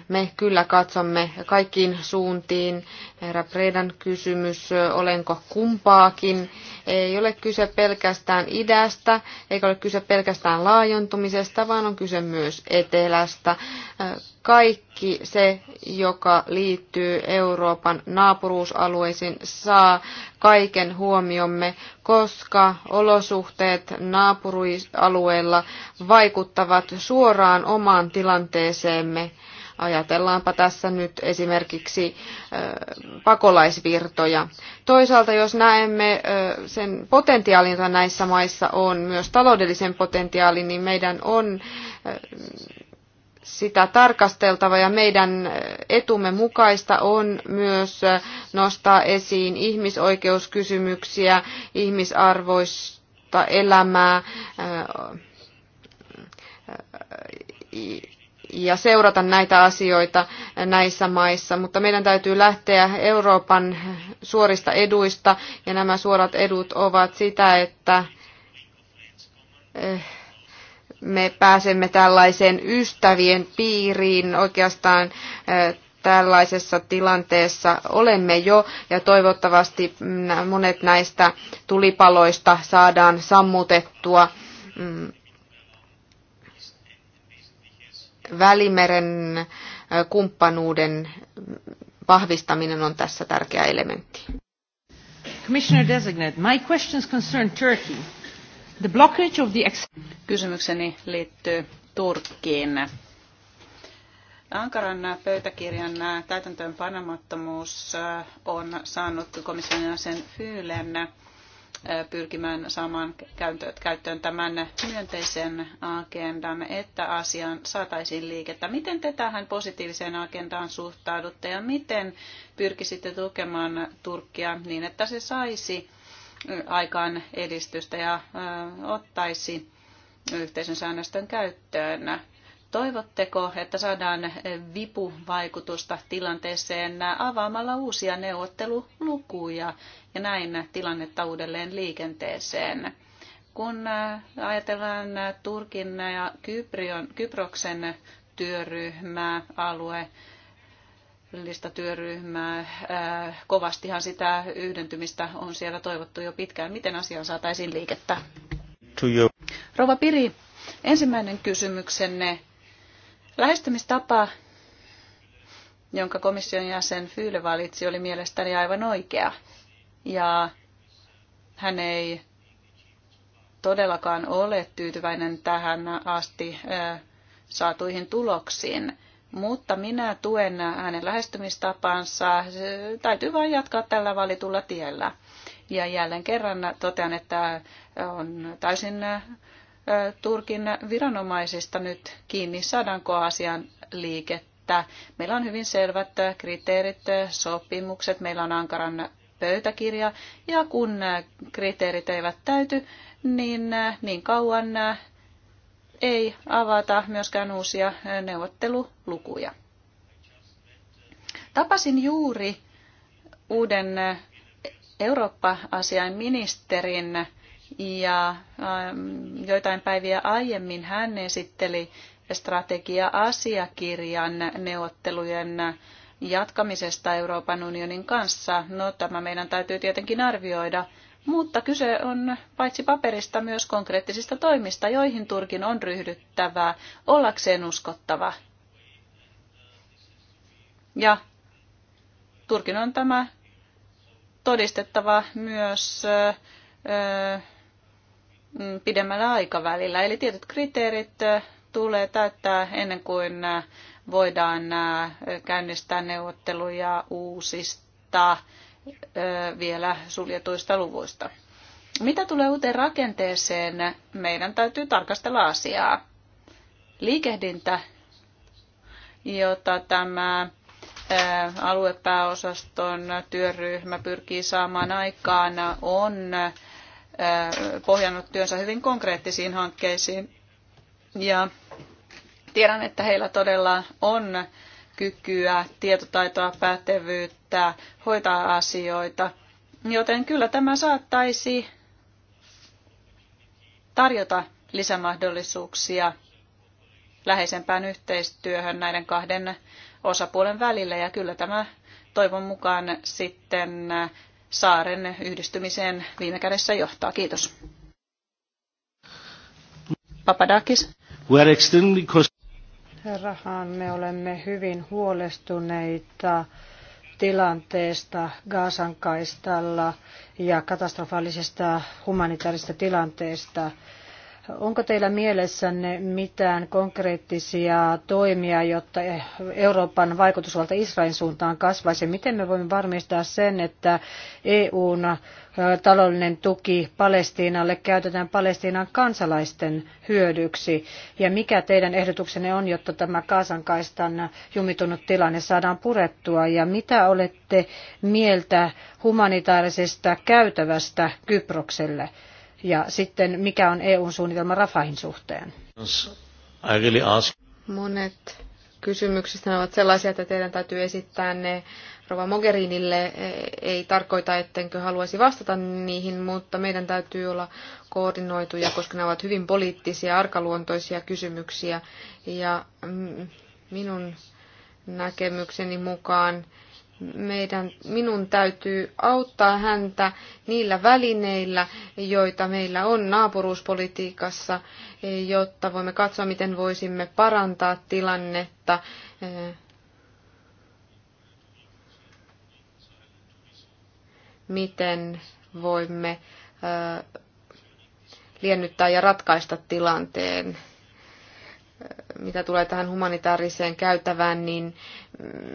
me kyllä katsomme kaikkiin suuntiin. Herra Predan kysymys, olenko kumpaakin. Ei ole kyse pelkästään idästä, eikä ole kyse pelkästään laajentumisesta, vaan on kyse myös etelästä. Kaikki kaikki se, joka liittyy Euroopan naapuruusalueisiin, saa kaiken huomiomme, koska olosuhteet naapuruusalueilla vaikuttavat suoraan omaan tilanteeseemme. Ajatellaanpa tässä nyt esimerkiksi pakolaisvirtoja. Toisaalta jos näemme sen potentiaalin, jota näissä maissa on, myös taloudellisen potentiaalin, niin meidän on sitä tarkasteltava ja meidän etumme mukaista on myös nostaa esiin ihmisoikeuskysymyksiä, ihmisarvoista elämää ja seurata näitä asioita näissä maissa, mutta meidän täytyy lähteä Euroopan suorista eduista ja nämä suorat edut ovat sitä, että eh, me pääsemme tällaiseen ystävien piiriin oikeastaan tällaisessa tilanteessa olemme jo ja toivottavasti monet näistä tulipaloista saadaan sammutettua. Mm. Välimeren kumppanuuden vahvistaminen on tässä tärkeä elementti. Commissioner designate, my questions concern Turkey. The blockage of the... Kysymykseni liittyy Turkkiin. Ankaran pöytäkirjan täytäntöön panemattomuus äh, on saanut komission sen Fyylen äh, pyrkimään saamaan käyttöön tämän myönteisen agendan, että asiaan saataisiin liikettä. Miten te tähän positiiviseen agendaan suhtaudutte ja miten pyrkisitte tukemaan Turkkia niin, että se saisi aikaan edistystä ja ottaisi yhteisön säännöstön käyttöön. Toivotteko, että saadaan vipuvaikutusta tilanteeseen avaamalla uusia neuvottelulukuja ja näin tilannetta uudelleen liikenteeseen? Kun ajatellaan Turkin ja Kyprion, Kyproksen työryhmää alue työryhmää. Äh, kovastihan sitä yhdentymistä on siellä toivottu jo pitkään. Miten asiaan saataisiin liikettä? Rova Piri, ensimmäinen kysymyksenne. Lähestymistapa, jonka komission jäsen Fyyle valitsi, oli mielestäni aivan oikea. Ja hän ei todellakaan ole tyytyväinen tähän asti äh, saatuihin tuloksiin mutta minä tuen hänen lähestymistapansa. Täytyy vain jatkaa tällä valitulla tiellä. Ja jälleen kerran totean, että on täysin Turkin viranomaisista nyt kiinni, saadaanko asian liikettä. Meillä on hyvin selvät kriteerit, sopimukset, meillä on Ankaran pöytäkirja, ja kun kriteerit eivät täyty, niin niin kauan ei avata myöskään uusia neuvottelulukuja. Tapasin juuri uuden Eurooppa-asiain ministerin ja ähm, joitain päiviä aiemmin hän esitteli strategia-asiakirjan neuvottelujen jatkamisesta Euroopan unionin kanssa. No tämä meidän täytyy tietenkin arvioida mutta kyse on paitsi paperista myös konkreettisista toimista, joihin Turkin on ryhdyttävää ollakseen uskottava. Ja Turkin on tämä todistettava myös ö, pidemmällä aikavälillä. Eli tietyt kriteerit tulee täyttää ennen kuin voidaan käynnistää neuvotteluja uusista vielä suljetuista luvuista. Mitä tulee uuteen rakenteeseen, meidän täytyy tarkastella asiaa. Liikehdintä, jota tämä aluepääosaston työryhmä pyrkii saamaan aikaan, on pohjannut työnsä hyvin konkreettisiin hankkeisiin. Ja tiedän, että heillä todella on kykyä, tietotaitoa, pätevyyttä, hoitaa asioita. Joten kyllä tämä saattaisi tarjota lisämahdollisuuksia läheisempään yhteistyöhön näiden kahden osapuolen välillä. Ja kyllä tämä toivon mukaan sitten saaren yhdistymiseen viime kädessä johtaa. Kiitos. Papadakis. We are extremely Herrahan, Me olemme hyvin huolestuneita tilanteesta Gaasan kaistalla ja katastrofaalisesta humanitaarisesta tilanteesta Onko teillä mielessänne mitään konkreettisia toimia, jotta Euroopan vaikutusvalta Israelin suuntaan kasvaisi? Miten me voimme varmistaa sen, että EUn äh, taloudellinen tuki Palestiinalle käytetään Palestiinan kansalaisten hyödyksi? Ja mikä teidän ehdotuksenne on, jotta tämä Kaasankaistan jumitunut tilanne saadaan purettua? Ja mitä olette mieltä humanitaarisesta käytävästä Kyprokselle? Ja sitten mikä on EUn suunnitelma Rafahin suhteen? Monet kysymyksistä ovat sellaisia, että teidän täytyy esittää ne Rova Mogherinille. Ei tarkoita, ettenkö haluaisi vastata niihin, mutta meidän täytyy olla koordinoituja, koska ne ovat hyvin poliittisia, arkaluontoisia kysymyksiä. Ja mm, minun näkemykseni mukaan meidän, minun täytyy auttaa häntä niillä välineillä, joita meillä on naapuruuspolitiikassa, jotta voimme katsoa, miten voisimme parantaa tilannetta. Miten voimme liennyttää ja ratkaista tilanteen mitä tulee tähän humanitaariseen käytävään, niin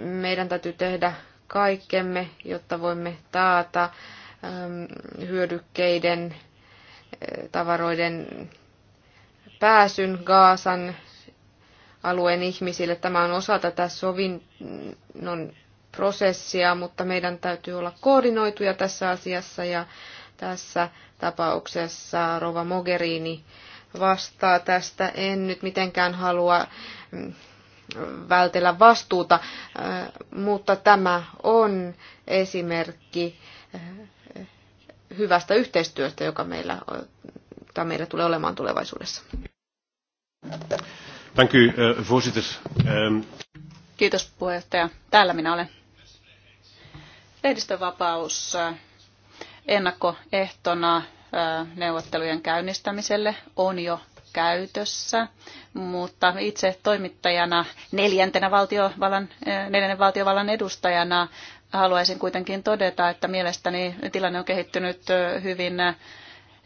meidän täytyy tehdä kaikkemme, jotta voimme taata hyödykkeiden, tavaroiden pääsyn Gaasan alueen ihmisille. Tämä on osa tätä sovinnon prosessia, mutta meidän täytyy olla koordinoituja tässä asiassa ja tässä tapauksessa Rova Mogherini vastaa tästä. En nyt mitenkään halua mm, vältellä vastuuta, mutta tämä on esimerkki hyvästä yhteistyöstä, joka meillä, jota meillä tulee olemaan tulevaisuudessa. Thank you, voorzitter. Ehm, Kiitos puheenjohtaja. Täällä minä olen. Lehdistönvapaus ennakkoehtona neuvottelujen käynnistämiselle on jo käytössä, mutta itse toimittajana, neljäntenä valtiovallan, neljännen valtiovallan edustajana haluaisin kuitenkin todeta, että mielestäni tilanne on kehittynyt hyvin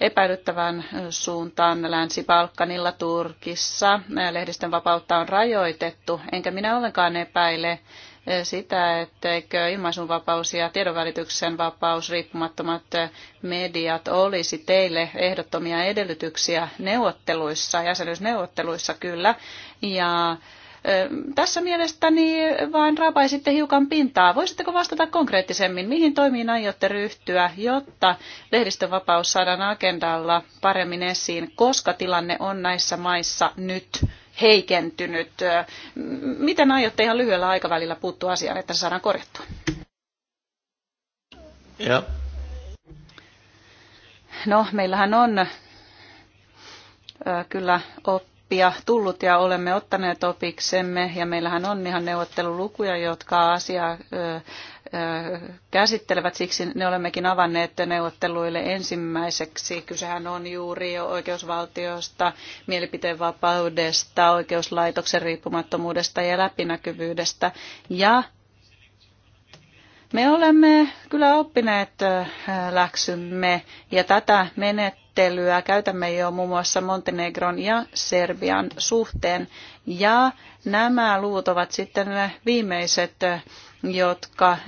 epäilyttävän suuntaan Länsi-Balkanilla, Turkissa. Lehdistön vapautta on rajoitettu, enkä minä ollenkaan epäile sitä, etteikö ilmaisunvapaus ja tiedonvälityksen vapaus, riippumattomat mediat olisi teille ehdottomia edellytyksiä neuvotteluissa, jäsenyysneuvotteluissa kyllä. Ja tässä mielestäni vain rapaisitte hiukan pintaa. Voisitteko vastata konkreettisemmin, mihin toimiin aiotte ryhtyä, jotta lehdistönvapaus saadaan agendalla paremmin esiin, koska tilanne on näissä maissa nyt heikentynyt. Miten aiotte ihan lyhyellä aikavälillä puuttua asiaan, että se saadaan korjattua? Ja. No, meillähän on kyllä oppia tullut ja olemme ottaneet opiksemme ja meillähän on ihan neuvottelulukuja, jotka asiaa käsittelevät. Siksi ne olemmekin avanneet neuvotteluille ensimmäiseksi. Kysehän on juuri oikeusvaltiosta, mielipiteenvapaudesta, oikeuslaitoksen riippumattomuudesta ja läpinäkyvyydestä. Ja me olemme kyllä oppineet läksymme ja tätä menettelyä käytämme jo muun muassa Montenegron ja Serbian suhteen. Ja nämä luvut ovat sitten viimeiset jotka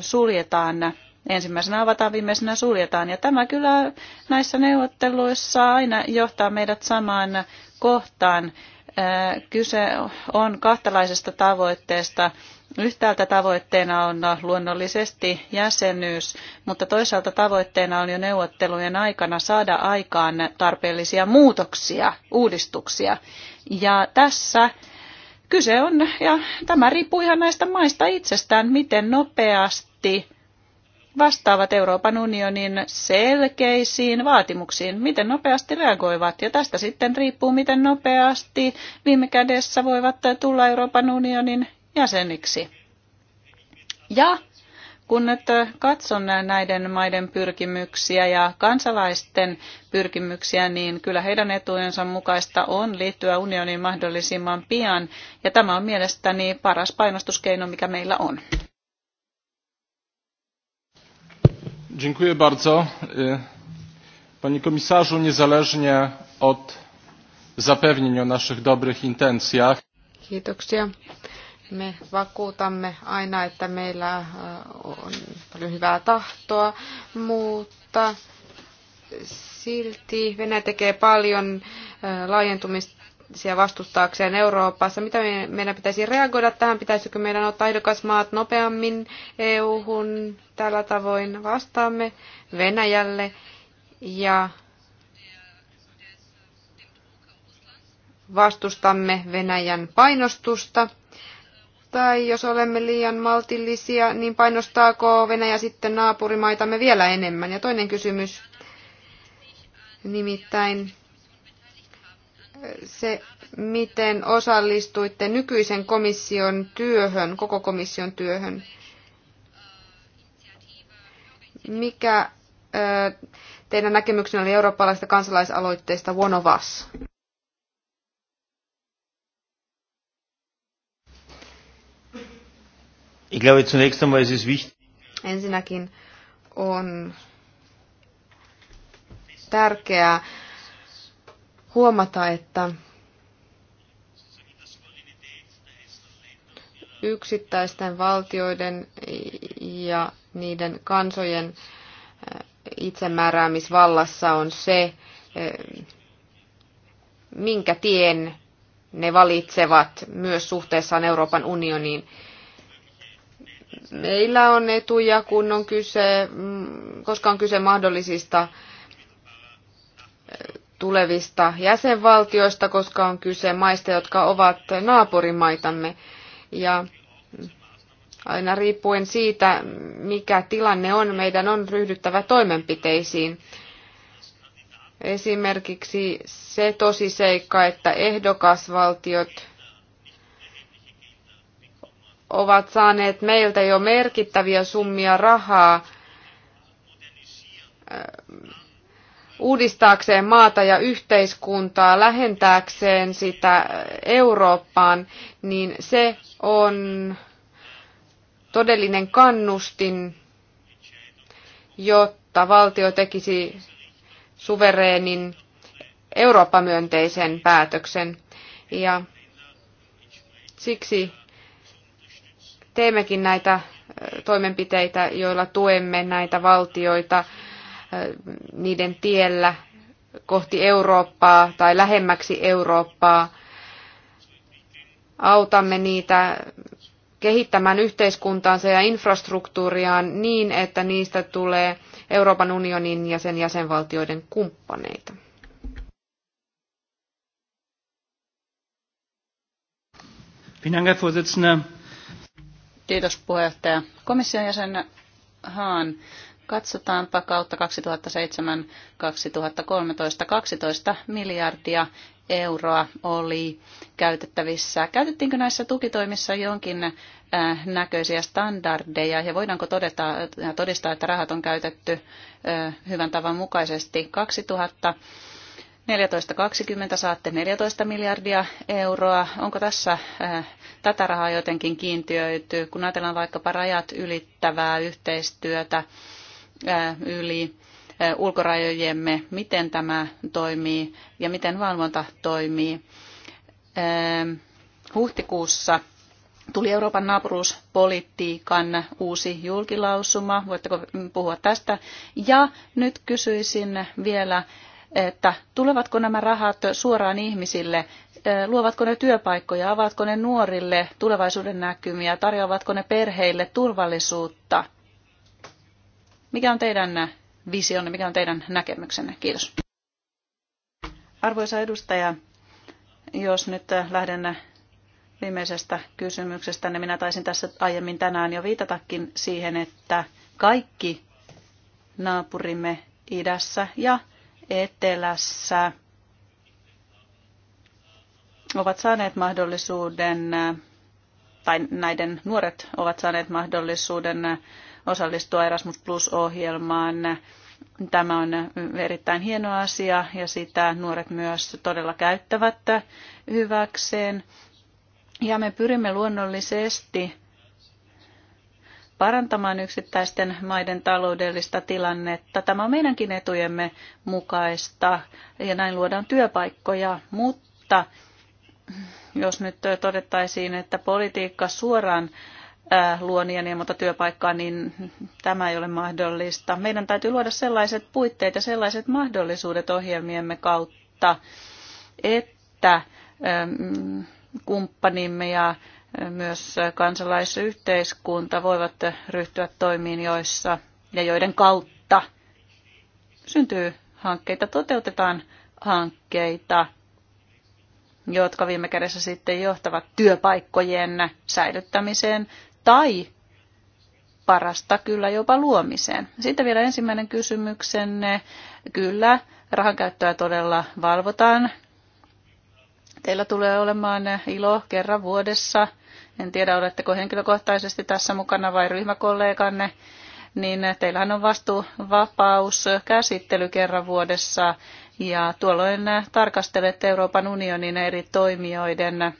suljetaan ensimmäisenä avataan, viimeisenä suljetaan. Ja tämä kyllä näissä neuvotteluissa aina johtaa meidät samaan kohtaan. Kyse on kahtalaisesta tavoitteesta. Yhtäältä tavoitteena on luonnollisesti jäsenyys, mutta toisaalta tavoitteena on jo neuvottelujen aikana saada aikaan tarpeellisia muutoksia, uudistuksia. Ja tässä Kyse on, ja tämä riippuu ihan näistä maista itsestään, miten nopeasti vastaavat Euroopan unionin selkeisiin vaatimuksiin, miten nopeasti reagoivat. Ja tästä sitten riippuu, miten nopeasti viime kädessä voivat tulla Euroopan unionin jäseniksi. Ja kun nyt katson näiden maiden pyrkimyksiä ja kansalaisten pyrkimyksiä, niin kyllä heidän etujensa mukaista on liittyä unioniin mahdollisimman pian, ja tämä on mielestäni paras painostuskeino, mikä meillä on. Dziękuję bardzo. Panie komisarzu, niezależnie od zapewnień o naszych dobrych intencjach. Kiitoksia. Me vakuutamme aina, että meillä äh, on paljon hyvää tahtoa, mutta silti Venäjä tekee paljon äh, laajentumista ihmisiä vastustaakseen Euroopassa. Mitä meidän pitäisi reagoida tähän? Pitäisikö meidän ottaa maat nopeammin EU-hun? Tällä tavoin vastaamme Venäjälle ja vastustamme Venäjän painostusta. Tai jos olemme liian maltillisia, niin painostaako Venäjä sitten naapurimaitamme vielä enemmän? Ja toinen kysymys, nimittäin eh, se, miten osallistuitte nykyisen komission työhön, koko komission työhön. Mikä eh, teidän näkemyksenne oli eurooppalaisesta kansalaisaloitteesta One of Us? Ich glaube, zunächst einmal ist es wichtig. Ensinnäkin on tärkeää huomata, että yksittäisten valtioiden ja niiden kansojen eh, itsemääräämisvallassa on se, eh, minkä tien ne valitsevat myös suhteessaan Euroopan unioniin meillä on etuja, kun on kyse, mm, koska on kyse mahdollisista eh, tulevista jäsenvaltioista, koska on kyse maista, jotka ovat naapurimaitamme. Ja aina riippuen siitä, mikä tilanne on, meidän on ryhdyttävä toimenpiteisiin. Esimerkiksi se tosiseikka, että ehdokasvaltiot ovat saaneet meiltä jo merkittäviä summia rahaa uudistaakseen maata ja yhteiskuntaa, lähentääkseen sitä Eurooppaan, niin se on todellinen kannustin, jotta valtio tekisi suvereenin Eurooppa-myönteisen päätöksen. Ja siksi teemmekin näitä toimenpiteitä, joilla tuemme näitä valtioita niiden tiellä kohti Eurooppaa tai lähemmäksi Eurooppaa. Autamme niitä kehittämään yhteiskuntaansa ja infrastruktuuriaan niin, että niistä tulee Euroopan unionin ja sen jäsenvaltioiden kumppaneita. Vielen Dank, Herr Vorsitzender. Kiitos puheenjohtaja. Komission jäsen Haan, katsotaanpa kautta 2007-2013 12 miljardia euroa oli käytettävissä. Käytettiinkö näissä tukitoimissa jonkin äh, näköisiä standardeja ja voidaanko todeta, äh, todistaa, että rahat on käytetty äh, hyvän tavan mukaisesti 2000 14.20 saatte 14 miljardia euroa. Onko tässä äh, tätä rahaa jotenkin kiintiöity, kun ajatellaan vaikkapa rajat ylittävää yhteistyötä äh, yli äh, ulkorajojemme, miten tämä toimii ja miten valvonta toimii. Ähm, huhtikuussa tuli Euroopan naapuruuspolitiikan uusi julkilausuma. Voitteko puhua tästä? Ja nyt kysyisin vielä että tulevatko nämä rahat suoraan ihmisille, luovatko ne työpaikkoja, avatko ne nuorille tulevaisuuden näkymiä, tarjoavatko ne perheille turvallisuutta. Mikä on teidän visionne, mikä on teidän näkemyksenne? Kiitos. Arvoisa edustaja, jos nyt lähden viimeisestä kysymyksestä, niin minä taisin tässä aiemmin tänään jo viitatakin siihen, että kaikki naapurimme idässä ja etelässä ovat saaneet mahdollisuuden, tai näiden nuoret ovat saaneet mahdollisuuden osallistua Erasmus Plus-ohjelmaan. Tämä on erittäin hieno asia ja sitä nuoret myös todella käyttävät hyväkseen. Ja me pyrimme luonnollisesti parantamaan yksittäisten maiden taloudellista tilannetta. Tämä on meidänkin etujemme mukaista ja näin luodaan työpaikkoja, mutta jos nyt todettaisiin, että politiikka suoraan äh, luo niin ja niin monta työpaikkaa, niin tämä ei ole mahdollista. Meidän täytyy luoda sellaiset puitteet ja sellaiset mahdollisuudet ohjelmiemme kautta, että ähm, kumppanimme ja myös kansalaisyhteiskunta voivat ryhtyä toimiin, joissa ja joiden kautta syntyy hankkeita, toteutetaan hankkeita, jotka viime kädessä sitten johtavat työpaikkojen säilyttämiseen tai parasta kyllä jopa luomiseen. Sitten vielä ensimmäinen kysymyksenne. Kyllä, rahankäyttöä todella valvotaan Teillä tulee olemaan ilo kerran vuodessa, en tiedä oletteko henkilökohtaisesti tässä mukana vai ryhmäkolleganne, niin teillähän on vastuuvapaus käsittely kerran vuodessa ja tuolloin tarkastelette Euroopan unionin eri toimijoiden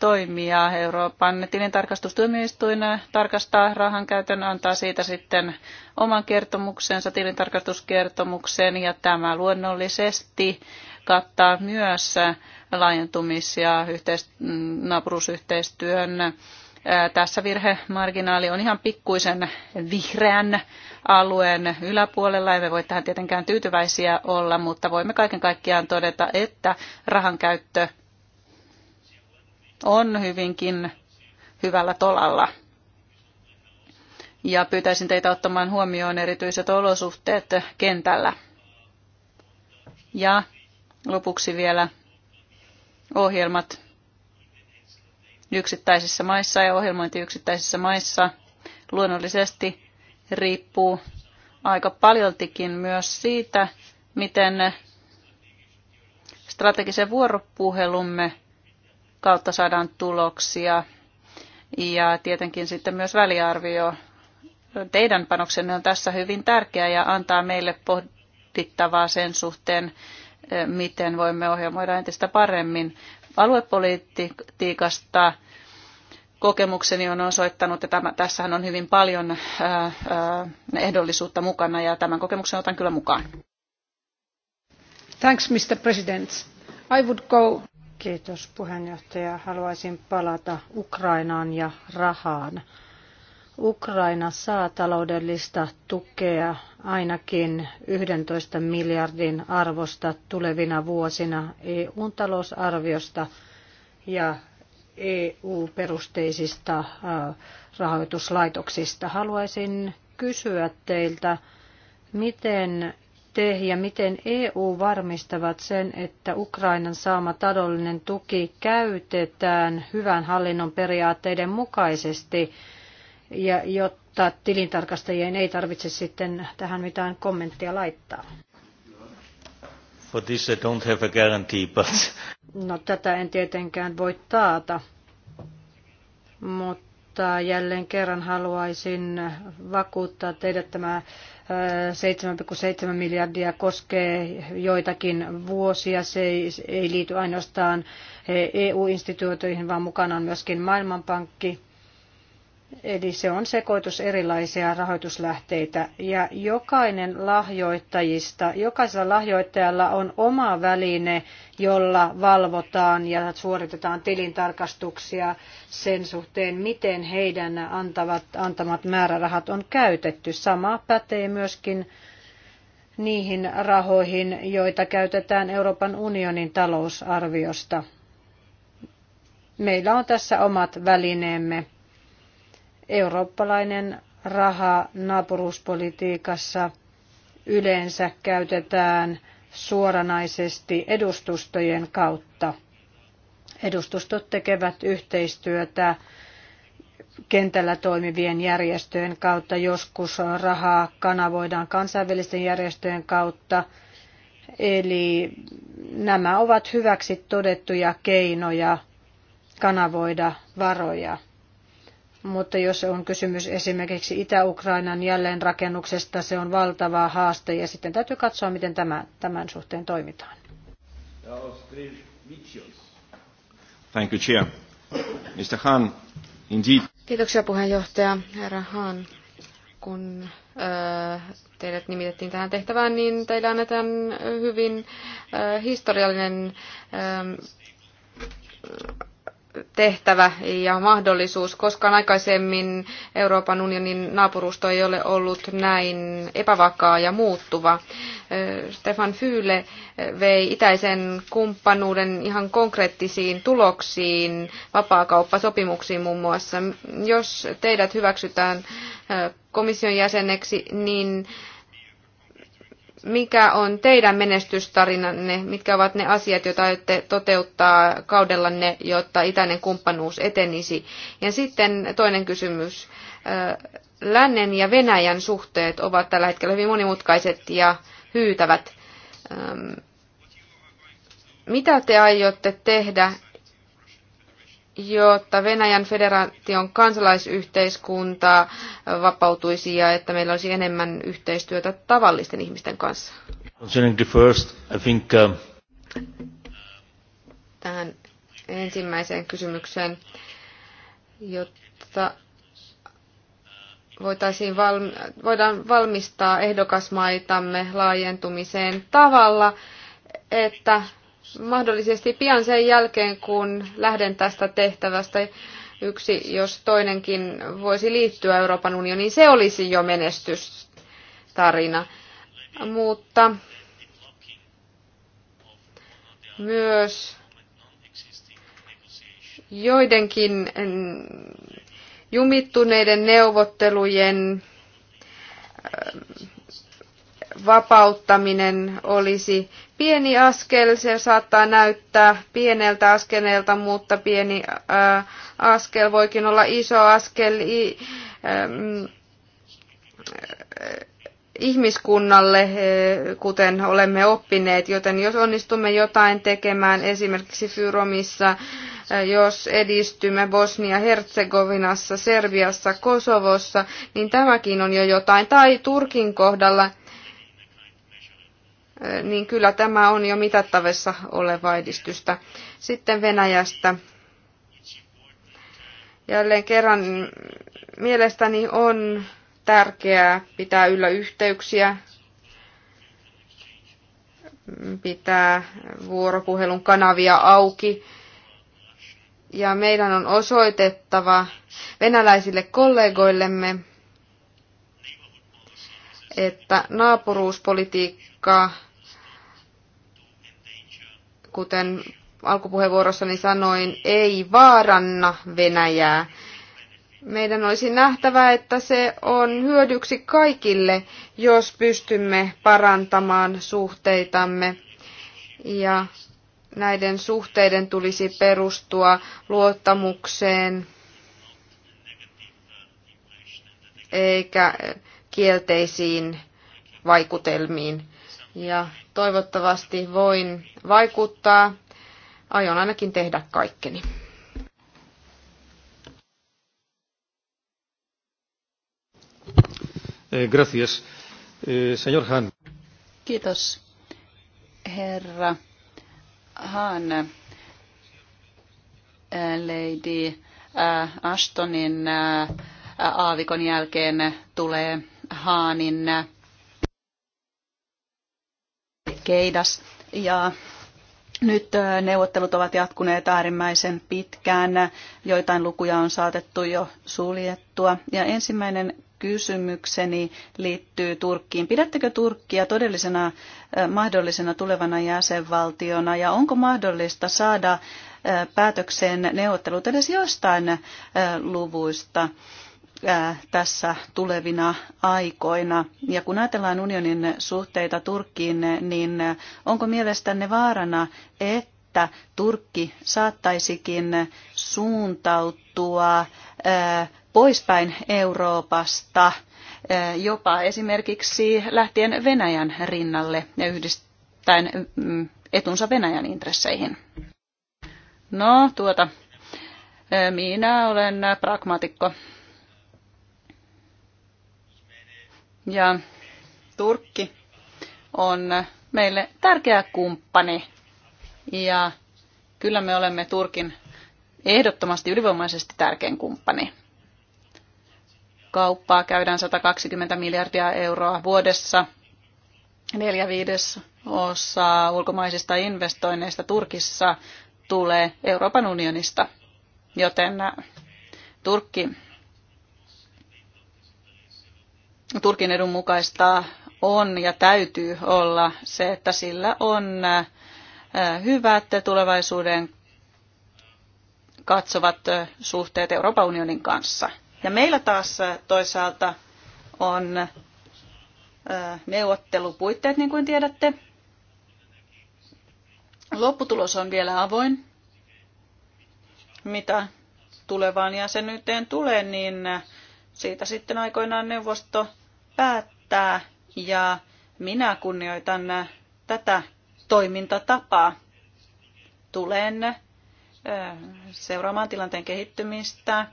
toimia. Euroopan tilintarkastustuomioistuin tarkastaa rahan käytön, antaa siitä sitten oman kertomuksensa tilintarkastuskertomuksen ja tämä luonnollisesti kattaa myös laajentumis- ja yhteis- Tässä virhemarginaali on ihan pikkuisen vihreän alueen yläpuolella. Emme voi tähän tietenkään tyytyväisiä olla, mutta voimme kaiken kaikkiaan todeta, että rahan käyttö on hyvinkin hyvällä tolalla. Ja pyytäisin teitä ottamaan huomioon erityiset olosuhteet kentällä. Ja lopuksi vielä ohjelmat yksittäisissä maissa ja ohjelmointi yksittäisissä maissa luonnollisesti riippuu aika paljoltikin myös siitä, miten strategisen vuoropuhelumme kautta saadaan tuloksia ja tietenkin sitten myös väliarvio. Teidän panoksenne on tässä hyvin tärkeä ja antaa meille pohdittavaa sen suhteen, miten voimme ohjelmoida entistä paremmin aluepolitiikasta. Kokemukseni on osoittanut, että tämä, tässähän on hyvin paljon äh, äh, ehdollisuutta mukana ja tämän kokemuksen otan kyllä mukaan. Thanks, Mr. President. I would go... Kiitos puheenjohtaja. Haluaisin palata Ukrainaan ja rahaan. Ukraina saa taloudellista tukea ainakin 11 miljardin arvosta tulevina vuosina eu talousarviosta ja EU-perusteisista rahoituslaitoksista. Haluaisin kysyä teiltä, miten te ja miten EU varmistavat sen, että Ukrainan saama taloudellinen tuki käytetään hyvän hallinnon periaatteiden mukaisesti – ja jotta tilintarkastajien ei tarvitse sitten tähän mitään kommenttia laittaa. For this I don't have a guarantee, but... No tätä en tietenkään voi taata, mutta jälleen kerran haluaisin vakuuttaa teidät tämä 7,7 miljardia koskee joitakin vuosia. Se ei, ei liity ainoastaan EU-instituutioihin, vaan mukana on myöskin Maailmanpankki Eli se on sekoitus erilaisia rahoituslähteitä ja jokainen lahjoittajista, jokaisella lahjoittajalla on oma väline, jolla valvotaan ja suoritetaan tilintarkastuksia sen suhteen, miten heidän antavat, antamat määrärahat on käytetty. Sama pätee myöskin niihin rahoihin, joita käytetään Euroopan unionin talousarviosta. Meillä on tässä omat välineemme Eurooppalainen raha naapuruuspolitiikassa yleensä käytetään suoranaisesti edustustojen kautta. Edustustot tekevät yhteistyötä kentällä toimivien järjestöjen kautta. Joskus rahaa kanavoidaan kansainvälisten järjestöjen kautta. Eli nämä ovat hyväksi todettuja keinoja kanavoida varoja. Mutta jos on kysymys esimerkiksi Itä-Ukrainan jälleenrakennuksesta, se on valtava haaste ja sitten täytyy katsoa, miten tämän, tämän suhteen toimitaan. Thank you, Chair. Mr. Han, indeed. Kiitoksia puheenjohtaja, herra Han. Kun teidät nimitettiin tähän tehtävään, niin teillä annetaan hyvin historiallinen tehtävä ja mahdollisuus. Koskaan aikaisemmin Euroopan unionin naapurusto ei ole ollut näin epävakaa ja muuttuva. Stefan Füle vei itäisen kumppanuuden ihan konkreettisiin tuloksiin, vapaakauppasopimuksiin muun muassa. Jos teidät hyväksytään komission jäseneksi, niin mikä on teidän menestystarinanne, mitkä ovat ne asiat, joita aiotte toteuttaa kaudellanne, jotta itäinen kumppanuus etenisi. Ja sitten toinen kysymys. Lännen ja Venäjän suhteet ovat tällä hetkellä hyvin monimutkaiset ja hyytävät. Mitä te aiotte tehdä, jotta Venäjän federaation kansalaisyhteiskunta vapautuisi ja että meillä olisi enemmän yhteistyötä tavallisten ihmisten kanssa? Uh, Tähän ensimmäiseen kysymykseen, jotta voitaisiin valmi- voidaan valmistaa ehdokasmaitamme laajentumiseen tavalla, että mahdollisesti pian sen jälkeen, kun lähden tästä tehtävästä, yksi jos toinenkin voisi liittyä Euroopan unioniin, se olisi jo menestystarina. Mutta myös joidenkin jumittuneiden neuvottelujen vapauttaminen olisi pieni askel, se saattaa näyttää pieneltä askeleelta, mutta pieni äh, askel voikin olla iso askel i, ää, ähm, äh, ihmiskunnalle, äh, kuten olemme oppineet. Joten jos onnistumme jotain tekemään esimerkiksi Fyromissa, äh, jos edistymme Bosnia-Herzegovinassa, Serbiassa, Kosovossa, niin tämäkin on jo jotain. Tai Turkin kohdalla – niin kyllä tämä on jo mitattavissa oleva edistystä. Sitten Venäjästä. Jälleen kerran mielestäni on tärkeää pitää yllä yhteyksiä, pitää vuoropuhelun kanavia auki. Ja meidän on osoitettava venäläisille kollegoillemme, että naapuruuspolitiikkaa kuten alkupuheenvuorossani sanoin, ei vaaranna Venäjää. Meidän olisi nähtävä, että se on hyödyksi kaikille, jos pystymme parantamaan suhteitamme. Ja näiden suhteiden tulisi perustua luottamukseen eikä kielteisiin vaikutelmiin ja toivottavasti voin vaikuttaa. Aion ainakin tehdä kaikkeni. Eh, gracias. Eh, señor Han. Kiitos, herra Han. Eh, Lady Ashtonin aavikon jälkeen tulee Haanin keidas ja nyt neuvottelut ovat jatkuneet äärimmäisen pitkään. Joitain lukuja on saatettu jo suljettua. Ja ensimmäinen kysymykseni liittyy Turkkiin. Pidättekö Turkkia todellisena mahdollisena tulevana jäsenvaltiona ja onko mahdollista saada päätökseen neuvottelut edes jostain luvuista? Äh, tässä tulevina aikoina. Ja kun ajatellaan unionin suhteita Turkkiin, niin onko mielestänne vaarana, että Turkki saattaisikin suuntautua äh, poispäin Euroopasta, äh, jopa esimerkiksi lähtien Venäjän rinnalle ja yhdistäen mm, etunsa Venäjän intresseihin? No, tuota, minä olen pragmaatikko ja Turkki on meille tärkeä kumppani ja kyllä me olemme Turkin ehdottomasti ylivoimaisesti tärkein kumppani. Kauppaa käydään 120 miljardia euroa vuodessa, neljä viides osa ulkomaisista investoinneista Turkissa tulee Euroopan unionista, joten Turkki Turkin edun mukaista on ja täytyy olla se, että sillä on äh, hyvät tulevaisuuden katsovat äh, suhteet Euroopan unionin kanssa. Ja meillä taas äh, toisaalta on neuvottelupuitteet, niin kuin tiedätte. Lopputulos on vielä avoin. Mitä tulevaan jäsenyyteen tulee, niin siitä sitten aikoinaan neuvosto päättää ja minä kunnioitan tätä toimintatapaa. Tulen seuraamaan tilanteen kehittymistä.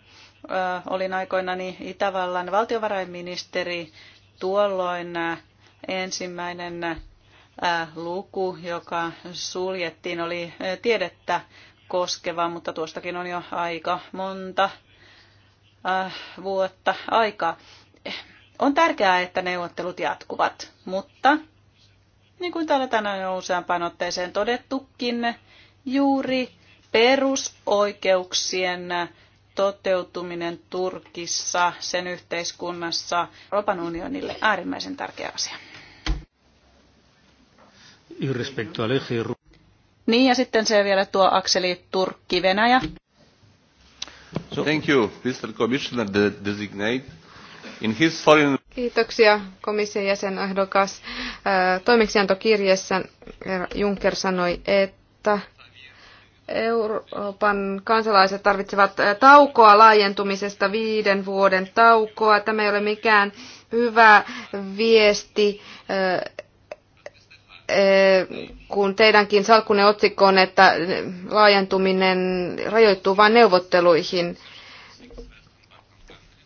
Olin aikoinani Itävallan valtiovarainministeri tuolloin ensimmäinen luku, joka suljettiin, oli tiedettä koskeva, mutta tuostakin on jo aika monta vuotta aikaa. On tärkeää, että neuvottelut jatkuvat, mutta niin kuin täällä tänään on useampaan otteeseen todettukin, juuri perusoikeuksien toteutuminen Turkissa, sen yhteiskunnassa, Euroopan unionille äärimmäisen tärkeä asia. Niin ja sitten se vielä tuo akseli Turkki-Venäjä. Thank you, Mr. Commissioner designate. In his foreign... Kiitoksia komission jäsenehdokas. Toimeksiantokirjassa Juncker sanoi, että Euroopan kansalaiset tarvitsevat taukoa laajentumisesta, viiden vuoden taukoa. Tämä ei ole mikään hyvä viesti, kun teidänkin salkkunne otsikko on, että laajentuminen rajoittuu vain neuvotteluihin –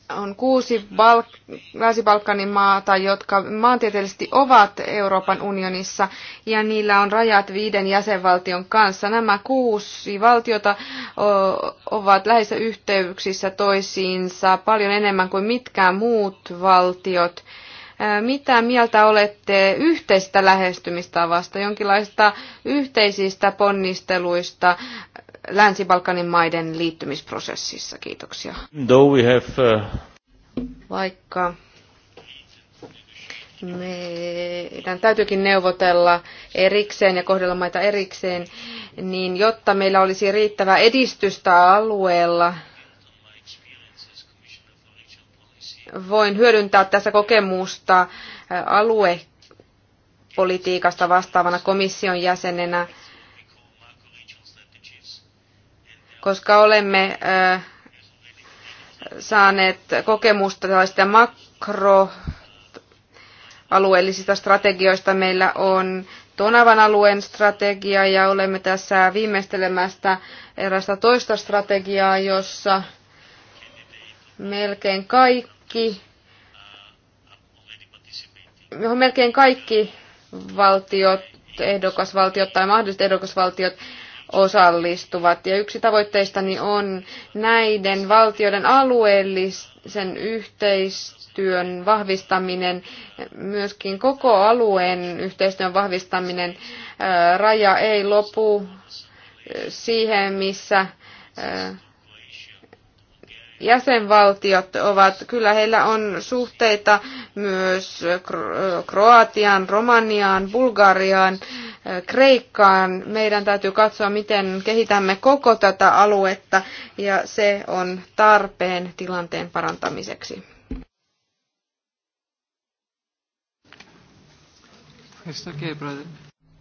on kuusi Balk- Länsi-Balkanin maata, jotka maantieteellisesti ovat Euroopan unionissa ja niillä on rajat viiden jäsenvaltion kanssa. Nämä kuusi valtiota ovat läheisissä yhteyksissä toisiinsa paljon enemmän kuin mitkään muut valtiot. Mitä mieltä olette yhteistä lähestymistavasta, jonkinlaista yhteisistä ponnisteluista Länsi-Balkanin maiden liittymisprosessissa. Kiitoksia. Uh, Vaikka meidän täytyykin neuvotella erikseen ja kohdella maita erikseen, niin jotta meillä olisi riittävää edistystä alueella, voin hyödyntää tässä kokemusta aluepolitiikasta vastaavana komission jäsenenä – koska olemme saaneet kokemusta tällaista makroalueellisista strategioista. Meillä on Tonavan alueen strategia ja olemme tässä viimeistelemästä erästä toista strategiaa, jossa melkein kaikki, johon melkein kaikki valtiot, ehdokasvaltiot tai mahdolliset ehdokasvaltiot osallistuvat. Ja yksi tavoitteistani on näiden valtioiden alueellisen yhteistyön vahvistaminen, myöskin koko alueen yhteistyön vahvistaminen. Äh, raja ei lopu äh, siihen, missä äh, jäsenvaltiot ovat, kyllä heillä on suhteita myös Kroatiaan, Romaniaan, Bulgariaan, Kreikkaan. Meidän täytyy katsoa, miten kehitämme koko tätä aluetta ja se on tarpeen tilanteen parantamiseksi.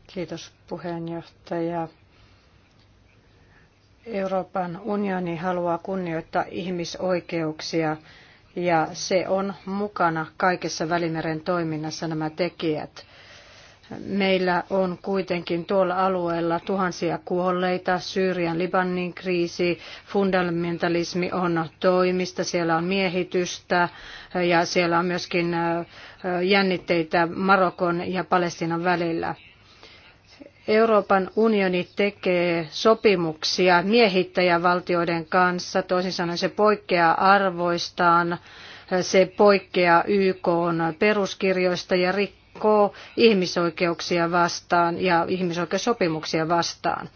Kiitos puheenjohtaja. Euroopan unioni haluaa kunnioittaa ihmisoikeuksia ja se on mukana kaikessa Välimeren toiminnassa nämä tekijät. Meillä on kuitenkin tuolla alueella tuhansia kuolleita, Syyrian Libanin kriisi, fundamentalismi on toimista, siellä on miehitystä ja siellä on myöskin jännitteitä Marokon ja Palestinan välillä Euroopan unioni tekee sopimuksia miehittäjävaltioiden kanssa, toisin sanoen se poikkeaa arvoistaan, se poikkeaa YK peruskirjoista ja rikkoo ihmisoikeuksia vastaan ja ihmisoikeussopimuksia vastaan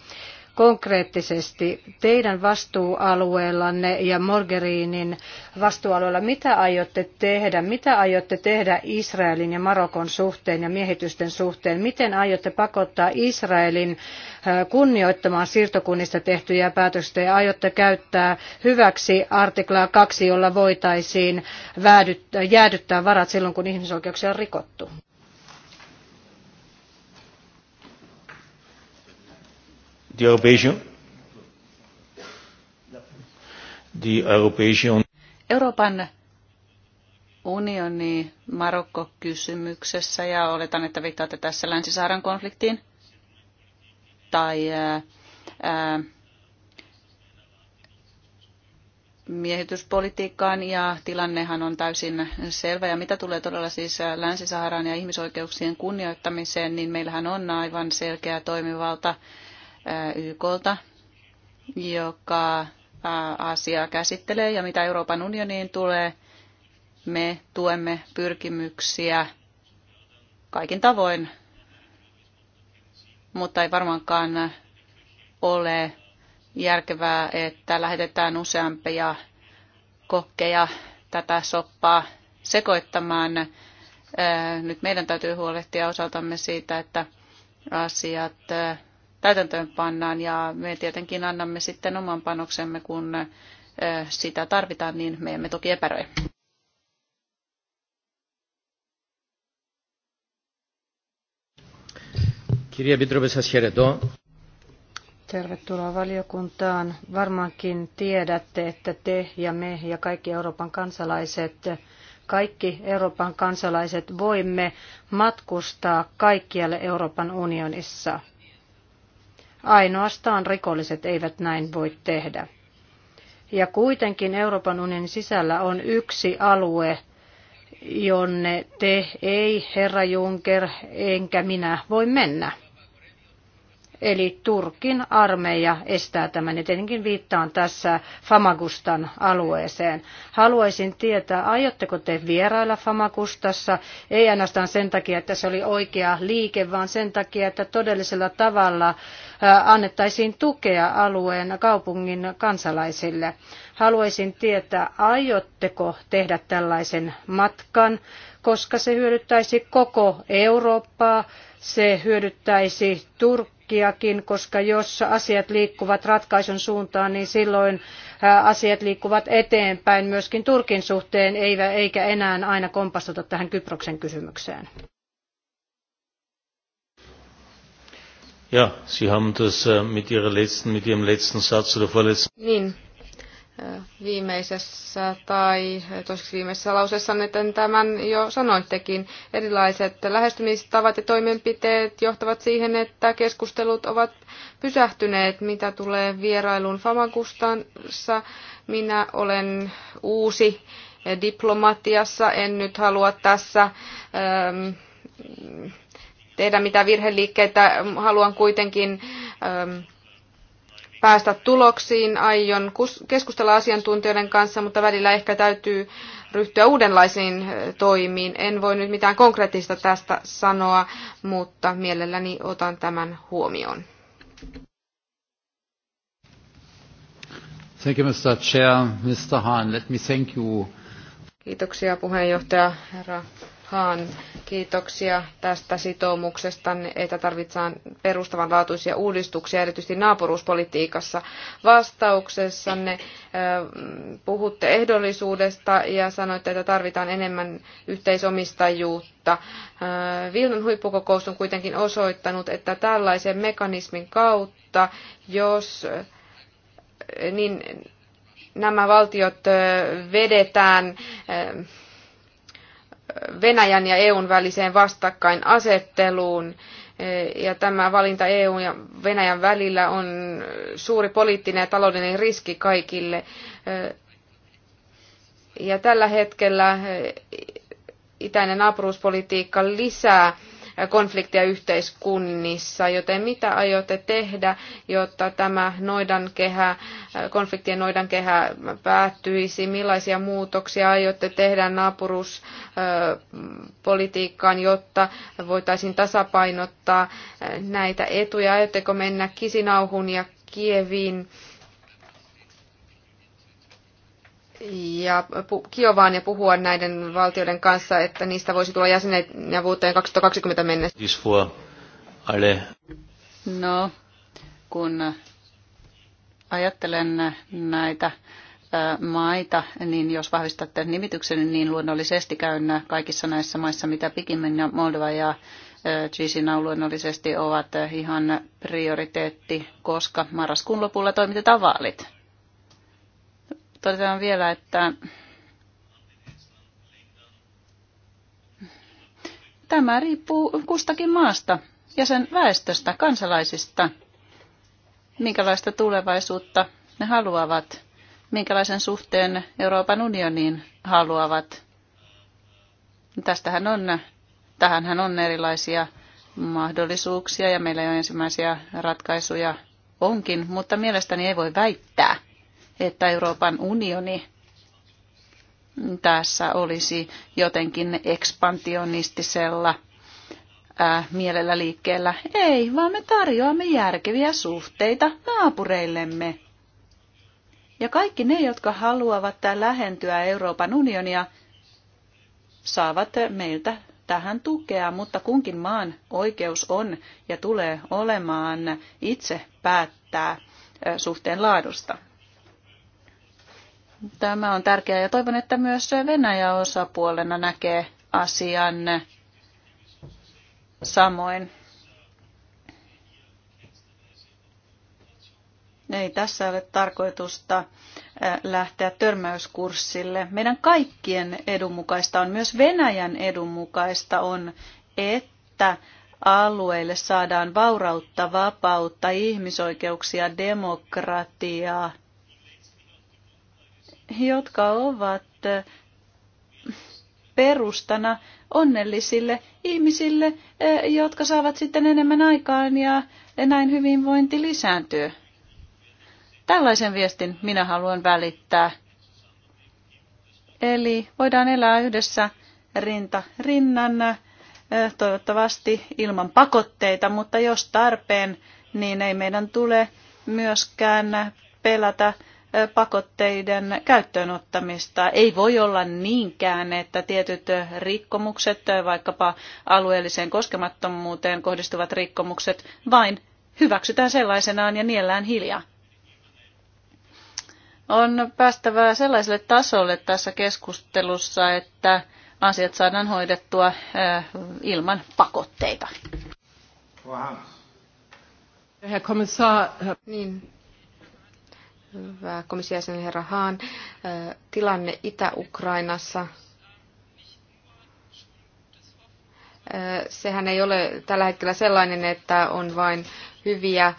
konkreettisesti teidän vastuualueellanne ja Morgerinin vastuualueella, mitä aiotte tehdä? Mitä aiotte tehdä Israelin ja Marokon suhteen ja miehitysten suhteen? Miten aiotte pakottaa Israelin äh, kunnioittamaan siirtokunnista tehtyjä päätöksiä ja aiotte käyttää hyväksi artiklaa 2, jolla voitaisiin jäädyttää varat silloin, kun ihmisoikeuksia on rikottu? Die Europäische, die Europäische Euroopan unioni Marokko-kysymyksessä ja oletan, että viittaatte tässä Länsisaaren konfliktiin tai ää, ää, miehityspolitiikkaan ja tilannehan on täysin selvä. Ja mitä tulee todella siis Länsi-Saharaan ja ihmisoikeuksien kunnioittamiseen, niin meillähän on aivan selkeä toimivalta YKlta, joka asiaa käsittelee ja mitä Euroopan unioniin tulee, me tuemme pyrkimyksiä kaikin tavoin, mutta ei varmaankaan ole järkevää, että lähetetään useampia kokkeja tätä soppaa sekoittamaan. Nyt meidän täytyy huolehtia osaltamme siitä, että asiat täytäntöön pannaan ja me tietenkin annamme sitten oman panoksemme, kun sitä tarvitaan, niin me emme toki epäröi. Kirja Tervetuloa valiokuntaan. Varmaankin tiedätte, että te ja me ja kaikki Euroopan kansalaiset, kaikki Euroopan kansalaiset voimme matkustaa kaikkialle Euroopan unionissa – Ainoastaan rikolliset eivät näin voi tehdä. Ja kuitenkin Euroopan unionin sisällä on yksi alue, jonne te ei, herra Juncker, enkä minä voi mennä. Eli Turkin armeija estää tämän ja tietenkin viittaan tässä Famagustan alueeseen. Haluaisin tietää, aiotteko te vierailla Famagustassa, ei ainoastaan sen takia, että se oli oikea liike, vaan sen takia, että todellisella tavalla annettaisiin tukea alueen kaupungin kansalaisille. Haluaisin tietää, aiotteko tehdä tällaisen matkan, koska se hyödyttäisi koko Eurooppaa, se hyödyttäisi Turkkiä, kaikkiakin, koska jos asiat liikkuvat ratkaisun suuntaan, niin silloin asiat liikkuvat eteenpäin myöskin Turkin suhteen, eikä enää aina kompastuta tähän Kyproksen kysymykseen. Ja, Sie haben das äh, mit, ihrer letzten, mit Ihrem letzten Satz oder vorletzten. Niin, viimeisessä tai toiseksi viimeisessä lauseessa, että tämän jo sanoittekin. Erilaiset lähestymistavat ja toimenpiteet johtavat siihen, että keskustelut ovat pysähtyneet, mitä tulee vierailun Famagustassa. Minä olen uusi diplomatiassa, en nyt halua tässä ähm, tehdä mitään virheliikkeitä, haluan kuitenkin ähm, päästä tuloksiin. Aion keskustella asiantuntijoiden kanssa, mutta välillä ehkä täytyy ryhtyä uudenlaisiin toimiin. En voi nyt mitään konkreettista tästä sanoa, mutta mielelläni otan tämän huomioon. Thank you, Mr. Chair. Mr. Hahn, let me thank you. Kiitoksia puheenjohtaja herra Haan. Kiitoksia tästä sitoumuksesta, että tarvitaan perustavanlaatuisia uudistuksia, erityisesti naapuruuspolitiikassa. Vastauksessanne puhutte ehdollisuudesta ja sanoitte, että tarvitaan enemmän yhteisomistajuutta. Vilnan huippukokous on kuitenkin osoittanut, että tällaisen mekanismin kautta, jos niin nämä valtiot vedetään Venäjän ja EUn väliseen vastakkainasetteluun. Ja tämä valinta EUn ja Venäjän välillä on suuri poliittinen ja taloudellinen riski kaikille. Ja tällä hetkellä itäinen naapuruuspolitiikka lisää konfliktia yhteiskunnissa, joten mitä aiotte tehdä, jotta tämä noidankehä, konfliktien noidankehä päättyisi, millaisia muutoksia aiotte tehdä naapuruspolitiikkaan, jotta voitaisiin tasapainottaa näitä etuja, aiotteko mennä Kisinauhun ja Kieviin ja Kiovaan ja puhua näiden valtioiden kanssa, että niistä voisi tulla jäseniä vuoteen 2020 mennessä. No, kun ajattelen näitä maita, niin jos vahvistatte nimityksen, niin luonnollisesti käyn kaikissa näissä maissa, mitä pikimmin ja Moldova ja Chisina luonnollisesti ovat ihan prioriteetti, koska marraskuun lopulla toimitetaan vaalit. Todetaan vielä, että tämä riippuu kustakin maasta ja sen väestöstä, kansalaisista, minkälaista tulevaisuutta ne haluavat, minkälaisen suhteen Euroopan unioniin haluavat. Tästähän on, tähänhän on erilaisia mahdollisuuksia ja meillä jo ensimmäisiä ratkaisuja onkin, mutta mielestäni ei voi väittää, että Euroopan unioni tässä olisi jotenkin ekspansionistisella mielellä liikkeellä. Ei, vaan me tarjoamme järkeviä suhteita naapureillemme. Ja kaikki ne, jotka haluavat lähentyä Euroopan unionia, saavat meiltä tähän tukea, mutta kunkin maan oikeus on ja tulee olemaan itse päättää suhteen laadusta. Tämä on tärkeää ja toivon, että myös Venäjä osapuolena näkee asian samoin. Ei tässä ole tarkoitusta lähteä törmäyskurssille. Meidän kaikkien edun mukaista on, myös Venäjän edun mukaista on, että alueille saadaan vaurautta, vapautta, ihmisoikeuksia, demokratiaa – jotka ovat perustana onnellisille ihmisille, e, jotka saavat sitten enemmän aikaan ja näin hyvinvointi lisääntyy. Tällaisen viestin minä haluan välittää. Eli voidaan elää yhdessä rinta rinnan, e, toivottavasti ilman pakotteita, mutta jos tarpeen, niin ei meidän tule myöskään pelätä pakotteiden käyttöönottamista. Ei voi olla niinkään, että tietyt rikkomukset, vaikkapa alueelliseen koskemattomuuteen kohdistuvat rikkomukset, vain hyväksytään sellaisenaan ja niellään hiljaa. On päästävä sellaiselle tasolle tässä keskustelussa, että asiat saadaan hoidettua eh, ilman pakotteita. Herr Kommissar, niin, hyvä komissiaisen herra Haan, tilanne Itä-Ukrainassa. Sehän ei ole tällä hetkellä sellainen, että on vain hyviä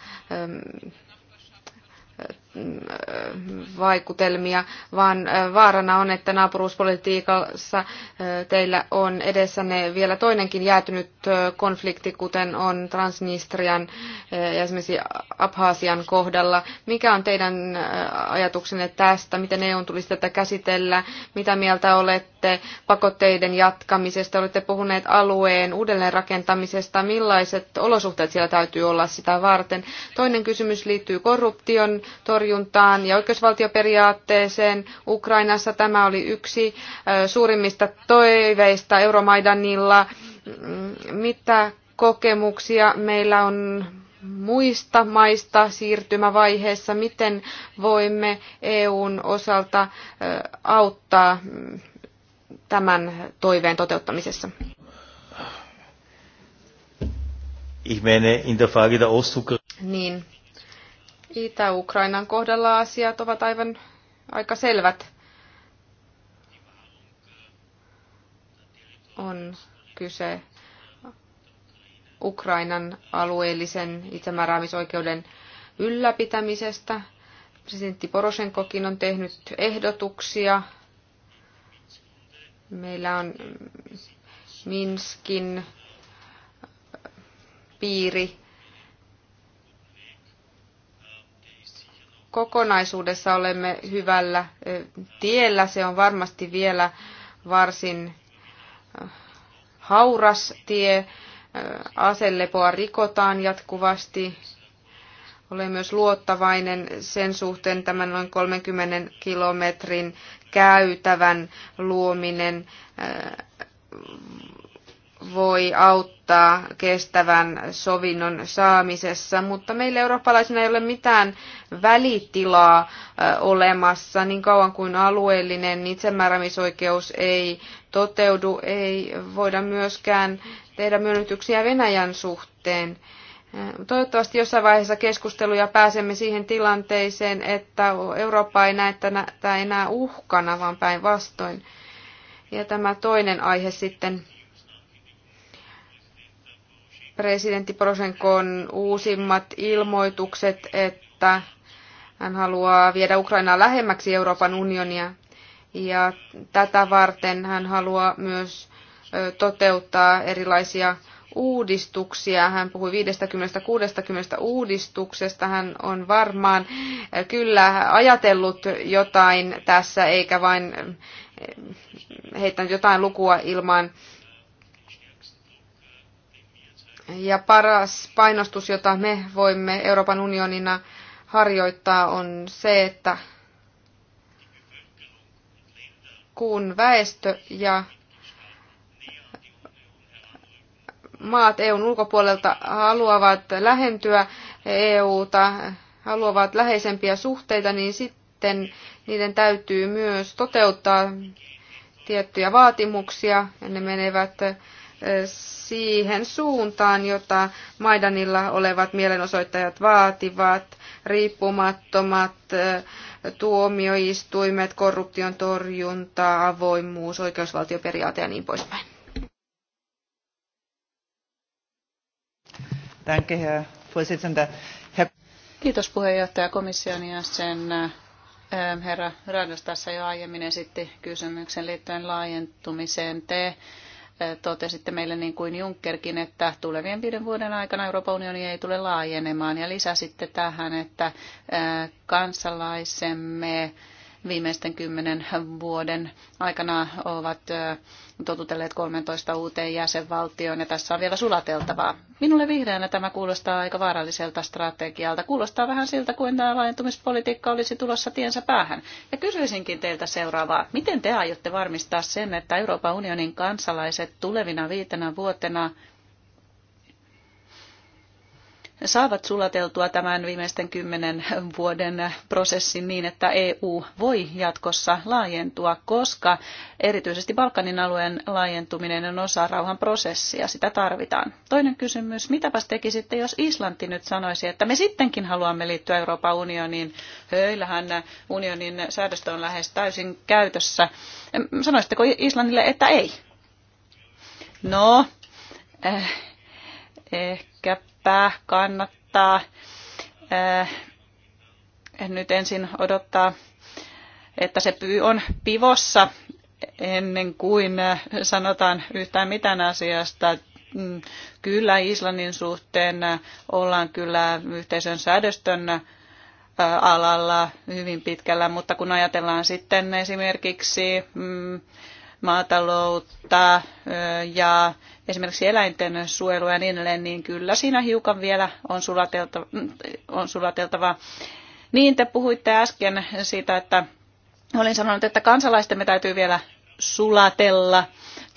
vaikutelmia, vaan vaarana on, että naapuruuspolitiikassa teillä on edessänne vielä toinenkin jäätynyt konflikti, kuten on Transnistrian ja esimerkiksi Abhaasian kohdalla. Mikä on teidän ajatuksenne tästä? Miten EU tulisi tätä käsitellä? Mitä mieltä olette pakotteiden jatkamisesta? Olette puhuneet alueen uudelleenrakentamisesta. Millaiset olosuhteet siellä täytyy olla sitä varten? Toinen kysymys liittyy korruption torjuntaan torjuntaan ja oikeusvaltioperiaatteeseen Ukrainassa. Tämä oli yksi suurimmista toiveista Euromaidanilla. Mm, mitä kokemuksia meillä on muista maista siirtymävaiheessa, miten voimme EUn osalta auttaa mm, tämän toiveen toteuttamisessa? Ich meine, in der Frage der Ostukraine. Niin, Itä-Ukrainan kohdalla asiat ovat aivan aika selvät. On kyse Ukrainan alueellisen itsemääräämisoikeuden ylläpitämisestä. Presidentti Poroshenkokin on tehnyt ehdotuksia. Meillä on Minskin piiri kokonaisuudessa olemme hyvällä tiellä. Se on varmasti vielä varsin hauras tie. Aselepoa rikotaan jatkuvasti. Olen myös luottavainen sen suhteen tämän noin 30 kilometrin käytävän luominen voi auttaa kestävän sovinnon saamisessa, mutta meillä eurooppalaisina ei ole mitään välitilaa olemassa niin kauan kuin alueellinen itsemääräämisoikeus ei toteudu, ei voida myöskään tehdä myönnytyksiä Venäjän suhteen. Toivottavasti jossain vaiheessa keskusteluja pääsemme siihen tilanteeseen, että Eurooppa ei näe tätä enää uhkana, vaan päinvastoin. Ja tämä toinen aihe sitten presidentti Prosenkon uusimmat ilmoitukset, että hän haluaa viedä Ukrainaa lähemmäksi Euroopan unionia. Ja tätä varten hän haluaa myös toteuttaa erilaisia uudistuksia. Hän puhui 50-60 uudistuksesta. Hän on varmaan kyllä ajatellut jotain tässä, eikä vain heittänyt jotain lukua ilmaan. Ja paras painostus, jota me voimme Euroopan unionina harjoittaa, on se, että kun väestö ja maat EUn ulkopuolelta haluavat lähentyä EUta, haluavat läheisempiä suhteita, niin sitten niiden täytyy myös toteuttaa tiettyjä vaatimuksia ja ne menevät siihen suuntaan, jota Maidanilla olevat mielenosoittajat vaativat, riippumattomat tuomioistuimet, korruption torjunta, avoimuus, oikeusvaltioperiaate ja niin poispäin. Kiitos puheenjohtaja komission sen Herra Rados tässä jo aiemmin esitti kysymyksen liittyen laajentumiseen. Te totesitte meille niin kuin Junckerkin, että tulevien viiden vuoden aikana Euroopan unioni ei tule laajenemaan. Ja lisäsitte tähän, että kansalaisemme viimeisten kymmenen vuoden aikana ovat totutelleet 13 uuteen jäsenvaltioon ja tässä on vielä sulateltavaa. Minulle vihreänä tämä kuulostaa aika vaaralliselta strategialta. Kuulostaa vähän siltä kuin tämä laajentumispolitiikka olisi tulossa tiensä päähän. Ja kysyisinkin teiltä seuraavaa. Miten te aiotte varmistaa sen, että Euroopan unionin kansalaiset tulevina viitenä vuotena saavat sulateltua tämän viimeisten kymmenen vuoden prosessin niin, että EU voi jatkossa laajentua, koska erityisesti Balkanin alueen laajentuminen on osa rauhan prosessia. Sitä tarvitaan. Toinen kysymys, mitäpäs tekisitte, jos Islanti nyt sanoisi, että me sittenkin haluamme liittyä Euroopan unioniin? Höillähän unionin säädöstö on lähes täysin käytössä. Sanoisitteko Islannille, että ei? No, äh, ehkäpä kannattaa äh, nyt ensin odottaa, että se pyy on pivossa ennen kuin äh, sanotaan yhtään mitään asiasta. Mm, kyllä Islannin suhteen äh, ollaan kyllä yhteisön säädöstön alalla hyvin pitkällä, mutta kun ajatellaan sitten esimerkiksi mm, maataloutta ja esimerkiksi eläinten suojelua ja niin edelleen, niin kyllä siinä hiukan vielä on sulateltava. On sulateltava. Niin, te puhuitte äsken siitä, että olin sanonut, että kansalaistemme täytyy vielä sulatella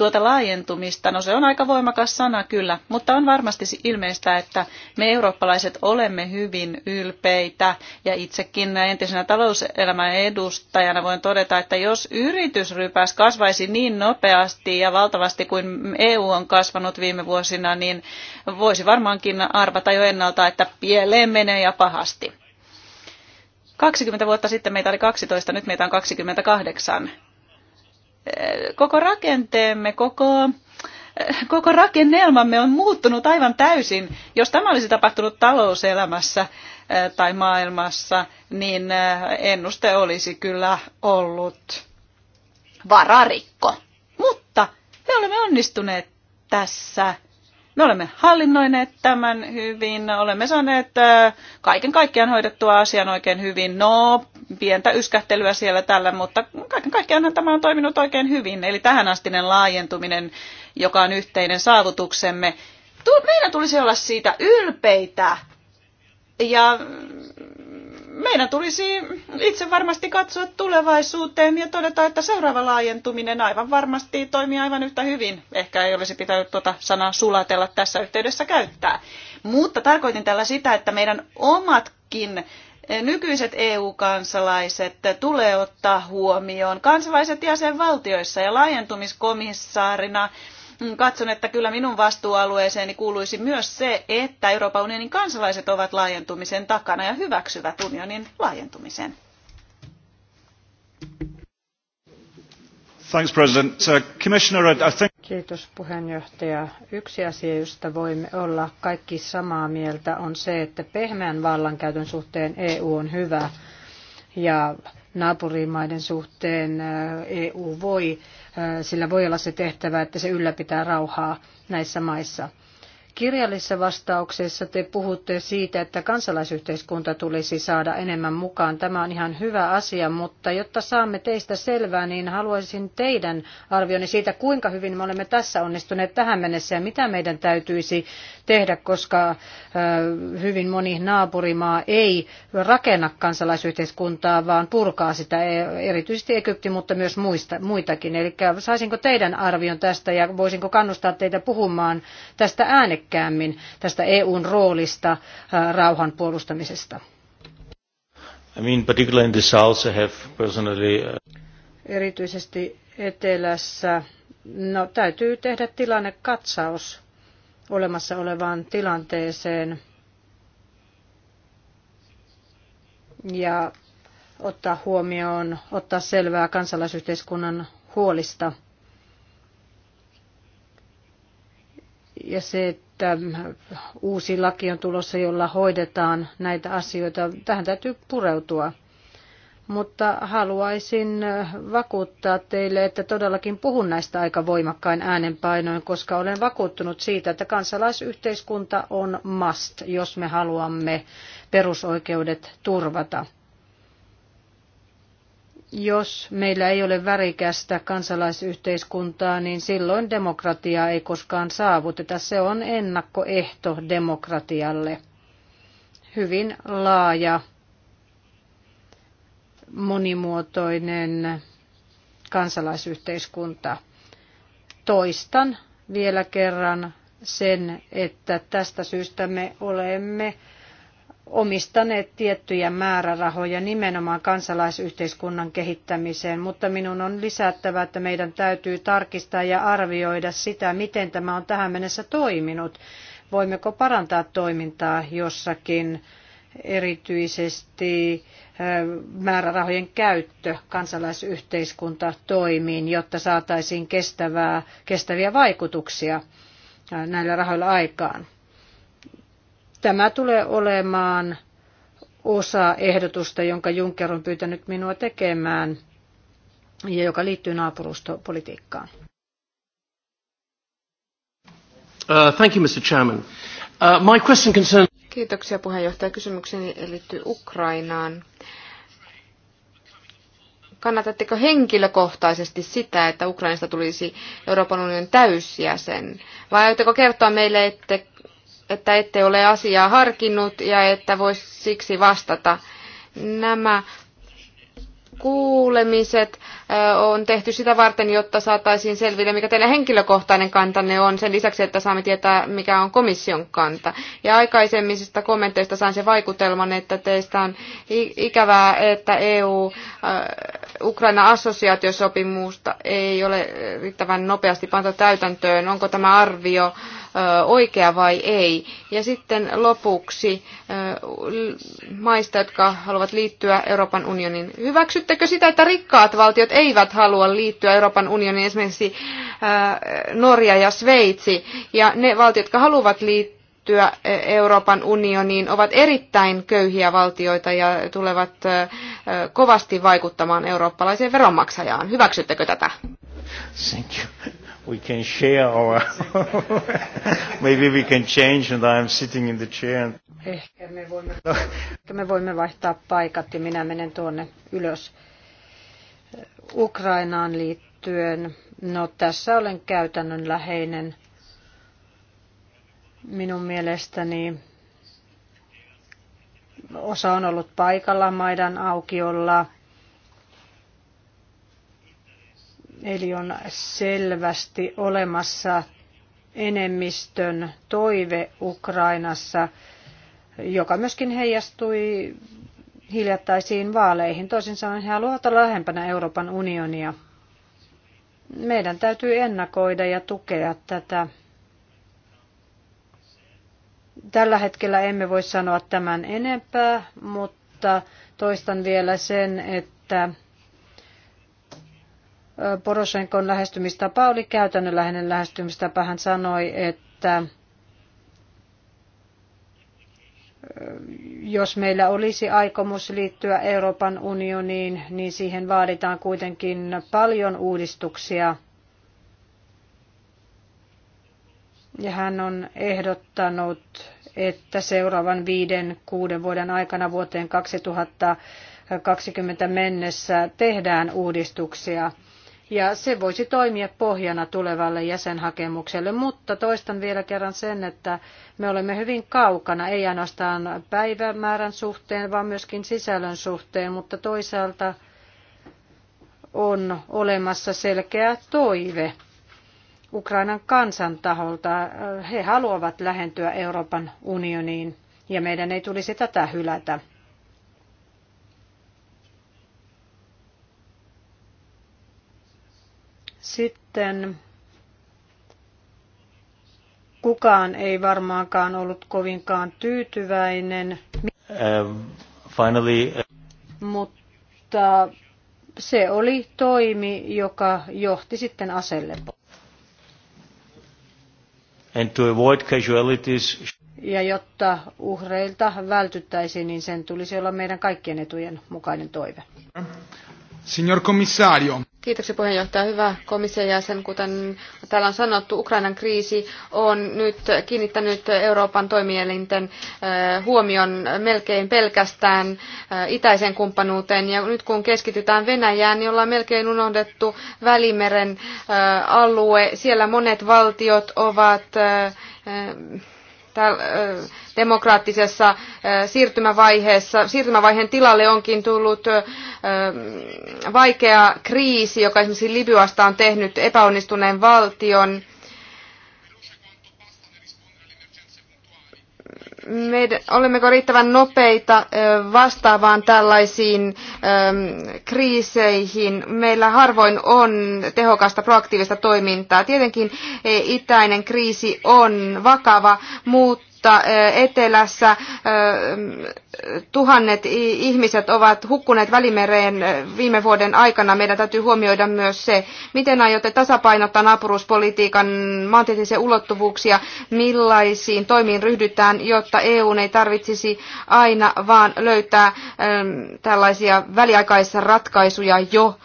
tuota laajentumista. No se on aika voimakas sana kyllä, mutta on varmasti ilmeistä, että me eurooppalaiset olemme hyvin ylpeitä ja itsekin entisenä talouselämän edustajana voin todeta, että jos yritysrypäs kasvaisi niin nopeasti ja valtavasti kuin EU on kasvanut viime vuosina, niin voisi varmaankin arvata jo ennalta, että pieleen menee ja pahasti. 20 vuotta sitten meitä oli 12, nyt meitä on 28 koko rakenteemme, koko koko rakennelmamme on muuttunut aivan täysin. Jos tämä olisi tapahtunut talouselämässä tai maailmassa, niin ennuste olisi kyllä ollut vararikko. Mutta me olemme onnistuneet tässä me olemme hallinnoineet tämän hyvin, olemme saaneet äh, kaiken kaikkiaan hoidettua asian oikein hyvin. No, pientä yskähtelyä siellä tällä, mutta kaiken kaikkiaan tämä on toiminut oikein hyvin. Eli tähän tähänastinen laajentuminen, joka on yhteinen saavutuksemme. Meidän tulisi olla siitä ylpeitä. Ja meidän tulisi itse varmasti katsoa tulevaisuuteen ja todeta, että seuraava laajentuminen aivan varmasti toimii aivan yhtä hyvin. Ehkä ei olisi pitänyt tuota sanaa sulatella tässä yhteydessä käyttää. Mutta tarkoitin tällä sitä, että meidän omatkin eh, nykyiset EU-kansalaiset tulee ottaa huomioon. Kansalaiset jäsenvaltioissa ja laajentumiskomissaarina katson, että kyllä minun vastuualueeseeni kuuluisi myös se, että Euroopan unionin kansalaiset ovat laajentumisen takana ja hyväksyvät unionin laajentumisen. Thanks, President. Uh, Commissioner, I think... Kiitos puheenjohtaja. Yksi asia, josta voimme olla kaikki samaa mieltä, on se, että pehmeän vallankäytön suhteen EU on hyvä ja naapurimaiden suhteen uh, EU voi Äh, sillä voi olla se tehtävä, että se ylläpitää rauhaa näissä maissa. Kirjallisessa vastauksessa te puhutte siitä, että kansalaisyhteiskunta tulisi saada enemmän mukaan. Tämä on ihan hyvä asia, mutta jotta saamme teistä selvää, niin haluaisin teidän arvioni siitä, kuinka hyvin me olemme tässä onnistuneet tähän mennessä ja mitä meidän täytyisi tehdä, koska hyvin moni naapurimaa ei rakenna kansalaisyhteiskuntaa, vaan purkaa sitä, e, erityisesti Egypti, mutta myös muista, muitakin. Eli saisinko teidän arvion tästä ja voisinko kannustaa teitä puhumaan tästä äänekkäästi? mielekkäämmin tästä EUn roolista äh, rauhan puolustamisesta. I mean, particularly in I have personally... Uh, Erityisesti etelässä no, täytyy tehdä tilannekatsaus olemassa olevaan tilanteeseen ja ottaa huomioon, ottaa selvää kansalaisyhteiskunnan huolista. Ja se, että uusi laki on tulossa, jolla hoidetaan näitä asioita. Tähän täytyy pureutua. Mutta haluaisin vakuuttaa teille, että todellakin puhun näistä aika voimakkain äänenpainoin, koska olen vakuuttunut siitä, että kansalaisyhteiskunta on must, jos me haluamme perusoikeudet turvata jos meillä ei ole värikästä kansalaisyhteiskuntaa, niin silloin demokratiaa ei koskaan saavuteta. Se on ennakkoehto demokratialle. Hyvin laaja, monimuotoinen kansalaisyhteiskunta. Toistan vielä kerran sen, että tästä syystä me olemme omistaneet tiettyjä määrärahoja nimenomaan kansalaisyhteiskunnan kehittämiseen, mutta minun on lisättävä, että meidän täytyy tarkistaa ja arvioida sitä, miten tämä on tähän mennessä toiminut. Voimmeko parantaa toimintaa jossakin erityisesti määrärahojen käyttö kansalaisyhteiskunta toimiin, jotta saataisiin kestävää, kestäviä vaikutuksia näillä rahoilla aikaan. Tämä tulee olemaan osa ehdotusta, jonka Juncker on pyytänyt minua tekemään ja joka liittyy naapurustopolitiikkaan. Uh, thank you, Mr. Chairman. Uh, my question concerns... Kiitoksia puheenjohtaja. Kysymykseni liittyy Ukrainaan. Kannatatteko henkilökohtaisesti sitä, että Ukrainasta tulisi Euroopan unionin täysjäsen? Vai aiotteko kertoa meille, että että ette ole asiaa harkinnut ja että voisi siksi vastata. Nämä kuulemiset on tehty sitä varten, jotta saataisiin selville, mikä teidän henkilökohtainen kantanne on, sen lisäksi, että saamme tietää, mikä on komission kanta. Ja aikaisemmista kommenteista sain sen vaikutelman, että teistä on ikävää, että EU-Ukraina-assosiaatiosopimusta ei ole riittävän nopeasti pantu täytäntöön. Onko tämä arvio oikea vai ei? Ja sitten lopuksi maista, jotka haluavat liittyä Euroopan unionin. Hyväksyttekö sitä, että rikkaat valtiot eivät halua liittyä Euroopan unioniin, esimerkiksi äh, Norja ja Sveitsi. Ja ne valtiot, jotka haluavat liittyä äh, Euroopan unioniin, ovat erittäin köyhiä valtioita ja tulevat äh, kovasti vaikuttamaan eurooppalaiseen veronmaksajaan. Hyväksyttekö tätä? Thank you we can share our maybe we can change and I'm sitting in the chair and... ehkä, me voimme, me voimme vaihtaa paikat ja minä menen tuonne ylös Ukrainaan liittyen. No tässä olen käytännönläheinen. Minun mielestäni osa on ollut paikalla Maidan aukiolla. Eli on selvästi olemassa enemmistön toive Ukrainassa, joka myöskin heijastui hiljattaisiin vaaleihin. Toisin sanoen he haluavat olla lähempänä Euroopan unionia. Meidän täytyy ennakoida ja tukea tätä. Tällä hetkellä emme voi sanoa tämän enempää, mutta toistan vielä sen, että Poroshenkon lähestymistapa oli käytännönläheinen lähestymistapa. Hän sanoi, että jos meillä olisi aikomus liittyä Euroopan unioniin, niin siihen vaaditaan kuitenkin paljon uudistuksia. Ja hän on ehdottanut, että seuraavan viiden, kuuden vuoden aikana vuoteen 2020 mennessä tehdään uudistuksia ja se voisi toimia pohjana tulevalle jäsenhakemukselle. Mutta toistan vielä kerran sen, että me olemme hyvin kaukana, ei ainoastaan päivämäärän suhteen, vaan myöskin sisällön suhteen, mutta toisaalta on olemassa selkeä toive Ukrainan kansan taholta. He haluavat lähentyä Euroopan unioniin ja meidän ei tulisi tätä hylätä. Sitten kukaan ei varmaankaan ollut kovinkaan tyytyväinen. Uh, finally, uh... Mutta se oli toimi, joka johti sitten aselepoon. And to avoid casualties... Ja jotta uhreilta vältyttäisiin, niin sen tulisi olla meidän kaikkien etujen mukainen toive. Signor commissario. Kiitoksia puheenjohtaja. Hyvä komission jäsen. Kuten täällä on sanottu, Ukrainan kriisi on nyt kiinnittänyt Euroopan toimielinten eh, huomion melkein pelkästään eh, itäisen kumppanuuteen. Ja nyt kun keskitytään Venäjään, niin ollaan melkein unohdettu Välimeren eh, alue. Siellä monet valtiot ovat demokraattisessa siirtymävaiheessa. Siirtymävaiheen tilalle onkin tullut vaikea kriisi, joka esimerkiksi Libyasta on tehnyt epäonnistuneen valtion meidän, olemmeko riittävän nopeita vastaavaan tällaisiin kriiseihin. Meillä harvoin on tehokasta proaktiivista toimintaa. Tietenkin e, itäinen kriisi on vakava, mutta mutta etelässä tuhannet ihmiset ovat hukkuneet välimereen viime vuoden aikana. Meidän täytyy huomioida myös se, miten aiotte tasapainottaa naapuruuspolitiikan maantieteellisiä ulottuvuuksia, millaisiin toimiin ryhdytään, jotta EU ei tarvitsisi aina vaan löytää tällaisia väliaikaisia ratkaisuja jo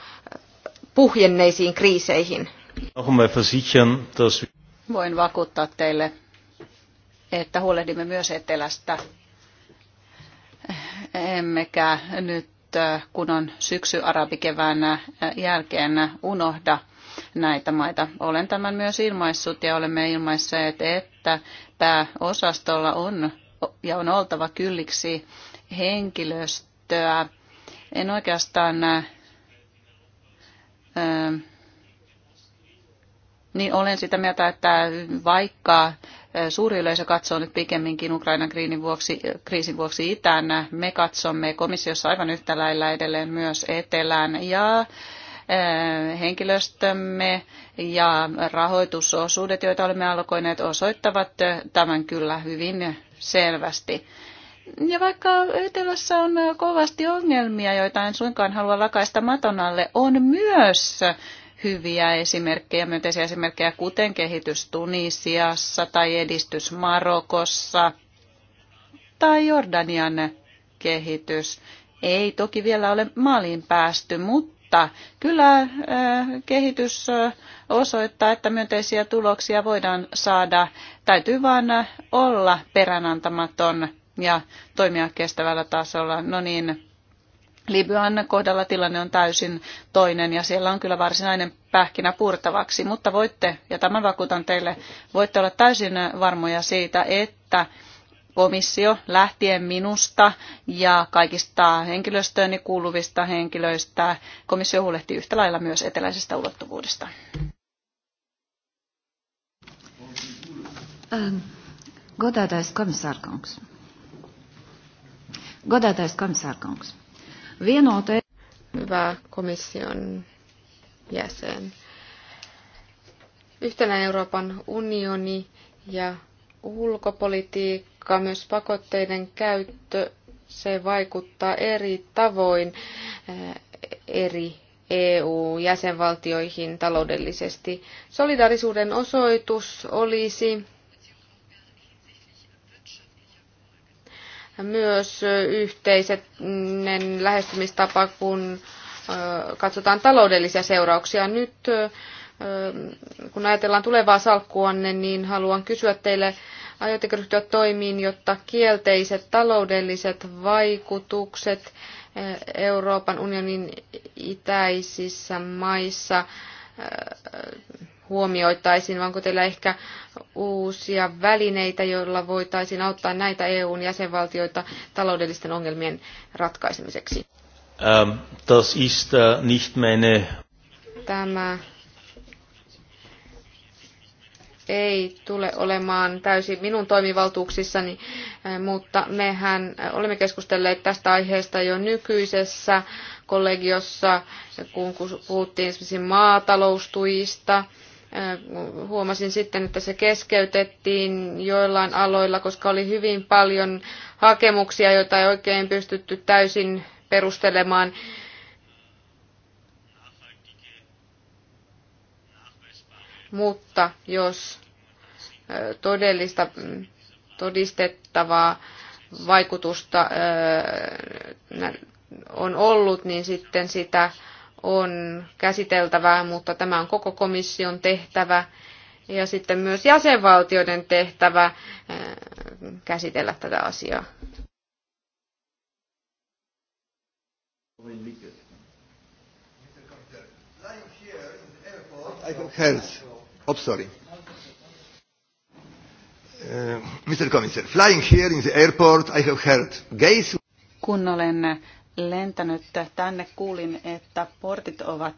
puhjenneisiin kriiseihin. Voin vakuuttaa teille, että huolehdimme myös etelästä, emmekä nyt kun on syksy arabikevään jälkeen unohda näitä maita. Olen tämän myös ilmaissut ja olemme ilmaisseet, että pääosastolla on ja on oltava kylliksi henkilöstöä. En oikeastaan niin olen sitä mieltä, että vaikka Suuri yleisö katsoo nyt pikemminkin Ukrainan kriisin vuoksi, kriisin vuoksi itään. Me katsomme komissiossa aivan yhtä lailla edelleen myös etelään ja henkilöstömme ja rahoitusosuudet, joita olemme alkoineet, osoittavat tämän kyllä hyvin selvästi. Ja vaikka etelässä on kovasti ongelmia, joita en suinkaan halua lakaista maton alle, on myös hyviä esimerkkejä, myönteisiä esimerkkejä, kuten kehitys Tunisiassa tai edistys Marokossa tai Jordanian kehitys. Ei toki vielä ole maaliin päästy, mutta kyllä äh, kehitys äh, osoittaa, että myönteisiä tuloksia voidaan saada. Täytyy vain äh, olla peränantamaton ja toimia kestävällä tasolla. No niin, Libyan kohdalla tilanne on täysin toinen ja siellä on kyllä varsinainen pähkinä purtavaksi, mutta voitte, ja tämän vakuutan teille, voitte olla täysin varmoja siitä, että komissio lähtien minusta ja kaikista henkilöstööni kuuluvista henkilöistä. Komissio huolehtii yhtä lailla myös eteläisestä ulottuvuudesta. Ähm, Godatais komisārkungs. Godatais komisārkungs vienoteen. Hyvä komission jäsen. Yhtenä Euroopan unioni ja ulkopolitiikka, myös pakotteiden käyttö, se vaikuttaa eri tavoin eh, eri EU-jäsenvaltioihin taloudellisesti. Solidarisuuden osoitus olisi myös yhteiset lähestymistapa, kun katsotaan taloudellisia seurauksia. Nyt kun ajatellaan tulevaa salkkuanne, niin haluan kysyä teille, aiotteko ryhtyä toimiin, jotta kielteiset taloudelliset vaikutukset Euroopan unionin itäisissä maissa huomioitaisiin, vai onko teillä ehkä uusia välineitä, joilla voitaisiin auttaa näitä EUn jäsenvaltioita taloudellisten ongelmien ratkaisemiseksi? Ähm, das ist, äh, nicht meine... Tämä ei tule olemaan täysin minun toimivaltuuksissani, äh, mutta mehän äh, olemme keskustelleet tästä aiheesta jo nykyisessä kollegiossa, kun puhuttiin esimerkiksi maataloustuista Äh, huomasin sitten, että se keskeytettiin joillain aloilla, koska oli hyvin paljon hakemuksia, joita ei oikein pystytty täysin perustelemaan. Mutta jos äh, todellista mm, todistettavaa vaikutusta äh, on ollut, niin sitten sitä on käsiteltävää, mutta tämä on koko komission tehtävä ja sitten myös jäsenvaltioiden tehtävä eh, käsitellä tätä asiaa. Eh, Kun olen lentänyt tänne, kuulin, että portit ovat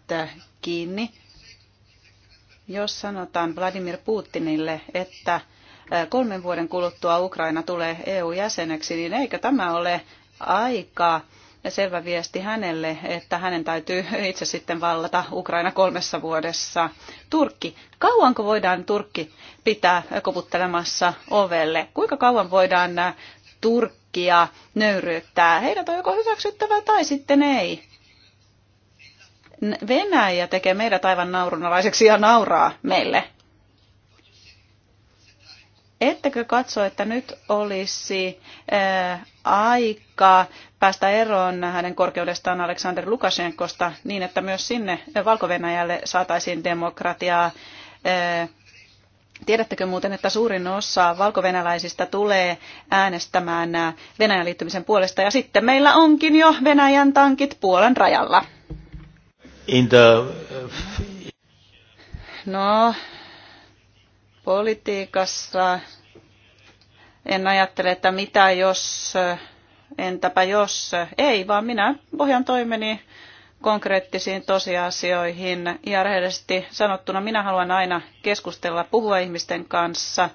kiinni. Jos sanotaan Vladimir Putinille, että kolmen vuoden kuluttua Ukraina tulee EU-jäseneksi, niin eikö tämä ole aika selvä viesti hänelle, että hänen täytyy itse sitten vallata Ukraina kolmessa vuodessa. Turkki. Kauanko voidaan Turkki pitää koputtelemassa ovelle? Kuinka kauan voidaan Turkki kaikkia nöyryyttää. Heidät on joko hyväksyttävä tai sitten ei. Venäjä tekee meidät aivan naurunalaiseksi ja nauraa meille. Ettekö katso, että nyt olisi äh, aika päästä eroon hänen korkeudestaan Aleksander Lukashenkosta niin, että myös sinne valko saataisiin demokratiaa äh, Tiedättekö muuten, että suurin osa valkovenäläisistä tulee äänestämään äh, Venäjän liittymisen puolesta ja sitten meillä onkin jo Venäjän tankit Puolan rajalla? In the... Äh, no, politiikassa en ajattele, että mitä jos, äh, entäpä jos, ei, vaan minä pohjan toimeni konkreettisiin tosiasioihin. Ja rehellisesti sanottuna minä haluan aina keskustella, puhua ihmisten kanssa.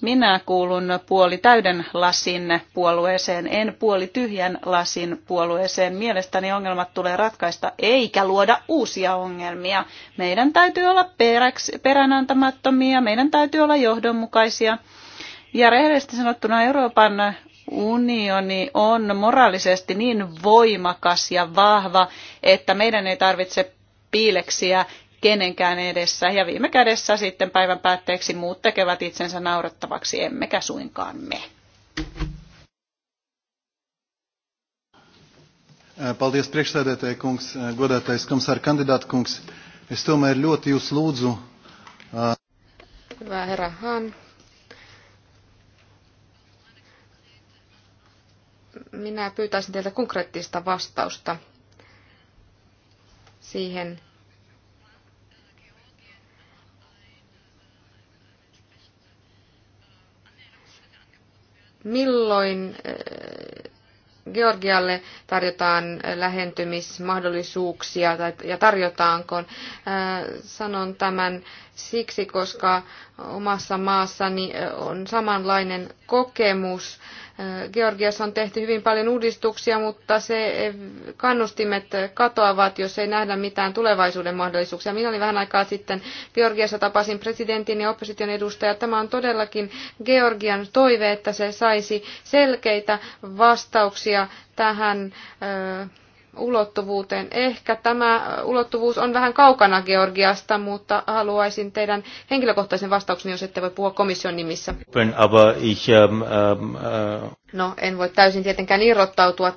Minä kuulun puoli täyden lasin puolueeseen, en puoli tyhjän lasin puolueeseen. Mielestäni ongelmat tulee ratkaista eikä luoda uusia ongelmia. Meidän täytyy olla peräksi, peränantamattomia, meidän täytyy olla johdonmukaisia. Ja rehellisesti sanottuna Euroopan unioni on moraalisesti niin voimakas ja vahva, että meidän ei tarvitse piileksiä kenenkään edessä. Ja viime kädessä sitten päivän päätteeksi muut tekevät itsensä naurettavaksi, emmekä suinkaan me. Eh, paldies priekšsēdētāji kungs, eh, godātais komisāra kandidāta kungs. Es tomēr ļoti jūs lūdzu. Eh, Hyvä herra Han, minä pyytäisin teiltä konkreettista vastausta siihen, milloin eh, Georgialle tarjotaan lähentymismahdollisuuksia ja tarjotaanko. Eh, sanon tämän siksi, koska omassa maassani eh, on samanlainen kokemus Georgiassa on tehty hyvin paljon uudistuksia, mutta se kannustimet katoavat, jos ei nähdä mitään tulevaisuuden mahdollisuuksia. Minä olin vähän aikaa sitten Georgiassa tapasin presidentin ja opposition edustajia. Tämä on todellakin Georgian toive, että se saisi selkeitä vastauksia tähän ö, ulottuvuuteen. Ehkä tämä ulottuvuus on vähän kaukana Georgiasta, mutta haluaisin teidän henkilökohtaisen vastauksen, jos ette voi puhua komission nimissä. Ähm, ähm, äh, no, en voi täysin tietenkään irrottautua,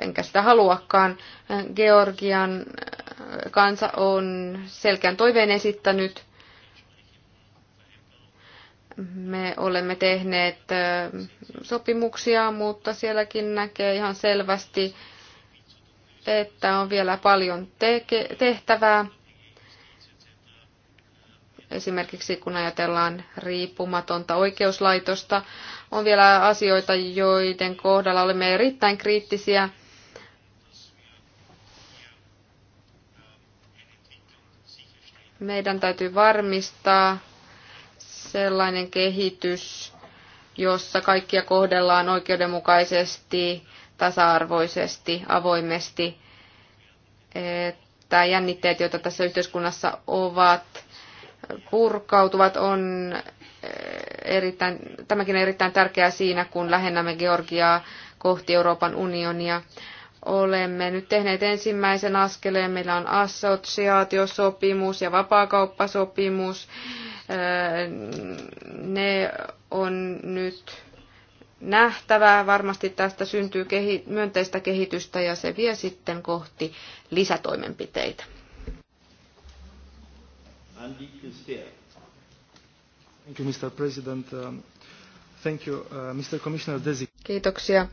enkä sitä haluakaan. Georgian kansa on selkeän toiveen esittänyt. Me olemme tehneet äh, sopimuksia, mutta sielläkin näkee ihan selvästi, että on vielä paljon tehtävää. Esimerkiksi kun ajatellaan riippumatonta oikeuslaitosta, on vielä asioita, joiden kohdalla olemme erittäin kriittisiä. Meidän täytyy varmistaa sellainen kehitys, jossa kaikkia kohdellaan oikeudenmukaisesti tasa-arvoisesti, avoimesti, että jännitteet, joita tässä yhteiskunnassa ovat, purkautuvat, on eh, erittäin, tämäkin on erittäin tärkeää siinä, kun lähennämme Georgiaa kohti Euroopan unionia. Olemme nyt tehneet ensimmäisen askeleen. Meillä on assotsiaatiosopimus ja vapaakauppasopimus. Eh, ne on nyt Nähtävä Varmasti tästä syntyy myönteistä kehitystä ja se vie sitten kohti lisätoimenpiteitä. Thank you, Mr. President. Um, thank you, uh, Mr. Commissioner Kiitoksia.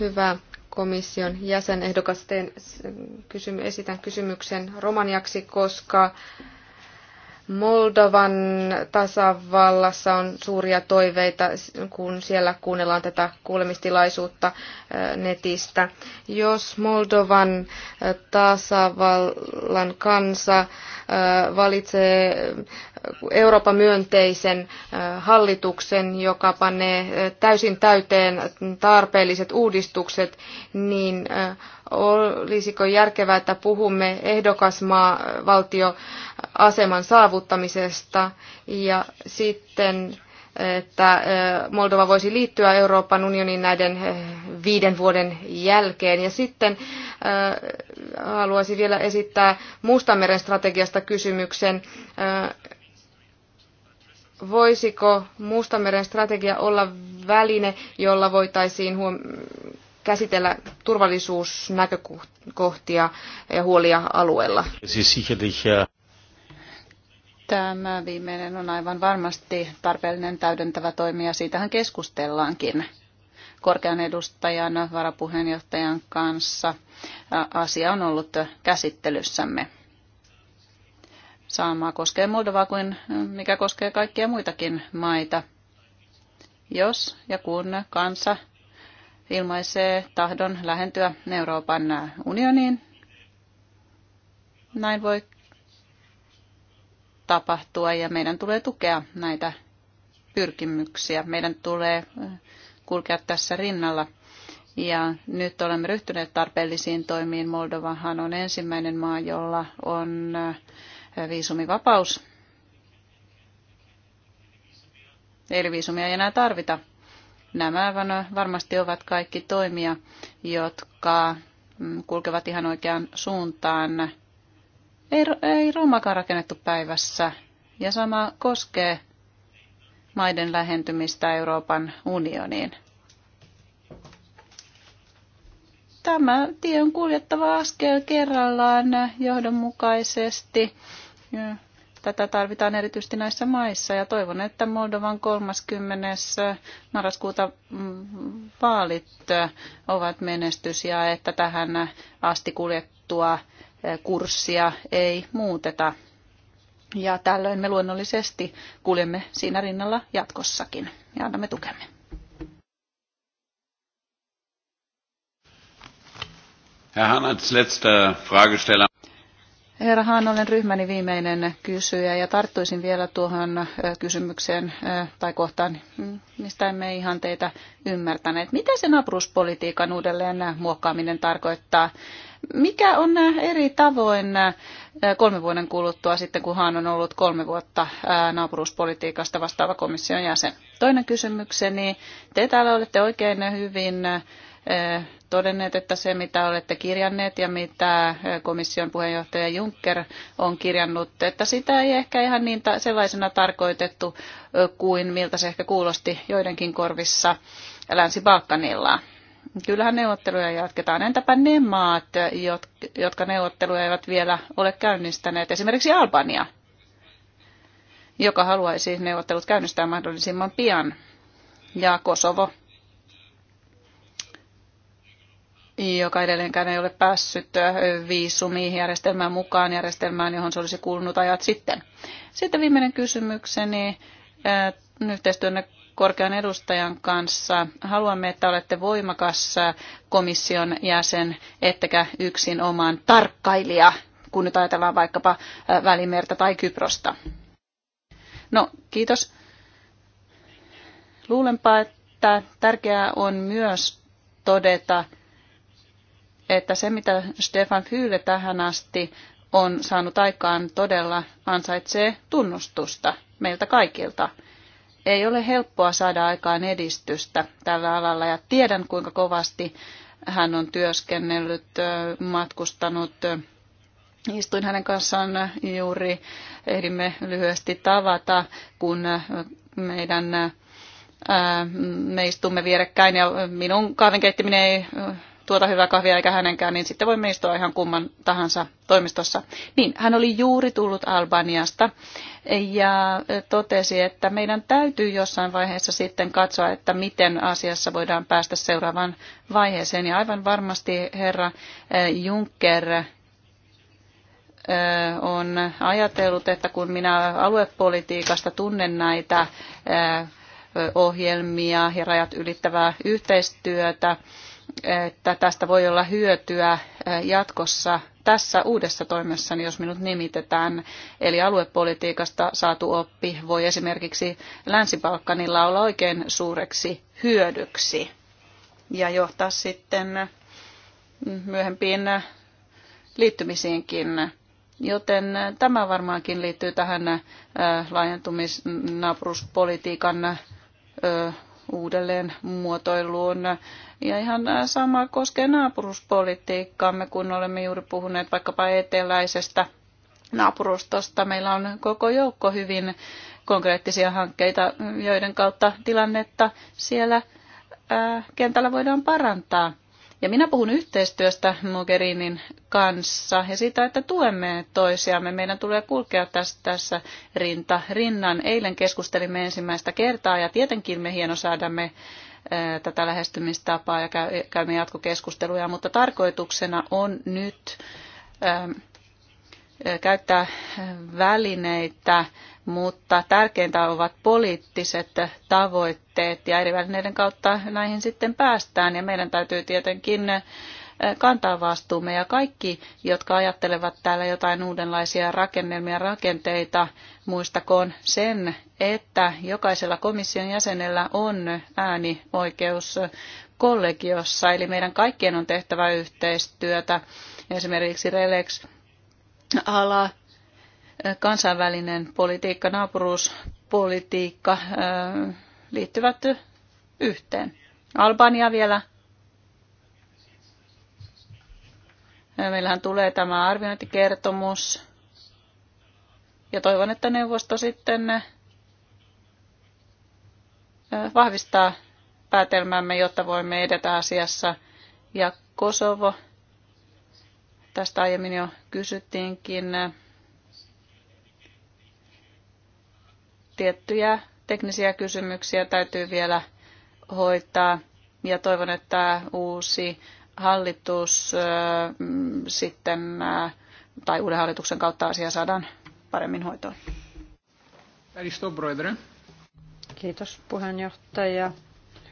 Hyvä komission jäsenehdokas. Teen, kysym, esitän kysymyksen romaniaksi, koska Moldovan tasavallassa on suuria toiveita, kun siellä kuunnellaan tätä kuulemistilaisuutta äh, netistä. Jos Moldovan äh, tasavallan kansa äh, valitsee Euroopan myönteisen hallituksen, joka panee täysin täyteen tarpeelliset uudistukset, niin olisiko järkevää, että puhumme ehdokasmaa valtioaseman saavuttamisesta ja sitten että Moldova voisi liittyä Euroopan unioniin näiden viiden vuoden jälkeen. Ja sitten haluaisin vielä esittää Mustanmeren strategiasta kysymyksen. Voisiko Mustanmeren strategia olla väline, jolla voitaisiin huom- käsitellä turvallisuusnäkökohtia ja huolia alueella. Siis Tämä viimeinen on aivan varmasti tarpeellinen täydentävä toimija. siitähän keskustellaankin korkean edustajan varapuheenjohtajan kanssa. Asia on ollut käsittelyssämme. Saamaa koskee Moldovaa kuin mikä koskee kaikkia muitakin maita. Jos ja kun kansa ilmaisee tahdon lähentyä Euroopan unioniin. Näin voi tapahtua ja meidän tulee tukea näitä pyrkimyksiä. Meidän tulee äh, kulkea tässä rinnalla. Ja nyt olemme ryhtyneet tarpeellisiin toimiin. Moldovahan on ensimmäinen maa, jolla on äh, viisumivapaus. Eli viisumia ei enää tarvita Nämä varmasti ovat kaikki toimia, jotka mm, kulkevat ihan oikeaan suuntaan. Ei, ei Roomakaan rakennettu päivässä. Ja sama koskee maiden lähentymistä Euroopan unioniin. Tämä tie on kuljettava askel kerrallaan johdonmukaisesti mm. Tätä tarvitaan erityisesti näissä maissa ja toivon, että Moldovan 30. marraskuuta mm, vaalit ovat menestys ja että tähän asti kuljettua kurssia ei muuteta. Ja tällöin me luonnollisesti kuljemme siinä rinnalla jatkossakin ja annamme tukemme. Herr Hannerts letzter Fragesteller. Herra Haan, olen ryhmäni viimeinen kysyjä ja tarttuisin vielä tuohon kysymykseen tai kohtaan, mistä emme ihan teitä ymmärtäneet. Mitä se naapuruspolitiikan uudelleen muokkaaminen tarkoittaa? Mikä on eri tavoin kolme vuoden kuluttua sitten, kun Haan on ollut kolme vuotta naapuruuspolitiikasta vastaava komission jäsen? Toinen kysymykseni. Te täällä olette oikein hyvin todenneet, että se mitä olette kirjanneet ja mitä komission puheenjohtaja Juncker on kirjannut, että sitä ei ehkä ihan niin sellaisena tarkoitettu kuin miltä se ehkä kuulosti joidenkin korvissa Länsi-Balkanilla. Kyllähän neuvotteluja jatketaan. Entäpä ne maat, jotka neuvotteluja eivät vielä ole käynnistäneet, esimerkiksi Albania, joka haluaisi neuvottelut käynnistää mahdollisimman pian, ja Kosovo – joka edelleenkään ei ole päässyt viisumijärjestelmään mukaan järjestelmään, johon se olisi kuulunut ajat sitten. Sitten viimeinen kysymykseni yhteistyönne korkean edustajan kanssa. Haluamme, että olette voimakas komission jäsen, ettekä yksin omaan tarkkailija, kun nyt ajatellaan vaikkapa Välimerta tai Kyprosta. No, kiitos. Luulenpa, että tärkeää on myös todeta, että se mitä Stefan Fyle tähän asti on saanut aikaan todella ansaitsee tunnustusta meiltä kaikilta. Ei ole helppoa saada aikaan edistystä tällä alalla ja tiedän kuinka kovasti hän on työskennellyt, matkustanut. Istuin hänen kanssaan juuri, ehdimme lyhyesti tavata, kun meidän me istumme vierekkäin ja minun kahvinkeittimeni ei tuota hyvää kahvia eikä hänenkään, niin sitten voimme istua ihan kumman tahansa toimistossa. Niin, hän oli juuri tullut Albaniasta ja e, totesi, että meidän täytyy jossain vaiheessa sitten katsoa, että miten asiassa voidaan päästä seuraavaan vaiheeseen. Ja aivan varmasti herra e, Juncker e, on ajatellut, että kun minä aluepolitiikasta tunnen näitä ohjelmia ja rajat ylittävää yhteistyötä, että tästä voi olla hyötyä jatkossa tässä uudessa toimessa, niin jos minut nimitetään. Eli aluepolitiikasta saatu oppi voi esimerkiksi Länsi-Balkanilla olla oikein suureksi hyödyksi ja johtaa sitten myöhempiin liittymisiinkin. Joten tämä varmaankin liittyy tähän laajentumisnaapuruspolitiikan uudelleen muotoiluun. Ja ihan sama koskee naapuruspolitiikkaamme, kun olemme juuri puhuneet vaikkapa eteläisestä naapurustosta. Meillä on koko joukko hyvin konkreettisia hankkeita, joiden kautta tilannetta siellä kentällä voidaan parantaa. Ja minä puhun yhteistyöstä Mogherinin kanssa ja siitä, että tuemme toisiamme. Meidän tulee kulkea tässä, tässä rinta rinnan. Eilen keskustelimme ensimmäistä kertaa ja tietenkin me saadamme tätä lähestymistapaa ja käymme jatkokeskusteluja, mutta tarkoituksena on nyt käyttää välineitä mutta tärkeintä ovat poliittiset tavoitteet ja eri välineiden kautta näihin sitten päästään ja meidän täytyy tietenkin eh, kantaa vastuumme ja kaikki, jotka ajattelevat täällä jotain uudenlaisia rakennelmia rakenteita, muistakoon sen, että jokaisella komission jäsenellä on äänioikeus kollegiossa, eli meidän kaikkien on tehtävä yhteistyötä, esimerkiksi Relex ala kansainvälinen politiikka, naapuruuspolitiikka liittyvät yhteen. Albania vielä. Meillähän tulee tämä arviointikertomus. Ja toivon, että neuvosto sitten vahvistaa päätelmämme, jotta voimme edetä asiassa. Ja Kosovo, tästä aiemmin jo kysyttiinkin. tiettyjä teknisiä kysymyksiä täytyy vielä hoitaa ja toivon, että uusi hallitus sitten tai uuden hallituksen kautta asia saadaan paremmin hoitoon. Kiitos puheenjohtaja.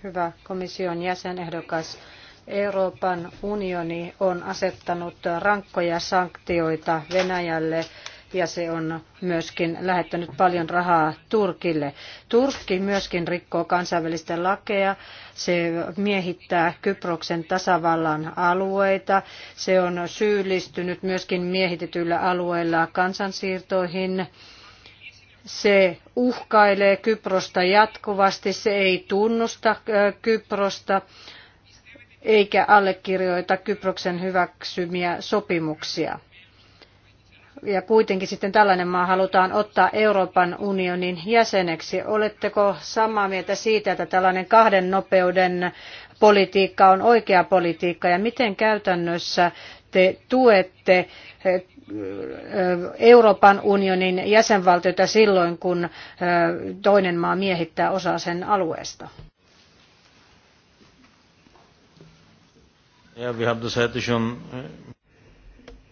Hyvä komission jäsenehdokas. Euroopan unioni on asettanut rankkoja sanktioita Venäjälle ja se on myöskin lähettänyt paljon rahaa Turkille. Turkki myöskin rikkoo kansainvälistä lakeja, se miehittää Kyproksen tasavallan alueita, se on syyllistynyt myöskin miehitetyillä alueilla kansansiirtoihin. Se uhkailee Kyprosta jatkuvasti, se ei tunnusta Kyprosta eikä allekirjoita Kyproksen hyväksymiä sopimuksia ja kuitenkin sitten tällainen maa halutaan ottaa Euroopan unionin jäseneksi. Oletteko samaa mieltä siitä, että tällainen kahden nopeuden politiikka on oikea politiikka ja miten käytännössä te tuette eh, eh, Euroopan unionin jäsenvaltiota silloin, kun eh, toinen maa miehittää osaa sen alueesta?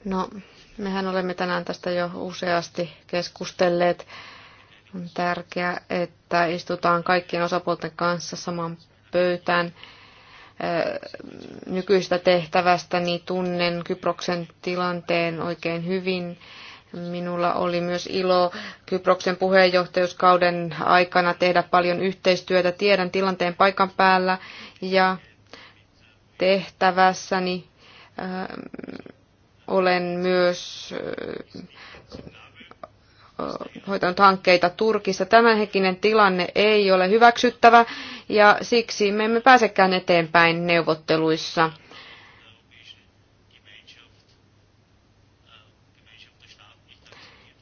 No, Mehän olemme tänään tästä jo useasti keskustelleet. On tärkeää, että istutaan kaikkien osapuolten kanssa saman pöytään nykyistä tehtävästä, niin tunnen Kyproksen tilanteen oikein hyvin. Minulla oli myös ilo Kyproksen puheenjohtajuuskauden aikana tehdä paljon yhteistyötä. Tiedän tilanteen paikan päällä ja tehtävässäni olen myös hoitanut hankkeita Turkissa. Tämänhetkinen tilanne ei ole hyväksyttävä ja siksi me emme pääsekään eteenpäin neuvotteluissa.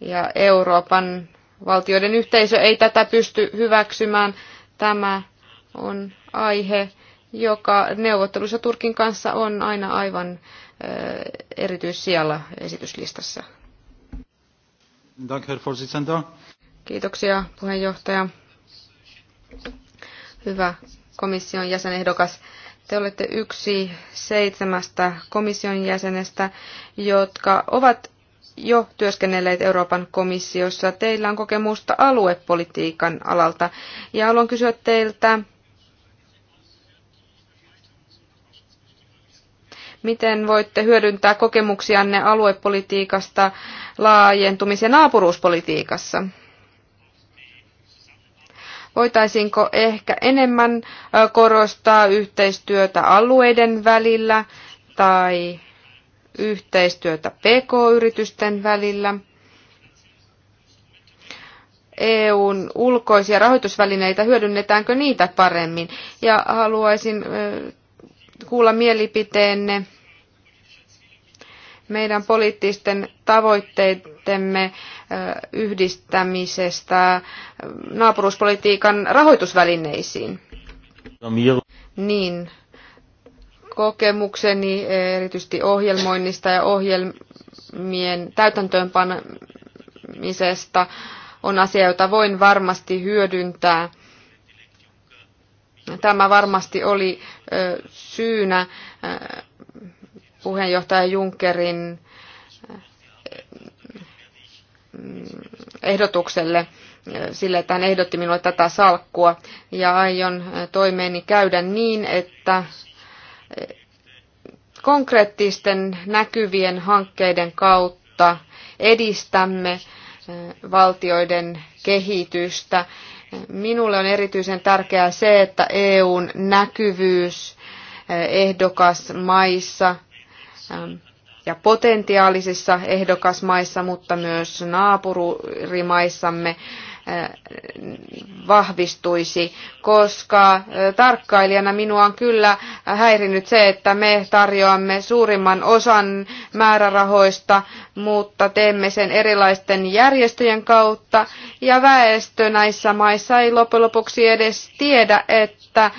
Ja Euroopan valtioiden yhteisö ei tätä pysty hyväksymään. Tämä on aihe, joka neuvottelussa Turkin kanssa on aina aivan erityissijalla esityslistassa. Kiitoksia puheenjohtaja. Hyvä komission jäsenehdokas. Te olette yksi seitsemästä komission jäsenestä, jotka ovat jo työskennelleet Euroopan komissiossa. Teillä on kokemusta aluepolitiikan alalta ja haluan kysyä teiltä, Miten voitte hyödyntää kokemuksianne aluepolitiikasta laajentumis- ja naapuruuspolitiikassa? Voitaisiinko ehkä enemmän korostaa yhteistyötä alueiden välillä tai yhteistyötä pk-yritysten välillä? EUn ulkoisia rahoitusvälineitä, hyödynnetäänkö niitä paremmin? Ja haluaisin kuulla mielipiteenne meidän poliittisten tavoitteidemme yhdistämisestä naapuruuspolitiikan rahoitusvälineisiin. Niin, kokemukseni e, erityisesti ohjelmoinnista ja ohjelmien täytäntöönpanemisesta on asia, jota voin varmasti hyödyntää – Tämä varmasti oli syynä puheenjohtaja Junckerin ehdotukselle sille, että hän ehdotti minulle tätä salkkua. Ja aion toimeeni käydä niin, että konkreettisten näkyvien hankkeiden kautta edistämme valtioiden kehitystä Minulle on erityisen tärkeää se, että EUn näkyvyys eh, ehdokasmaissa ja potentiaalisissa ehdokasmaissa, mutta myös naapurimaissamme vahvistuisi, koska tarkkailijana minua on kyllä häirinyt se, että me tarjoamme suurimman osan määrärahoista, mutta teemme sen erilaisten järjestöjen kautta, ja väestö näissä maissa ei loppujen lopuksi edes tiedä, että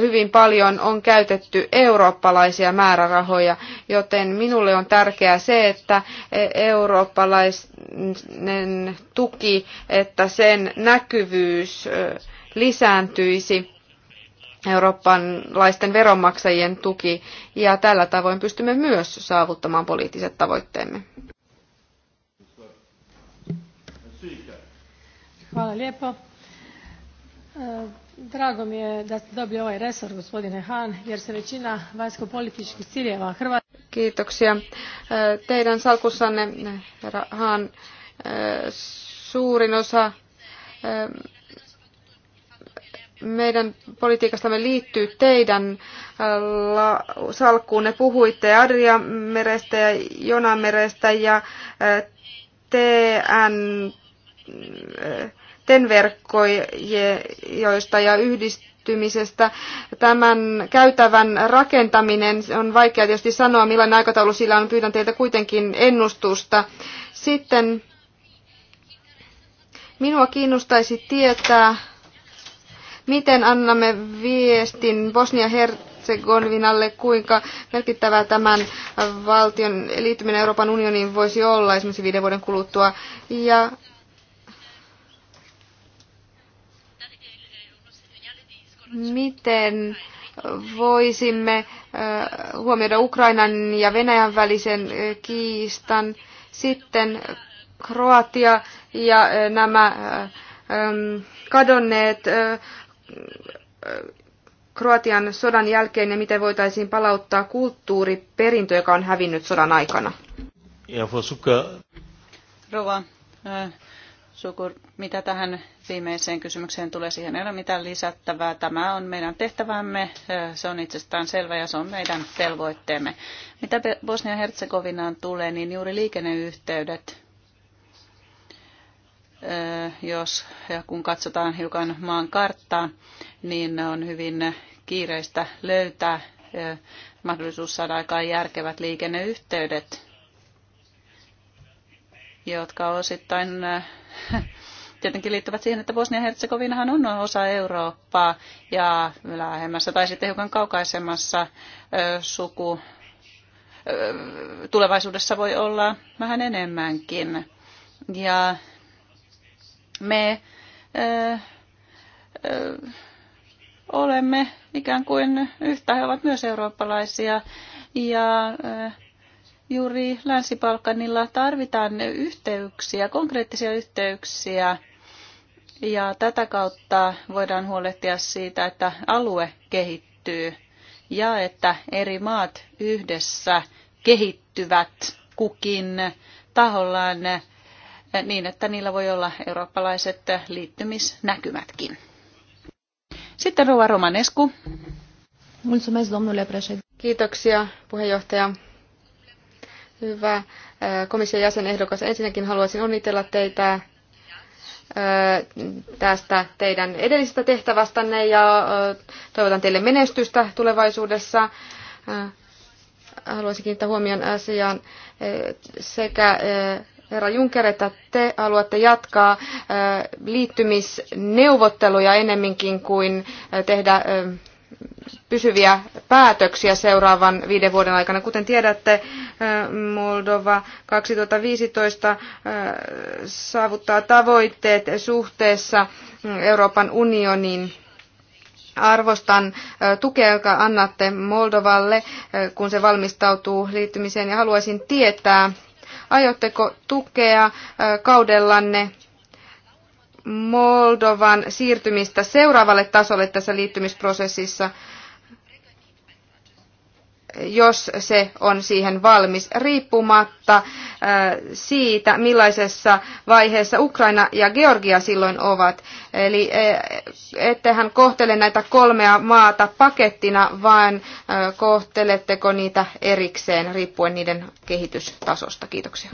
hyvin paljon on käytetty eurooppalaisia määrärahoja, joten minulle on tärkeää se, että e, eurooppalainen tuki, että sen näkyvyys lisääntyisi eurooppalaisten veronmaksajien tuki, ja tällä tavoin pystymme myös saavuttamaan poliittiset tavoitteemme. Hvala lijepo. E, drago mi je da ste dobili ovaj resor, gospodine Han, jer se većina vanjsko-političkih ciljeva Hrvatske... Kiitoksia. E, teidän salkussanne, herra Han, e, suurin osa meidän politiikastamme liittyy teidän Ne Puhuitte Adrian merestä ja Jonan merestä ja TN, TEN-verkkojoista ja yhdistymisestä. Tämän käytävän rakentaminen on vaikea tietysti sanoa, millainen aikataulu sillä on. Pyydän teiltä kuitenkin ennustusta. Sitten Minua kiinnostaisi tietää, miten annamme viestin Bosnia-Herzegovinalle, kuinka merkittävää tämän valtion liittyminen Euroopan unioniin voisi olla esimerkiksi viiden vuoden kuluttua. Ja miten voisimme eh, huomioida Ukrainan ja Venäjän välisen eh, kiistan. Sitten Kroatia ja nämä kadonneet Kroatian sodan jälkeen ja miten voitaisiin palauttaa kulttuuriperintö, joka on hävinnyt sodan aikana? Rova, sukur, mitä tähän viimeiseen kysymykseen tulee, siihen ei ole mitään lisättävää. Tämä on meidän tehtävämme, se on itsestään selvä ja se on meidän velvoitteemme. Mitä Bosnia-Herzegovinaan tulee, niin juuri liikenneyhteydet jos ja kun katsotaan hiukan maan karttaa, niin on hyvin kiireistä löytää mahdollisuus saada aikaan järkevät liikenneyhteydet, jotka osittain tietenkin liittyvät siihen, että Bosnia-Herzegovinahan on osa Eurooppaa ja lähemmässä tai sitten hiukan kaukaisemmassa suku tulevaisuudessa voi olla vähän enemmänkin. Ja me ö, ö, olemme ikään kuin yhtä, he ovat myös eurooppalaisia ja ö, juuri Länsi-Balkanilla tarvitaan yhteyksiä, konkreettisia yhteyksiä ja tätä kautta voidaan huolehtia siitä, että alue kehittyy ja että eri maat yhdessä kehittyvät kukin tahollaan niin, että niillä voi olla eurooppalaiset liittymisnäkymätkin. Sitten Rova Romanescu. Kiitoksia, puheenjohtaja. Hyvä äh, komission jäsenehdokas. Ensinnäkin haluaisin onnitella teitä äh, tästä teidän edellisestä tehtävästänne ja äh, toivotan teille menestystä tulevaisuudessa. Haluaisin kiinnittää huomion asiaan sekä herra Juncker, että te haluatte jatkaa äh, liittymisneuvotteluja enemminkin kuin äh, tehdä äh, pysyviä päätöksiä seuraavan viiden vuoden aikana. Kuten tiedätte, Moldova 2015 saavuttaa tavoitteet suhteessa mm, Euroopan unioniin. Arvostan tukea, joka annatte Moldovalle, kun se valmistautuu liittymiseen, ja haluaisin tietää, Aiotteko tukea kaudellanne Moldovan siirtymistä seuraavalle tasolle tässä liittymisprosessissa jos se on siihen valmis, riippumatta äh, siitä, millaisessa vaiheessa Ukraina ja Georgia silloin ovat. Eli äh, ettehän kohtele näitä kolmea maata pakettina, vaan äh, kohteletteko niitä erikseen riippuen niiden kehitystasosta. Kiitoksia.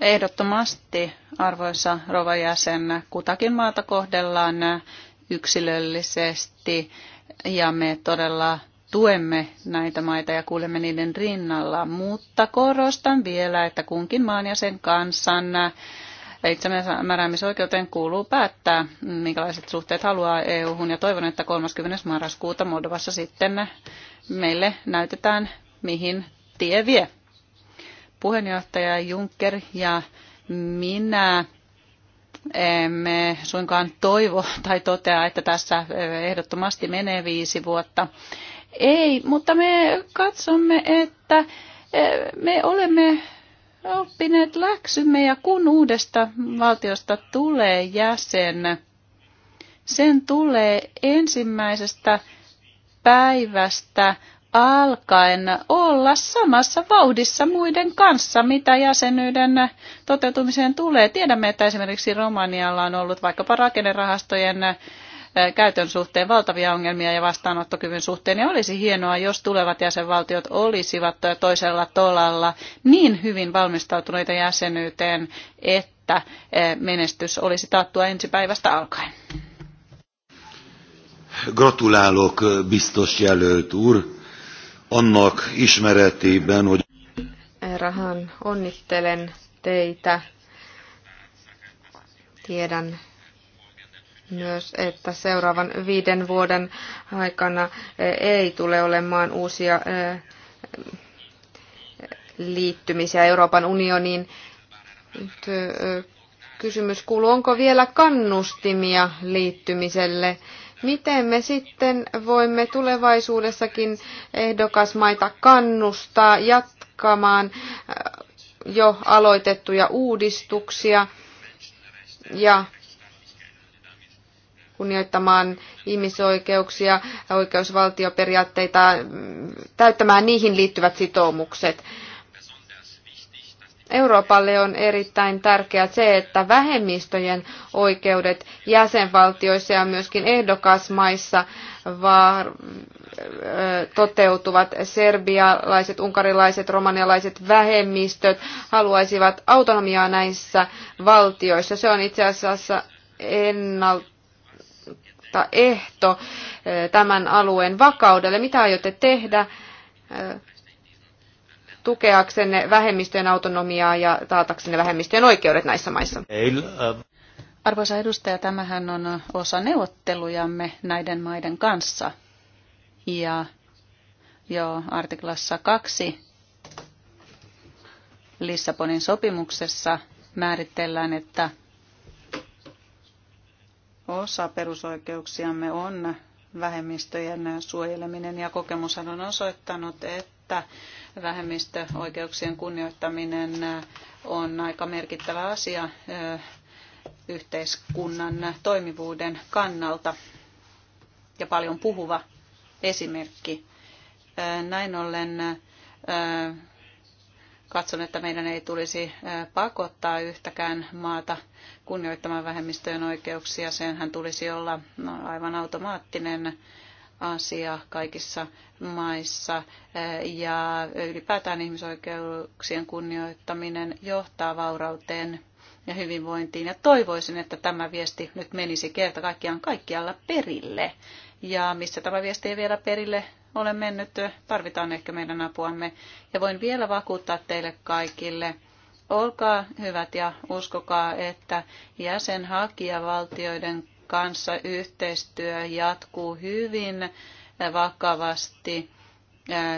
Ehdottomasti, arvoisa rova jäsen, kutakin maata kohdellaan yksilöllisesti ja me todella tuemme näitä maita ja kuulemme niiden rinnalla, mutta korostan vielä, että kunkin maan ja sen kansan itsemääräämisoikeuteen kuuluu päättää, minkälaiset suhteet haluaa EU-hun ja toivon, että 30. marraskuuta Moldovassa sitten meille näytetään, mihin tie vie. Puheenjohtaja Juncker ja minä emme suinkaan toivo tai totea, että tässä ehdottomasti menee viisi vuotta. Ei, mutta me katsomme, että e, me olemme oppineet läksymme ja kun uudesta valtiosta tulee jäsen, sen tulee ensimmäisestä päivästä alkaen olla samassa vauhdissa muiden kanssa, mitä jäsenyyden toteutumiseen tulee. Tiedämme, että esimerkiksi Romanialla on ollut vaikkapa rakennerahastojen eh, käytön suhteen valtavia ongelmia ja vastaanottokyvyn suhteen. Ja olisi hienoa, jos tulevat jäsenvaltiot olisivat toisella tolalla niin hyvin valmistautuneita jäsenyyteen, että eh, menestys olisi taattua päivästä alkaen. Gratulálok, biztos jelölt úr! annak ismeretében, hogy... Rahan, onnittelen teitä. Tiedän myös, että seuraavan viiden vuoden aikana e, ei tule olemaan uusia e, liittymisiä Euroopan unioniin. Nyt e, kysymys kuuluu, onko vielä kannustimia liittymiselle? Miten me sitten voimme tulevaisuudessakin ehdokasmaita kannustaa jatkamaan äh, jo aloitettuja uudistuksia ja kunnioittamaan ihmisoikeuksia, oikeusvaltioperiaatteita, mm, täyttämään niihin liittyvät sitoumukset. Euroopalle on erittäin tärkeää se, että vähemmistöjen oikeudet jäsenvaltioissa ja myöskin ehdokasmaissa var, toteutuvat. Serbialaiset, unkarilaiset, romanialaiset vähemmistöt haluaisivat autonomiaa näissä valtioissa. Se on itse asiassa ennalta ehto eh, tämän alueen vakaudelle. Mitä aiotte tehdä? Eh, tukeaksenne vähemmistöjen autonomiaa ja taataksenne vähemmistöjen oikeudet näissä maissa? Arvoisa edustaja, tämähän on osa neuvottelujamme näiden maiden kanssa. Ja jo artiklassa 2 Lissabonin sopimuksessa määritellään, että osa perusoikeuksiamme on vähemmistöjen suojeleminen ja kokemus on osoittanut, että vähemmistöoikeuksien kunnioittaminen on aika merkittävä asia yhteiskunnan toimivuuden kannalta ja paljon puhuva esimerkki. Näin ollen katson, että meidän ei tulisi pakottaa yhtäkään maata kunnioittamaan vähemmistöjen oikeuksia. Senhän tulisi olla no, aivan automaattinen asia kaikissa maissa eh, ja ylipäätään ihmisoikeuksien kunnioittaminen johtaa vaurauteen ja hyvinvointiin. Ja toivoisin, että tämä viesti nyt menisi kerta kaikkiaan kaikkialla perille. Ja missä tämä viesti ei vielä perille ole mennyt, tarvitaan ehkä meidän apuamme. Ja voin vielä vakuuttaa teille kaikille, olkaa hyvät ja uskokaa, että jäsenhakijavaltioiden kanssa yhteistyö jatkuu hyvin vakavasti,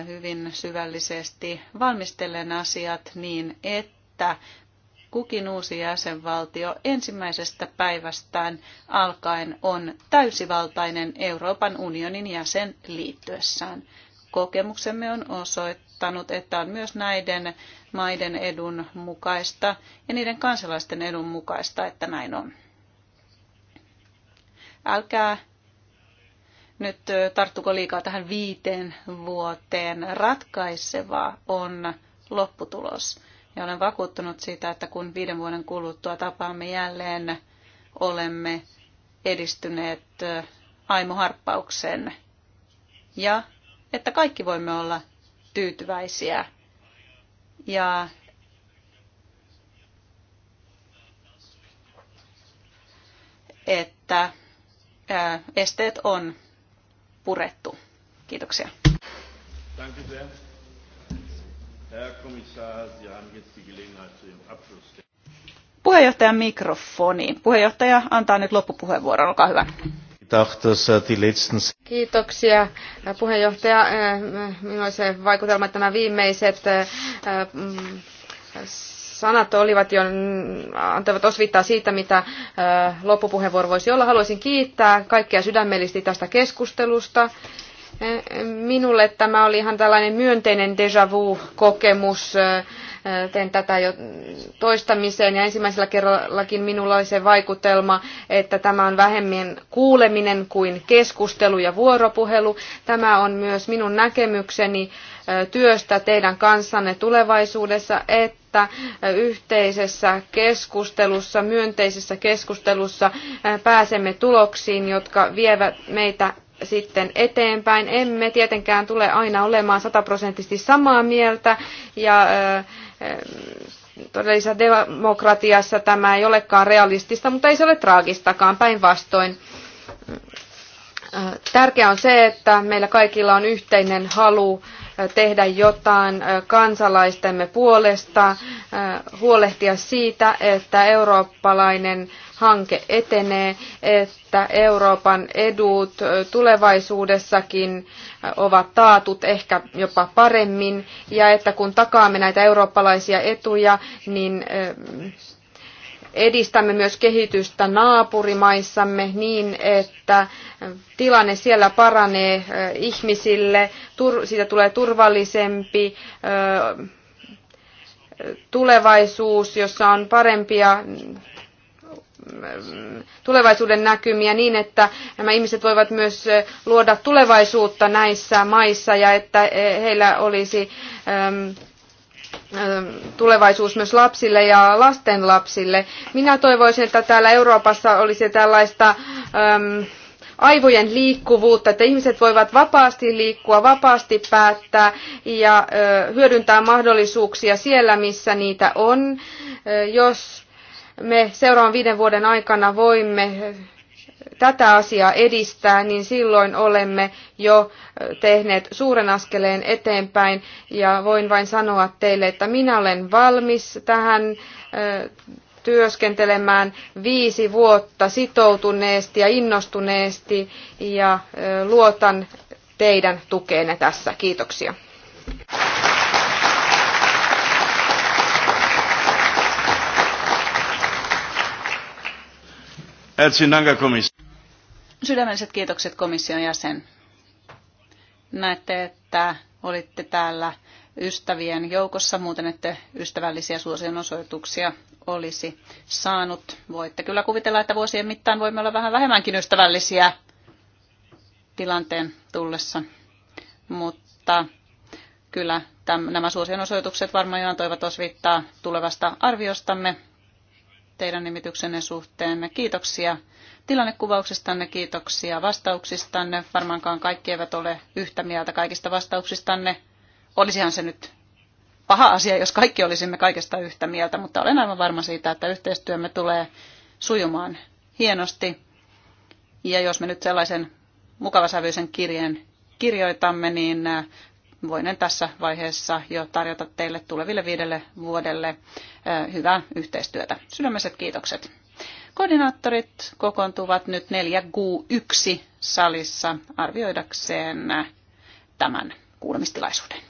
hyvin syvällisesti valmistellen asiat niin, että kukin uusi jäsenvaltio ensimmäisestä päivästään alkaen on täysivaltainen Euroopan unionin jäsen liittyessään. Kokemuksemme on osoittanut, että on myös näiden maiden edun mukaista ja niiden kansalaisten edun mukaista, että näin on älkää nyt tarttuko liikaa tähän viiteen vuoteen. ratkaiseva on lopputulos. Ja olen vakuuttunut siitä, että kun viiden vuoden kuluttua tapaamme jälleen, olemme edistyneet aimoharppauksen. Ja että kaikki voimme olla tyytyväisiä. Ja että esteet on purettu. Kiitoksia. Puheenjohtajan mikrofoni. Puheenjohtaja antaa nyt loppupuheenvuoron. Olkaa hyvä. Äh, Kiitoksia äh, puheenjohtaja. Äh, minulla oli se vaikutelma, että nämä viimeiset sanat olivat jo, antavat osvittaa siitä, mitä loppupuheenvuoro voisi olla. Haluaisin kiittää kaikkia sydämellisesti tästä keskustelusta. E, minulle tämä oli ihan tällainen myönteinen déjà vu-kokemus. Teen tätä jo toistamiseen ja ensimmäisellä kerrallakin minulla oli se vaikutelma, että tämä on vähemmän kuuleminen kuin keskustelu ja vuoropuhelu. Tämä on myös minun näkemykseni työstä teidän kanssanne tulevaisuudessa, että yhteisessä keskustelussa, myönteisessä keskustelussa pääsemme tuloksiin, jotka vievät meitä sitten eteenpäin. Emme tietenkään tule aina olemaan sataprosenttisesti samaa mieltä ja eh, todellisessa demokratiassa tämä ei olekaan realistista, mutta ei se ole traagistakaan, päinvastoin. Tärkeää on se, että meillä kaikilla on yhteinen halu tehdä jotain kansalaistemme puolesta, huolehtia siitä, että eurooppalainen hanke etenee, että Euroopan edut tulevaisuudessakin ovat taatut ehkä jopa paremmin, ja että kun takaamme näitä eurooppalaisia etuja, niin edistämme myös kehitystä naapurimaissamme niin, että tilanne siellä paranee ihmisille, siitä tulee turvallisempi tulevaisuus, jossa on parempia mm, tulevaisuuden näkymiä niin, että nämä ihmiset voivat myös luoda tulevaisuutta näissä maissa ja että heillä olisi tulevaisuus myös lapsille ja lasten lapsille. Minä toivoisin, että täällä Euroopassa olisi tällaista äm, aivojen liikkuvuutta, että ihmiset voivat vapaasti liikkua, vapaasti päättää ja ä, hyödyntää mahdollisuuksia siellä, missä niitä on. Ä, jos me seuraavan viiden vuoden aikana voimme tätä asiaa edistää, niin silloin olemme jo tehneet suuren askeleen eteenpäin. Ja voin vain sanoa teille, että minä olen valmis tähän työskentelemään viisi vuotta sitoutuneesti ja innostuneesti ja luotan teidän tukeenne tässä. Kiitoksia. Herzlichen Dank, Herr Kommissar. Sydämelliset kiitokset komission jäsen. Näette, että olitte täällä ystävien joukossa, muuten ette ystävällisiä suosionosoituksia olisi saanut. Voitte kyllä kuvitella, että vuosien mittaan voimme olla vähän vähemmänkin ystävällisiä tilanteen tullessa. Mutta kyllä tämän, nämä suosionosoitukset varmaan jo antoivat osviittaa tulevasta arviostamme teidän nimityksenne suhteen. Kiitoksia tilannekuvauksestanne, kiitoksia vastauksistanne. Varmaankaan kaikki eivät ole yhtä mieltä kaikista vastauksistanne. Olisihan se nyt paha asia, jos kaikki olisimme kaikesta yhtä mieltä, mutta olen aivan varma siitä, että yhteistyömme tulee sujumaan hienosti. Ja jos me nyt sellaisen mukavasävyisen kirjeen kirjoitamme, niin voinen tässä vaiheessa jo tarjota teille tuleville viidelle vuodelle hyvää yhteistyötä. Sydämiset kiitokset. Koordinaattorit kokoontuvat nyt 4Q1 salissa arvioidakseen tämän kuulemistilaisuuden.